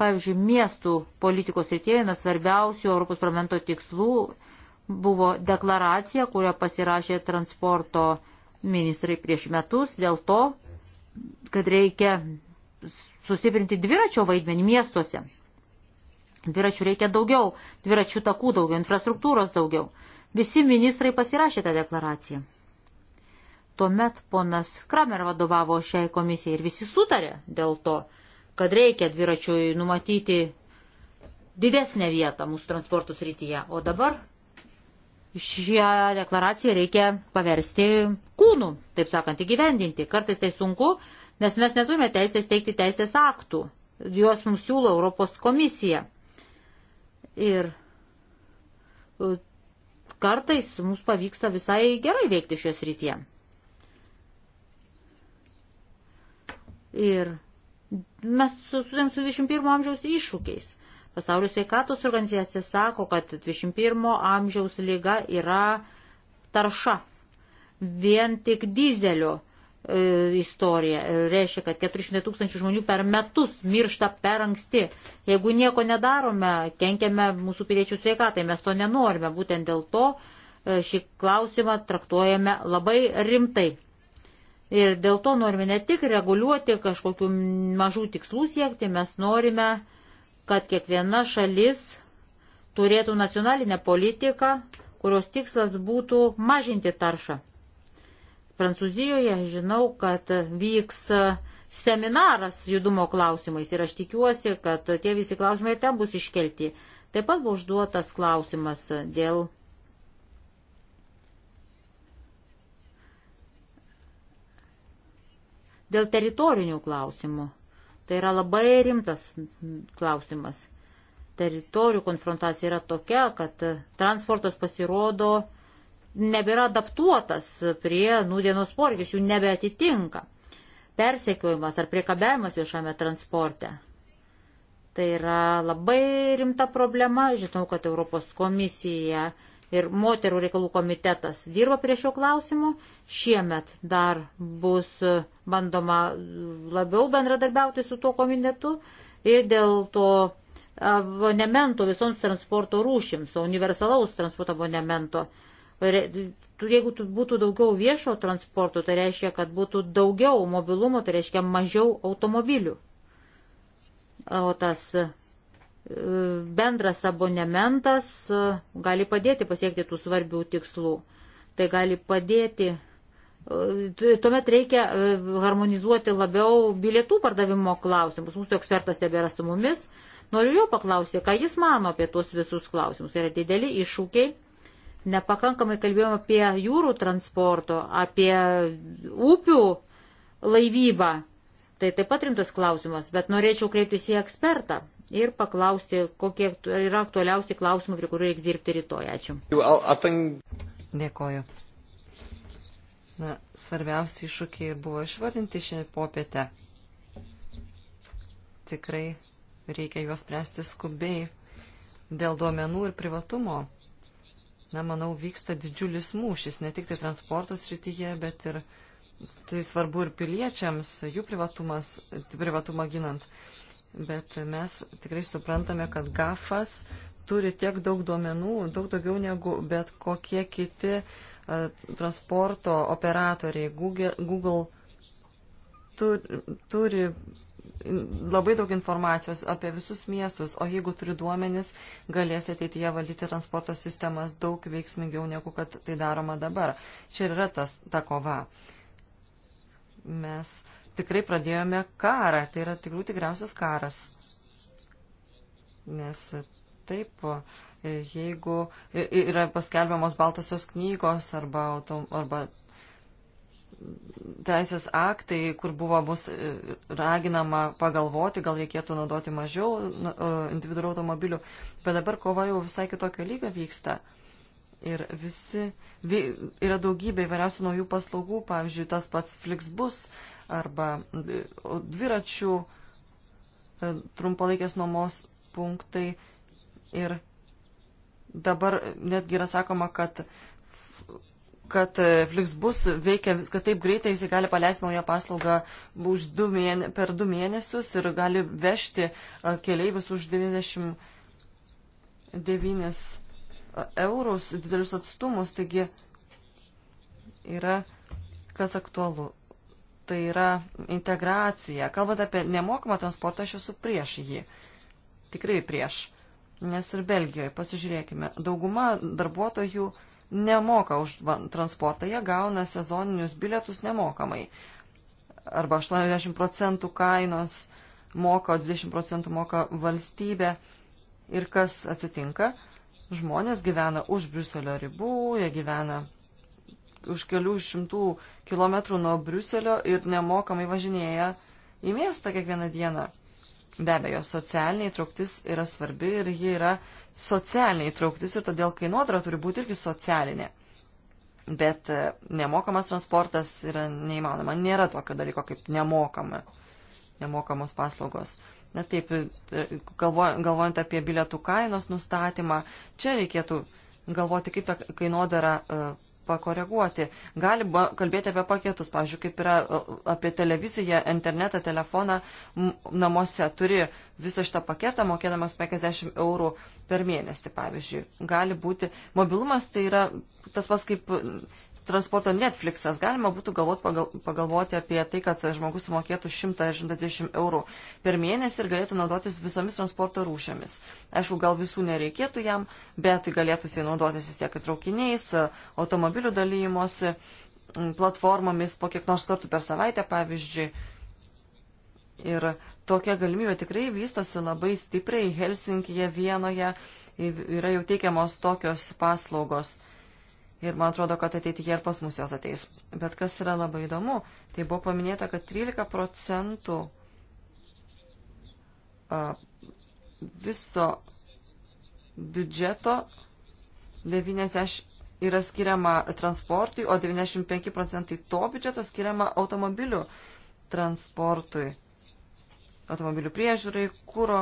A: Pavyzdžiui, miestų politikos rytėje vienas svarbiausių Europos parlamento tikslų buvo deklaracija, kurią pasirašė transporto ministrai prieš metus dėl to, kad reikia sustiprinti dviračio vaidmenį miestuose. Dviračių reikia daugiau, dviračių takų daugiau, infrastruktūros daugiau. Visi ministrai pasirašė tą deklaraciją. Tuomet ponas Kramer vadovavo šiai komisijai ir visi sutarė dėl to, kad reikia dviračiui numatyti didesnę vietą mūsų transportų srityje. O dabar šią deklaraciją reikia paversti kūnų, taip sakant, įgyvendinti. Kartais tai sunku, Nes mes neturime teisės teikti teisės aktų. Juos mums siūlo Europos komisija. Ir e, kartais mums pavyksta visai gerai veikti šios rytie. Ir mes susidėm su 21 amžiaus iššūkiais. Pasaulio sveikatos organizacija sako, kad 21 amžiaus lyga yra tarša. Vien tik dizelio E, istorija. Reiškia, kad 400 tūkstančių žmonių per metus miršta per anksti. Jeigu nieko nedarome, kenkiame mūsų piliečių sveikatai, mes to nenorime. Būtent dėl to e, šį klausimą traktuojame labai rimtai. Ir dėl to norime ne tik reguliuoti kažkokių mažų tikslų siekti, mes norime, kad kiekviena šalis turėtų nacionalinę politiką, kurios tikslas būtų mažinti taršą. Prancūzijoje žinau, kad vyks e, seminaras judumo klausimais ir aš tikiuosi, kad tie visi klausimai ir ten bus iškelti. Taip pat buvo užduotas klausimas dėl. Dėl teritorinių klausimų. Tai yra labai rimtas klausimas. Teritorijų konfrontacija yra tokia, kad transportas pasirodo nebėra adaptuotas prie nūdienos poreikius, jų nebeatitinka. Persekiojimas ar priekabiavimas viešame transporte. Tai yra labai rimta problema. Žinau, kad Europos komisija ir moterų reikalų komitetas dirba prie šio klausimo. Šiemet dar bus bandoma labiau bendradarbiauti su tuo komitetu ir dėl to abonemento visoms transporto rūšims, universalaus transporto abonemento. Uh, jeigu būtų daugiau viešo transporto, tai reiškia, kad būtų daugiau mobilumo, tai reiškia mažiau automobilių. O tas e, bendras abonementas e, gali padėti pasiekti tų svarbių tikslų. Tai gali padėti. E, tuomet reikia harmonizuoti labiau bilietų pardavimo klausimus. Mūsų ekspertas tebėra su mumis. Noriu jo paklausti, ką jis mano apie tuos visus klausimus. Tai yra dideli iššūkiai Nepakankamai kalbėjome apie jūrų transporto, apie upių laivybą. Tai taip pat rimtas klausimas, bet norėčiau kreiptis į ekspertą ir paklausti, kokie yra aktualiausi klausimai, prie kurių reiks dirbti rytoj. Ačiū.
C: Dėkoju. Na, svarbiausi iššūkiai buvo išvardinti šią popietę. Tikrai reikia juos spręsti skubiai dėl duomenų ir privatumo na, manau, vyksta didžiulis mūšis, ne tik tai transporto srityje, bet ir tai svarbu ir piliečiams, jų privatumas, privatumą ginant. Bet mes tikrai suprantame, kad GAFAS turi tiek daug duomenų, daug daugiau negu bet kokie kiti uh, transporto operatoriai. Google, Google turi, turi labai daug informacijos apie visus miestus, o jeigu turi duomenis, galės ateityje valdyti transporto sistemas daug veiksmingiau negu kad tai daroma dabar. Čia yra tas ta kova. Mes tikrai pradėjome karą, tai yra tikrų tikriausias karas. Nes taip, jeigu yra paskelbiamos baltosios knygos arba, arba teisės aktai, kur buvo bus e, raginama pagalvoti, gal reikėtų naudoti mažiau e, individualių automobilių, bet dabar kova jau visai kitokio lygio vyksta. Ir visi, vi, yra daugybė įvairiausių naujų paslaugų, pavyzdžiui, tas pats Flixbus arba e, dviračių trumpalaikės nuomos punktai. Ir dabar netgi yra sakoma, kad uh, kad e, Flixbus veikia viską taip greitai, jis gali paleisti naują paslaugą du mėne, per du mėnesius ir gali vežti e, keleivius už 99 e, eurus didelius atstumus, taigi yra kas aktualu. Tai yra integracija. Kalbant apie nemokamą transportą, aš esu prieš jį. Tikrai prieš. Nes ir Belgijoje, pasižiūrėkime, dauguma darbuotojų uh, nemoka už transportą, jie gauna sezoninius bilietus nemokamai. Arba 80 procentų kainos moka, 20 procentų moka valstybė. Ir kas atsitinka? Žmonės gyvena už Briuselio ribų, jie gyvena už kelių šimtų kilometrų nuo Briuselio ir nemokamai važinėja į miestą kiekvieną dieną. Be abejo, socialinė įtrauktis yra svarbi ir ji yra socialinė įtrauktis ir todėl kainodara turi būti irgi socialinė. Bet e, nemokamas transportas yra neįmanoma. Nėra tokio dalyko kaip nemokama, nemokamos paslaugos. Na taip, e, galvojant apie bilietų kainos nustatymą, čia reikėtų galvoti, kaip ta kainodara uh, pakoreguoti. Galima kalbėti apie paketus, pavyzdžiui, kaip yra apie televiziją, internetą, telefoną namuose. Turi visą šitą paketą, mokėdamas 50 eurų per mėnesį, pavyzdžiui. Gali būti. Mobilumas tai yra tas pats kaip transporto Netflixas. Galima būtų galvot, pagal, pagalvoti apie tai, kad žmogus sumokėtų 100-120 eurų per mėnesį ir galėtų naudotis visomis transporto rūšiamis. Aišku, gal visų nereikėtų jam, bet galėtų jisai naudotis vis tiek traukiniais, automobilių dalymosi, mm, platformomis po kiek nors kartų per savaitę, pavyzdžiui. Ir tokia galimybė tikrai vystosi labai stipriai Helsinkije, Vienoje yra jau teikiamos tokios paslaugos. Ir man atrodo, kad ateityje ir pas mus jos ateis. Bet kas yra labai įdomu, tai buvo paminėta, kad 13 procentų viso biudžeto 90 yra skiriama transportui, o 95 procentai to biudžeto skiriama automobilių transportui, automobilių priežiūrai, kūro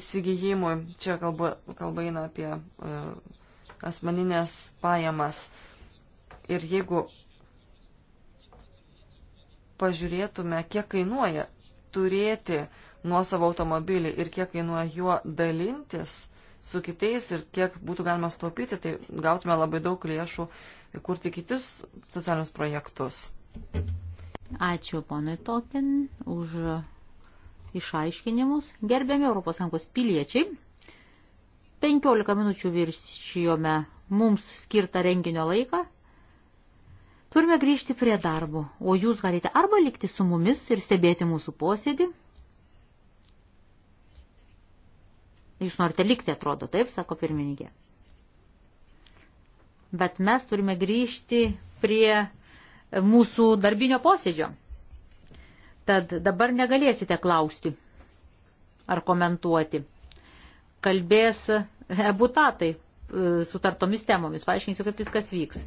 C: įsigijimui. Čia kalba, kalba eina apie uh, asmeninės pajamas. Ir jeigu pažiūrėtume, kiek kainuoja turėti nuosavą automobilį ir kiek kainuoja juo dalintis su kitais ir kiek būtų galima staupyti, tai gautume labai daug lėšų kurti kitus socialinius projektus.
A: Ačiū ponui Tokin už išaiškinimus. Gerbiami ES piliečiai, 15 minučių viršijome mums skirtą renginio laiką. Turime grįžti prie darbo, o jūs galite arba likti su mumis ir stebėti mūsų posėdį. Jūs norite likti, atrodo, taip, sako pirmininkė. Bet mes turime grįžti prie mūsų darbinio posėdžio. Tad dabar negalėsite klausti ar komentuoti. Kalbės butatai e, sutartomis temomis. Paaiškinsiu, kaip viskas vyks.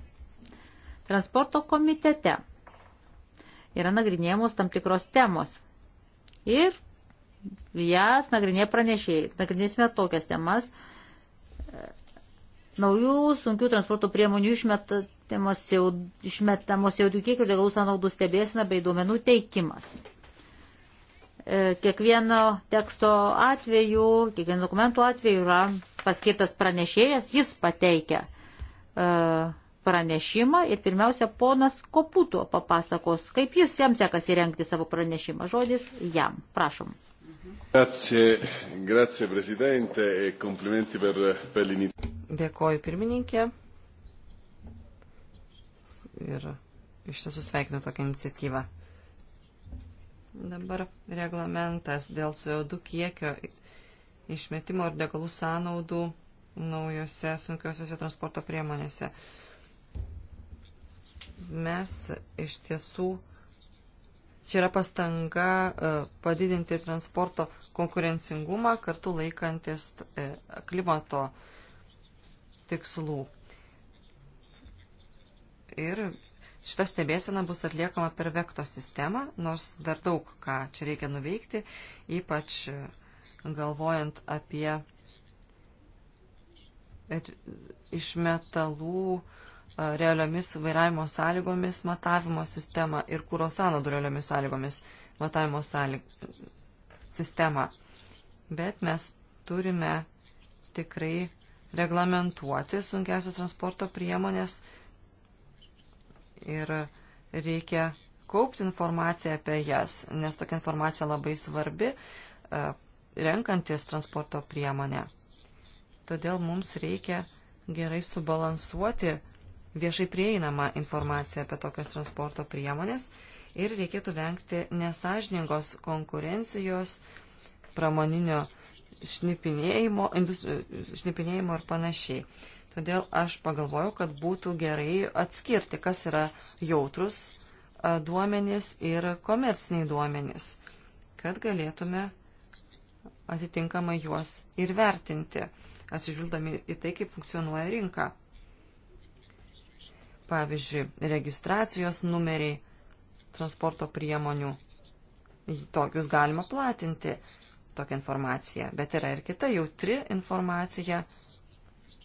A: Transporto komitete yra nagrinėjamos tam tikros temos. Ir jas nagrinėja pranešėjai. Nagrinėsime tokias temas. E, naujų sunkių transporto priemonių išmetamos CO2 kiekio degalų sąnaudų stebėsime bei duomenų teikimas. E, kiekvieno teksto atveju, kiekvieno dokumento atveju yra paskirtas pranešėjas, jis pateikia e, pranešimą ir pirmiausia, ponas Koputo papasakos, kaip jis jam sekasi renkti savo pranešimą. Žodis jam. Prašom.
C: Grazie, grazie
B: prezidente e komplimenti per, per l'iniciatyvą.
C: Dėkoju pirmininkė. Ir iš tiesų sveikinu tokią iniciatyvą. Dabar reglamentas dėl CO2 kiekio išmetimo ir degalų sąnaudų naujose sunkiosiuose transporto priemonėse. Mes iš tiesų, čia yra pastanga e, padidinti transporto konkurencingumą, kartu laikantis e, klimato tikslų. Ir Šita stebėsena bus atliekama per vekto sistemą, nors dar daug ką čia reikia nuveikti, ypač e, galvojant apie iš metalų e, realiomis vairavimo sąlygomis matavimo sistemą ir kūro sąnaudų realiomis sąlygomis matavimo sąlyg... sistemą. Bet mes turime tikrai reglamentuoti sunkiasias transporto priemonės, ir reikia kaupti informaciją apie jas, nes tokia informacija labai svarbi e, renkantis transporto priemonę. Todėl mums reikia gerai subalansuoti viešai prieinamą informaciją apie tokias transporto priemonės ir reikėtų vengti nesažningos konkurencijos, pramoninio šnipinėjimo, šnipinėjimo ir panašiai. Todėl aš pagalvojau, kad būtų gerai atskirti, kas yra jautrus duomenys ir komerciniai duomenys, kad galėtume atitinkamai juos ir vertinti, atsižvilgdami į tai, kaip funkcionuoja rinka. Pavyzdžiui, registracijos numeriai transporto priemonių. Tokius galima platinti, tokią informaciją. Bet yra ir kita jautri informacija,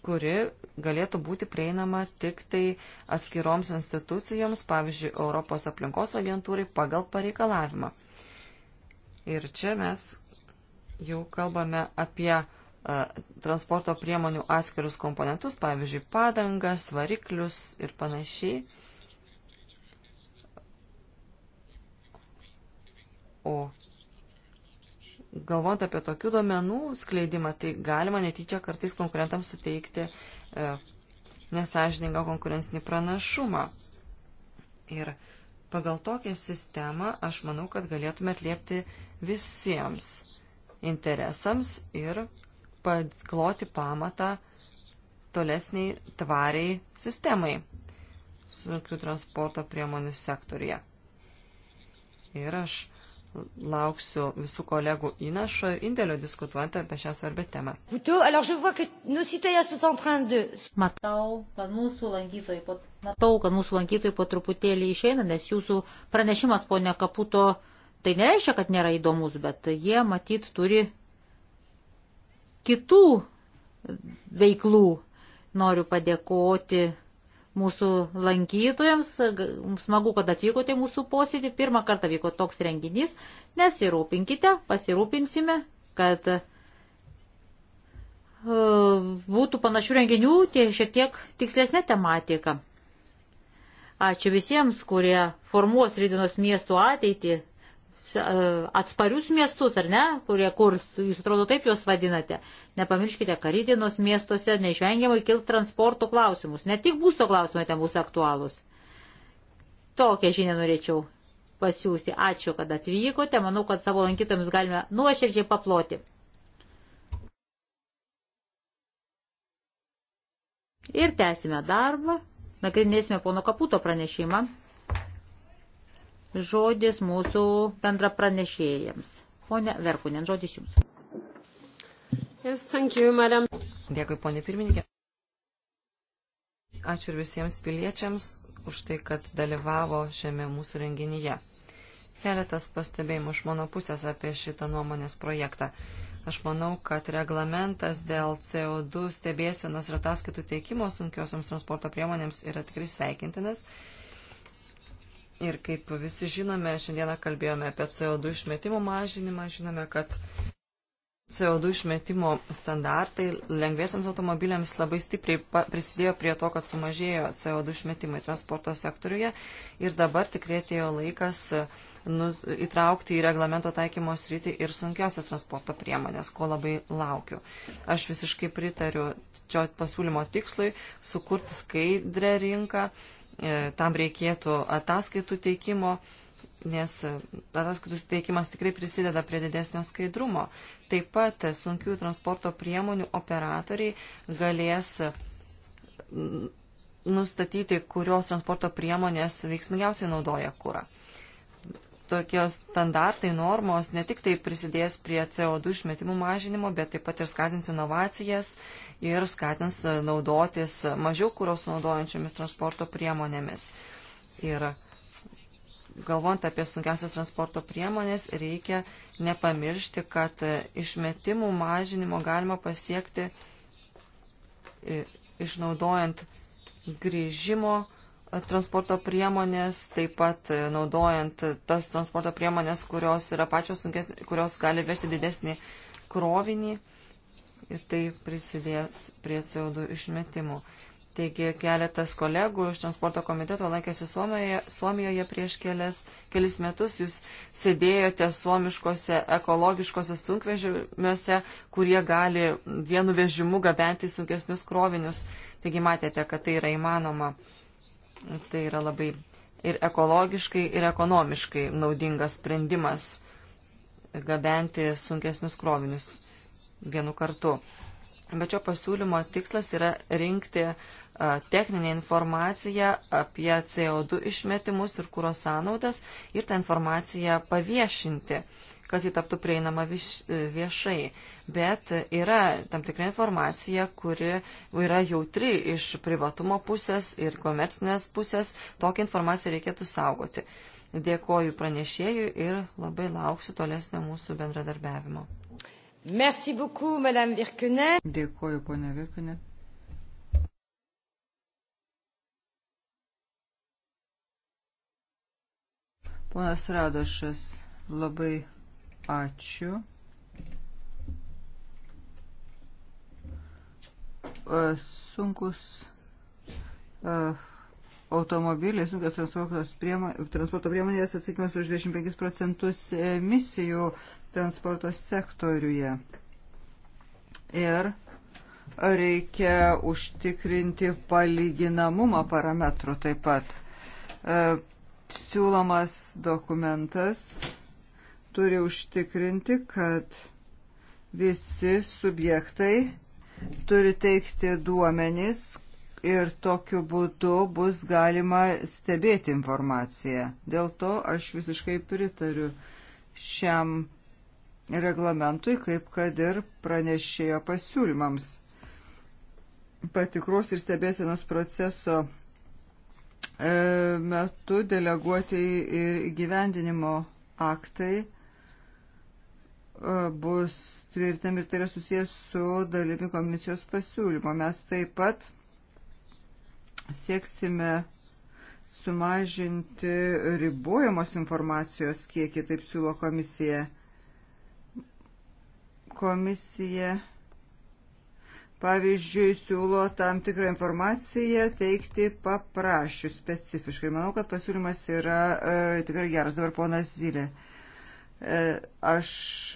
C: kuri galėtų būti prieinama tik tai atskiroms institucijoms, pavyzdžiui, Europos aplinkos agentūrai pagal pareikalavimą. Ir čia mes jau kalbame apie a, e, transporto priemonių atskirus komponentus, pavyzdžiui, padangas, variklius ir panašiai. O galvojant apie tokių duomenų skleidimą, tai galima netyčia kartais konkurentams suteikti E, nesažiningą konkurencinį pranašumą. Ir pagal tokią sistemą aš manau, kad galėtume atliepti visiems interesams ir padkloti pamatą tolesniai tvariai sistemai sunkių transporto priemonių sektorija. Ir aš lauksiu visų kolegų įnašo ir indėlio diskutuojant apie šią svarbę temą.
A: Matau, kad mūsų lankytojai po, matau, kad mūsų lankytojai po truputėlį išeina, nes jūsų pranešimas, ponia Kaputo, tai nereiškia, kad nėra įdomus, bet jie matyt turi kitų veiklų. Noriu padėkoti mūsų lankytojams. Smagu, kad atvykote į mūsų posėdį. Pirmą kartą vyko toks renginys. Nesirūpinkite, pasirūpinsime, kad e, būtų panašių renginių, tie šiek tiek tikslesnė tematika. Ačiū visiems, kurie formuos rydienos miestų ateitį, E, atsparius miestus, ar ne, kurie kurs, jūs atrodo taip juos vadinate. Nepamirškite, karydinos miestuose neišvengiamai kils transporto klausimus, ne tik būsto klausimai ten bus aktualūs. Tokią žinią norėčiau pasiūsti. Ačiū, kad atvykote, manau, kad savo lankytojams galime nuoširdžiai paploti. Ir tęsime darbą, nagrinėsime pono Kaputo pranešimą žodis mūsų bendra pranešėjams. Pone Verkunen, žodis jums.
C: Yes, thank you, madam. Dėkui, ponė pirmininkė. Ačiū ir visiems piliečiams už tai, kad dalyvavo šiame mūsų renginyje. Keletas pastebėjimų iš mano pusės apie šitą nuomonės projektą. Aš manau, kad reglamentas dėl CO2 stebėsienos ir ataskaitų teikimo sunkiosiams transporto priemonėms yra tikrai sveikintinas. Uh, Ir kaip visi žinome, šiandieną kalbėjome apie CO2 išmetimo mažinimą, žinome, kad CO2 išmetimo standartai lengviesiams automobiliams labai stipriai prisidėjo prie to, kad sumažėjo CO2 išmetimai transporto sektoriuje ir dabar tikrai atėjo laikas e, nu, įtraukti į reglamento taikymo sritį ir sunkiasias transporto priemonės, ko labai laukiu. Aš visiškai pritariu čia pasiūlymo tikslui sukurti skaidrę rinką E, tam reikėtų ataskaitų teikimo, nes ataskaitų teikimas tikrai prisideda prie didesnio skaidrumo. Taip pat sunkių transporto priemonių operatoriai galės nustatyti, kurios transporto priemonės veiksmingiausiai naudoja kūrą tokie standartai, normos ne tik tai prisidės prie CO2 išmetimų mažinimo, bet taip pat ir skatins inovacijas ir skatins e, naudotis mažiau kūro sunaudojančiomis transporto priemonėmis. Ir galvojant apie sunkiasias transporto priemonės, reikia nepamiršti, kad e, išmetimų mažinimo galima pasiekti išnaudojant grįžimo transporto priemonės, taip pat e, naudojant tas transporto priemonės, kurios yra pačios sunkės, kurios gali vežti didesnį krovinį ir tai prisidės prie CO2 išmetimų. Taigi keletas kolegų iš transporto komiteto lankėsi Suomijoje, Suomijoje prieš kelias, kelis metus. Jūs sėdėjote suomiškose ekologiškose sunkvežimiuose, kurie gali vienu vežimu gabenti sunkesnius krovinius. Taigi matėte, kad tai yra įmanoma. Tai yra labai ir ekologiškai, ir ekonomiškai naudingas sprendimas gabenti sunkesnius krovinius vienu kartu. Bet šio pasiūlymo tikslas yra rinkti techninę informaciją apie CO2 išmetimus ir kūros sąnaudas ir tą informaciją paviešinti. Uh, kad ji taptų prieinama e, viešai. Bet yra tam tikra informacija, kuri yra jautri iš privatumo pusės ir komercinės pusės. Tokią informaciją reikėtų saugoti. Dėkoju pranešėjui ir labai lauksiu tolesnio mūsų bendradarbiavimo. Merci beaucoup, Madame Virkinen. Dėkoju, ponia Virkinen. Ponas
B: Radošas labai Ačiū. E, sunkus e, automobiliai, sunkios transporto priemonės atsakymas už 25 procentus emisijų transporto sektoriuje. Ir reikia užtikrinti palyginamumą parametrų taip pat. E, siūlomas dokumentas turi užtikrinti, kad visi subjektai turi teikti duomenis ir tokiu būdu bus galima stebėti informaciją. Dėl to aš visiškai pritariu šiam reglamentui, kaip kad ir pranešėjo pasiūlymams. Patikros ir stebėsienos proceso e, metu deleguoti ir gyvendinimo aktai E, bus tvirtinami ir tai yra susijęs su dalimi komisijos pasiūlymo. Mes taip pat sieksime sumažinti ribojamos informacijos kiekį, taip siūlo komisija. Komisija, pavyzdžiui, siūlo tam tikrą informaciją teikti paprašius specifiškai. Manau, kad pasiūlymas yra e, tikrai geras. Dabar ponas Zylė. E, E, aš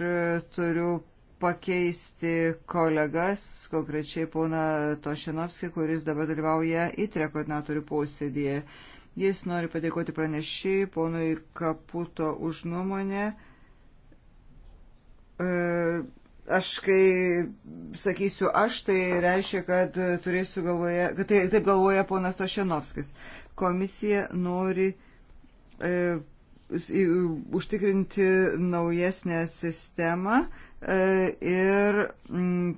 B: turiu pakeisti kolegas, konkrečiai pona Tošinovskį, kuris dabar dalyvauja įtre koordinatorių posėdėje. Jis nori padėkoti pranešiai ponui Kaputo už nuomonę. E, aš kai sakysiu aš, tai reiškia, kad turėsiu galvoje, kad tai, taip galvoja ponas Tošenovskis. Komisija nori e, užtikrinti naujesnę sistemą e, ir mm,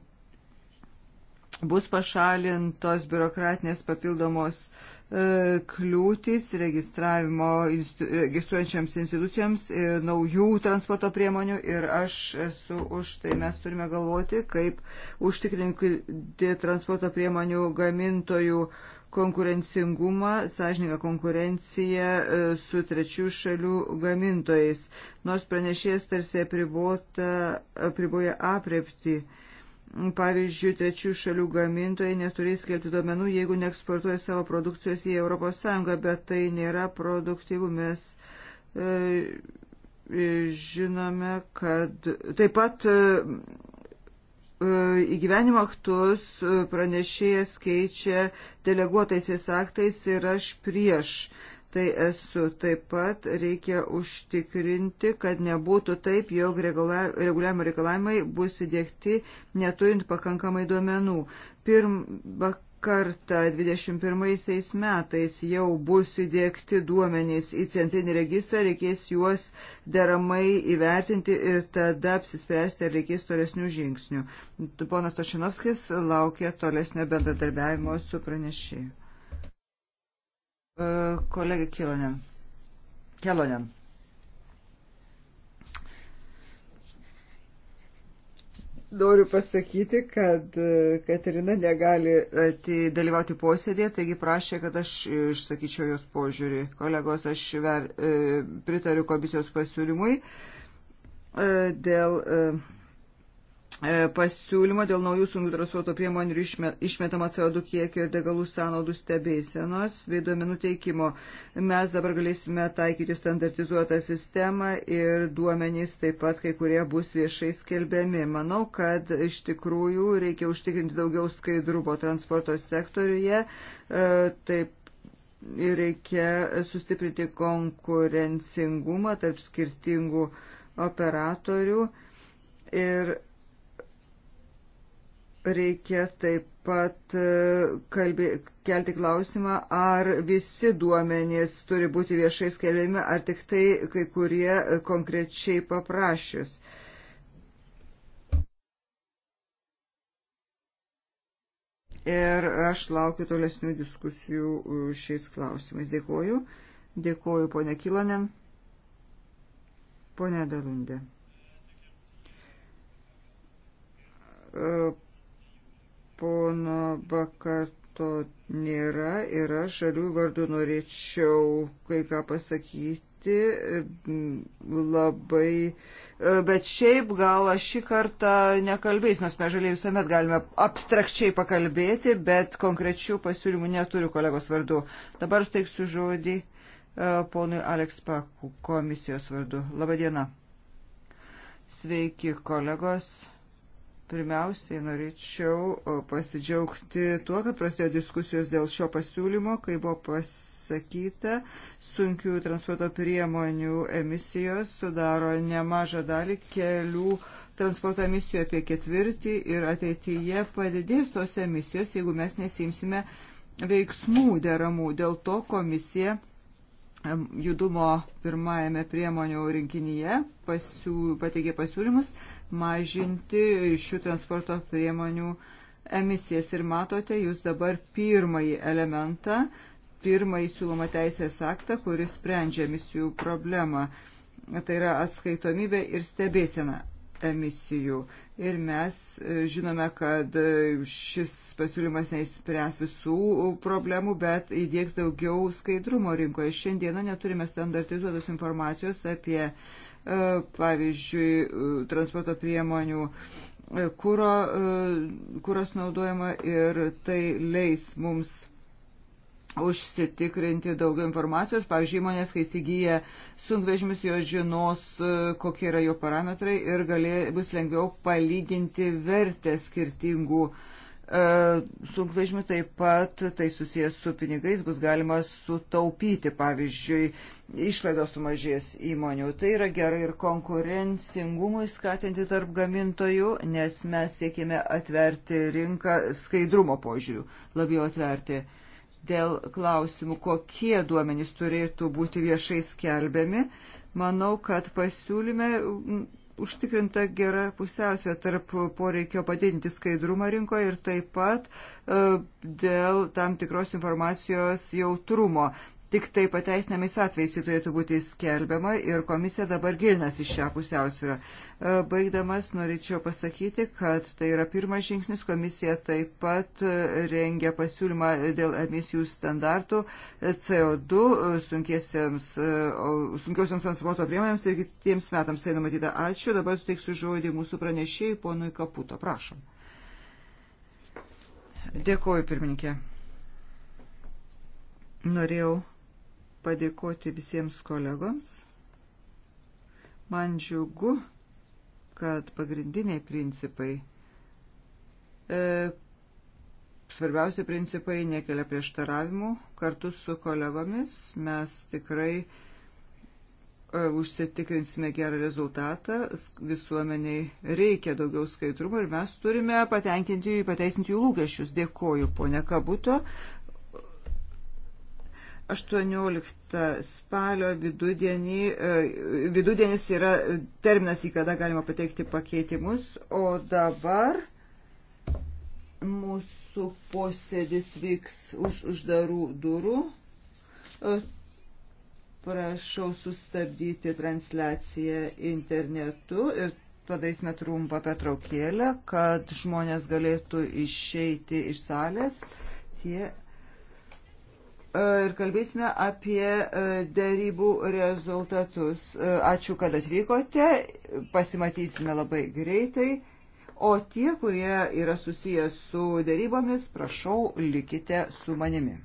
B: bus pašalintos biurokratinės papildomos e, kliūtis registravimo registruojančiams institucijoms ir naujų transporto priemonių ir aš esu už tai mes turime galvoti, kaip užtikrinti transporto priemonių gamintojų uh, konkurencingumą, sąžininką konkurenciją e, su trečių šalių gamintojais, nors pranešėjas tarsi apriboja aprepti. Pavyzdžiui, trečių šalių gamintojai neturės skelbti duomenų, jeigu neeksportuoja savo produkcijos į ES, bet tai nėra produktyvu. Mes e, žinome, kad taip pat e, E, įgyvenimo aktus e, pranešėjas keičia deleguotaisiais aktais ir aš prieš. Tai esu taip pat reikia užtikrinti, kad nebūtų taip, jog reguliavimo reikalavimai bus įdėkti neturint pakankamai duomenų. Pirmą kartą 21 metais jau bus įdėkti duomenys į centrinį registrą, reikės juos deramai įvertinti ir tada apsispręsti, ar reikės tolesnių žingsnių. Ponas Tošinovskis laukia tolesnio bendradarbiavimo su pranešėju. E, Kolegė Kilonen. Kelonen. Noriu pasakyti, kad e, Katerina negali e, tai dalyvauti posėdėje, taigi prašė, kad aš išsakyčiau jos požiūrį. Kolegos, aš ver, e, pritariu komisijos pasiūlymui dėl E, pasiūlymo dėl naujų sunkių transporto priemonių ir išmetamo CO2 kiekio ir degalų sąnaudų stebėsenos bei duomenų teikimo. Mes dabar galėsime taikyti standartizuotą sistemą ir duomenys taip pat kai kurie bus viešai skelbiami. Manau, kad iš tikrųjų reikia užtikrinti daugiau skaidrumo transporto sektoriuje. E, taip reikia sustiprinti konkurencingumą tarp skirtingų operatorių ir reikia taip pat e, kalbė, kelti klausimą, ar visi duomenys turi būti viešai skelbiami, ar tik tai kai kurie konkrečiai paprašius. Ir aš laukiu tolesnių diskusijų e, šiais klausimais. Dėkoju. Dėkoju, ponia Kilonen. Pone Dalundė. Uh, pono Bakarto nėra ir aš žaliųjų vardu norėčiau kai ką pasakyti labai, bet šiaip gal aš šį kartą nekalbėsiu, nors mes žaliai visuomet galime abstrakčiai pakalbėti, bet konkrečių pasiūlymų neturiu kolegos vardu. Dabar suteiksiu žodį e, ponui Aleks Pakų komisijos vardu. Labadiena. Sveiki, kolegos Pirmiausiai norėčiau pasidžiaugti tuo, kad prasidėjo diskusijos dėl šio pasiūlymo, kai buvo pasakyta, sunkių transporto priemonių emisijos sudaro nemažą dalį kelių transporto emisijų apie ketvirtį ir ateityje padidės tos emisijos, jeigu mes nesimsime veiksmų deramų. Dėl to komisija judumo pirmajame priemonių rinkinyje pasiū, pateikė pasiūlymus mažinti šių transporto priemonių emisijas. Ir matote, jūs dabar pirmąjį elementą, pirmąjį siūlomą teisės aktą, kuris sprendžia emisijų problemą. Tai yra atskaitomybė ir stebėsena emisijų. Ir mes e, žinome, kad e, šis pasiūlymas neišspręs visų problemų, bet įdėks daugiau skaidrumo rinkoje. Šiandieną neturime standartizuotos informacijos apie, e, pavyzdžiui, transporto priemonių kūro, kūros naudojimą ir tai leis mums užsitikrinti daugiau informacijos. Pavyzdžiui, įmonės, kai įsigyja sunkvežimis, jos žinos, e, kokie yra jo parametrai ir galė, bus lengviau palyginti vertę skirtingų e, sunkvežimių. Taip pat tai susijęs su pinigais bus galima sutaupyti, pavyzdžiui, išlaidos sumažės įmonių. Tai yra gerai ir konkurencingumui skatinti tarp gamintojų, nes mes siekime atverti rinką skaidrumo požiūrių, labiau atverti dėl klausimų, kokie duomenys turėtų būti viešai skelbiami. Manau, kad pasiūlyme užtikrinta gera pusiausvė tarp poreikio padidinti skaidrumą rinkoje ir taip pat e, dėl tam tikros informacijos jautrumo. Tik tai pateisinamais atvejais jį turėtų būti skelbiama ir komisija dabar gilinasi šią pusiausvyrą. E, baigdamas norėčiau pasakyti, kad tai yra pirmas žingsnis. Komisija taip pat e, rengia pasiūlymą dėl emisijų standartų e, CO2 sunkiosiams transporto priemonėms ir kitiems metams tai numatyta. Ačiū. Dabar suteiksiu žodį mūsų pranešėjai ponui Kaputo. Prašom. Dėkuoju, pirmininkė. Norėjau padėkoti visiems kolegoms. Man džiugu, kad pagrindiniai principai, e, svarbiausi principai nekelia prieštaravimų. Kartu su kolegomis mes tikrai e, užsitikrinsime gerą rezultatą. Visuomeniai reikia daugiau skaidrumo ir mes turime patenkinti, pateisinti jų lūkesčius. Dėkoju, ponia Kabuto. 18 spalio vidudienį, e, vidudienis yra terminas, į kada galima pateikti pakeitimus, o dabar mūsų posėdis vyks už uždarų durų. E, prašau sustabdyti transliaciją internetu ir padarysime trumpą petraukėlę, kad žmonės galėtų išeiti iš salės. Tie E, ir kalbėsime apie e, dėrybų rezultatus. E, ačiū, kad atvykote, pasimatysime labai greitai. O tie, kurie yra susijęs su dėrybomis, prašau, likite su manimi.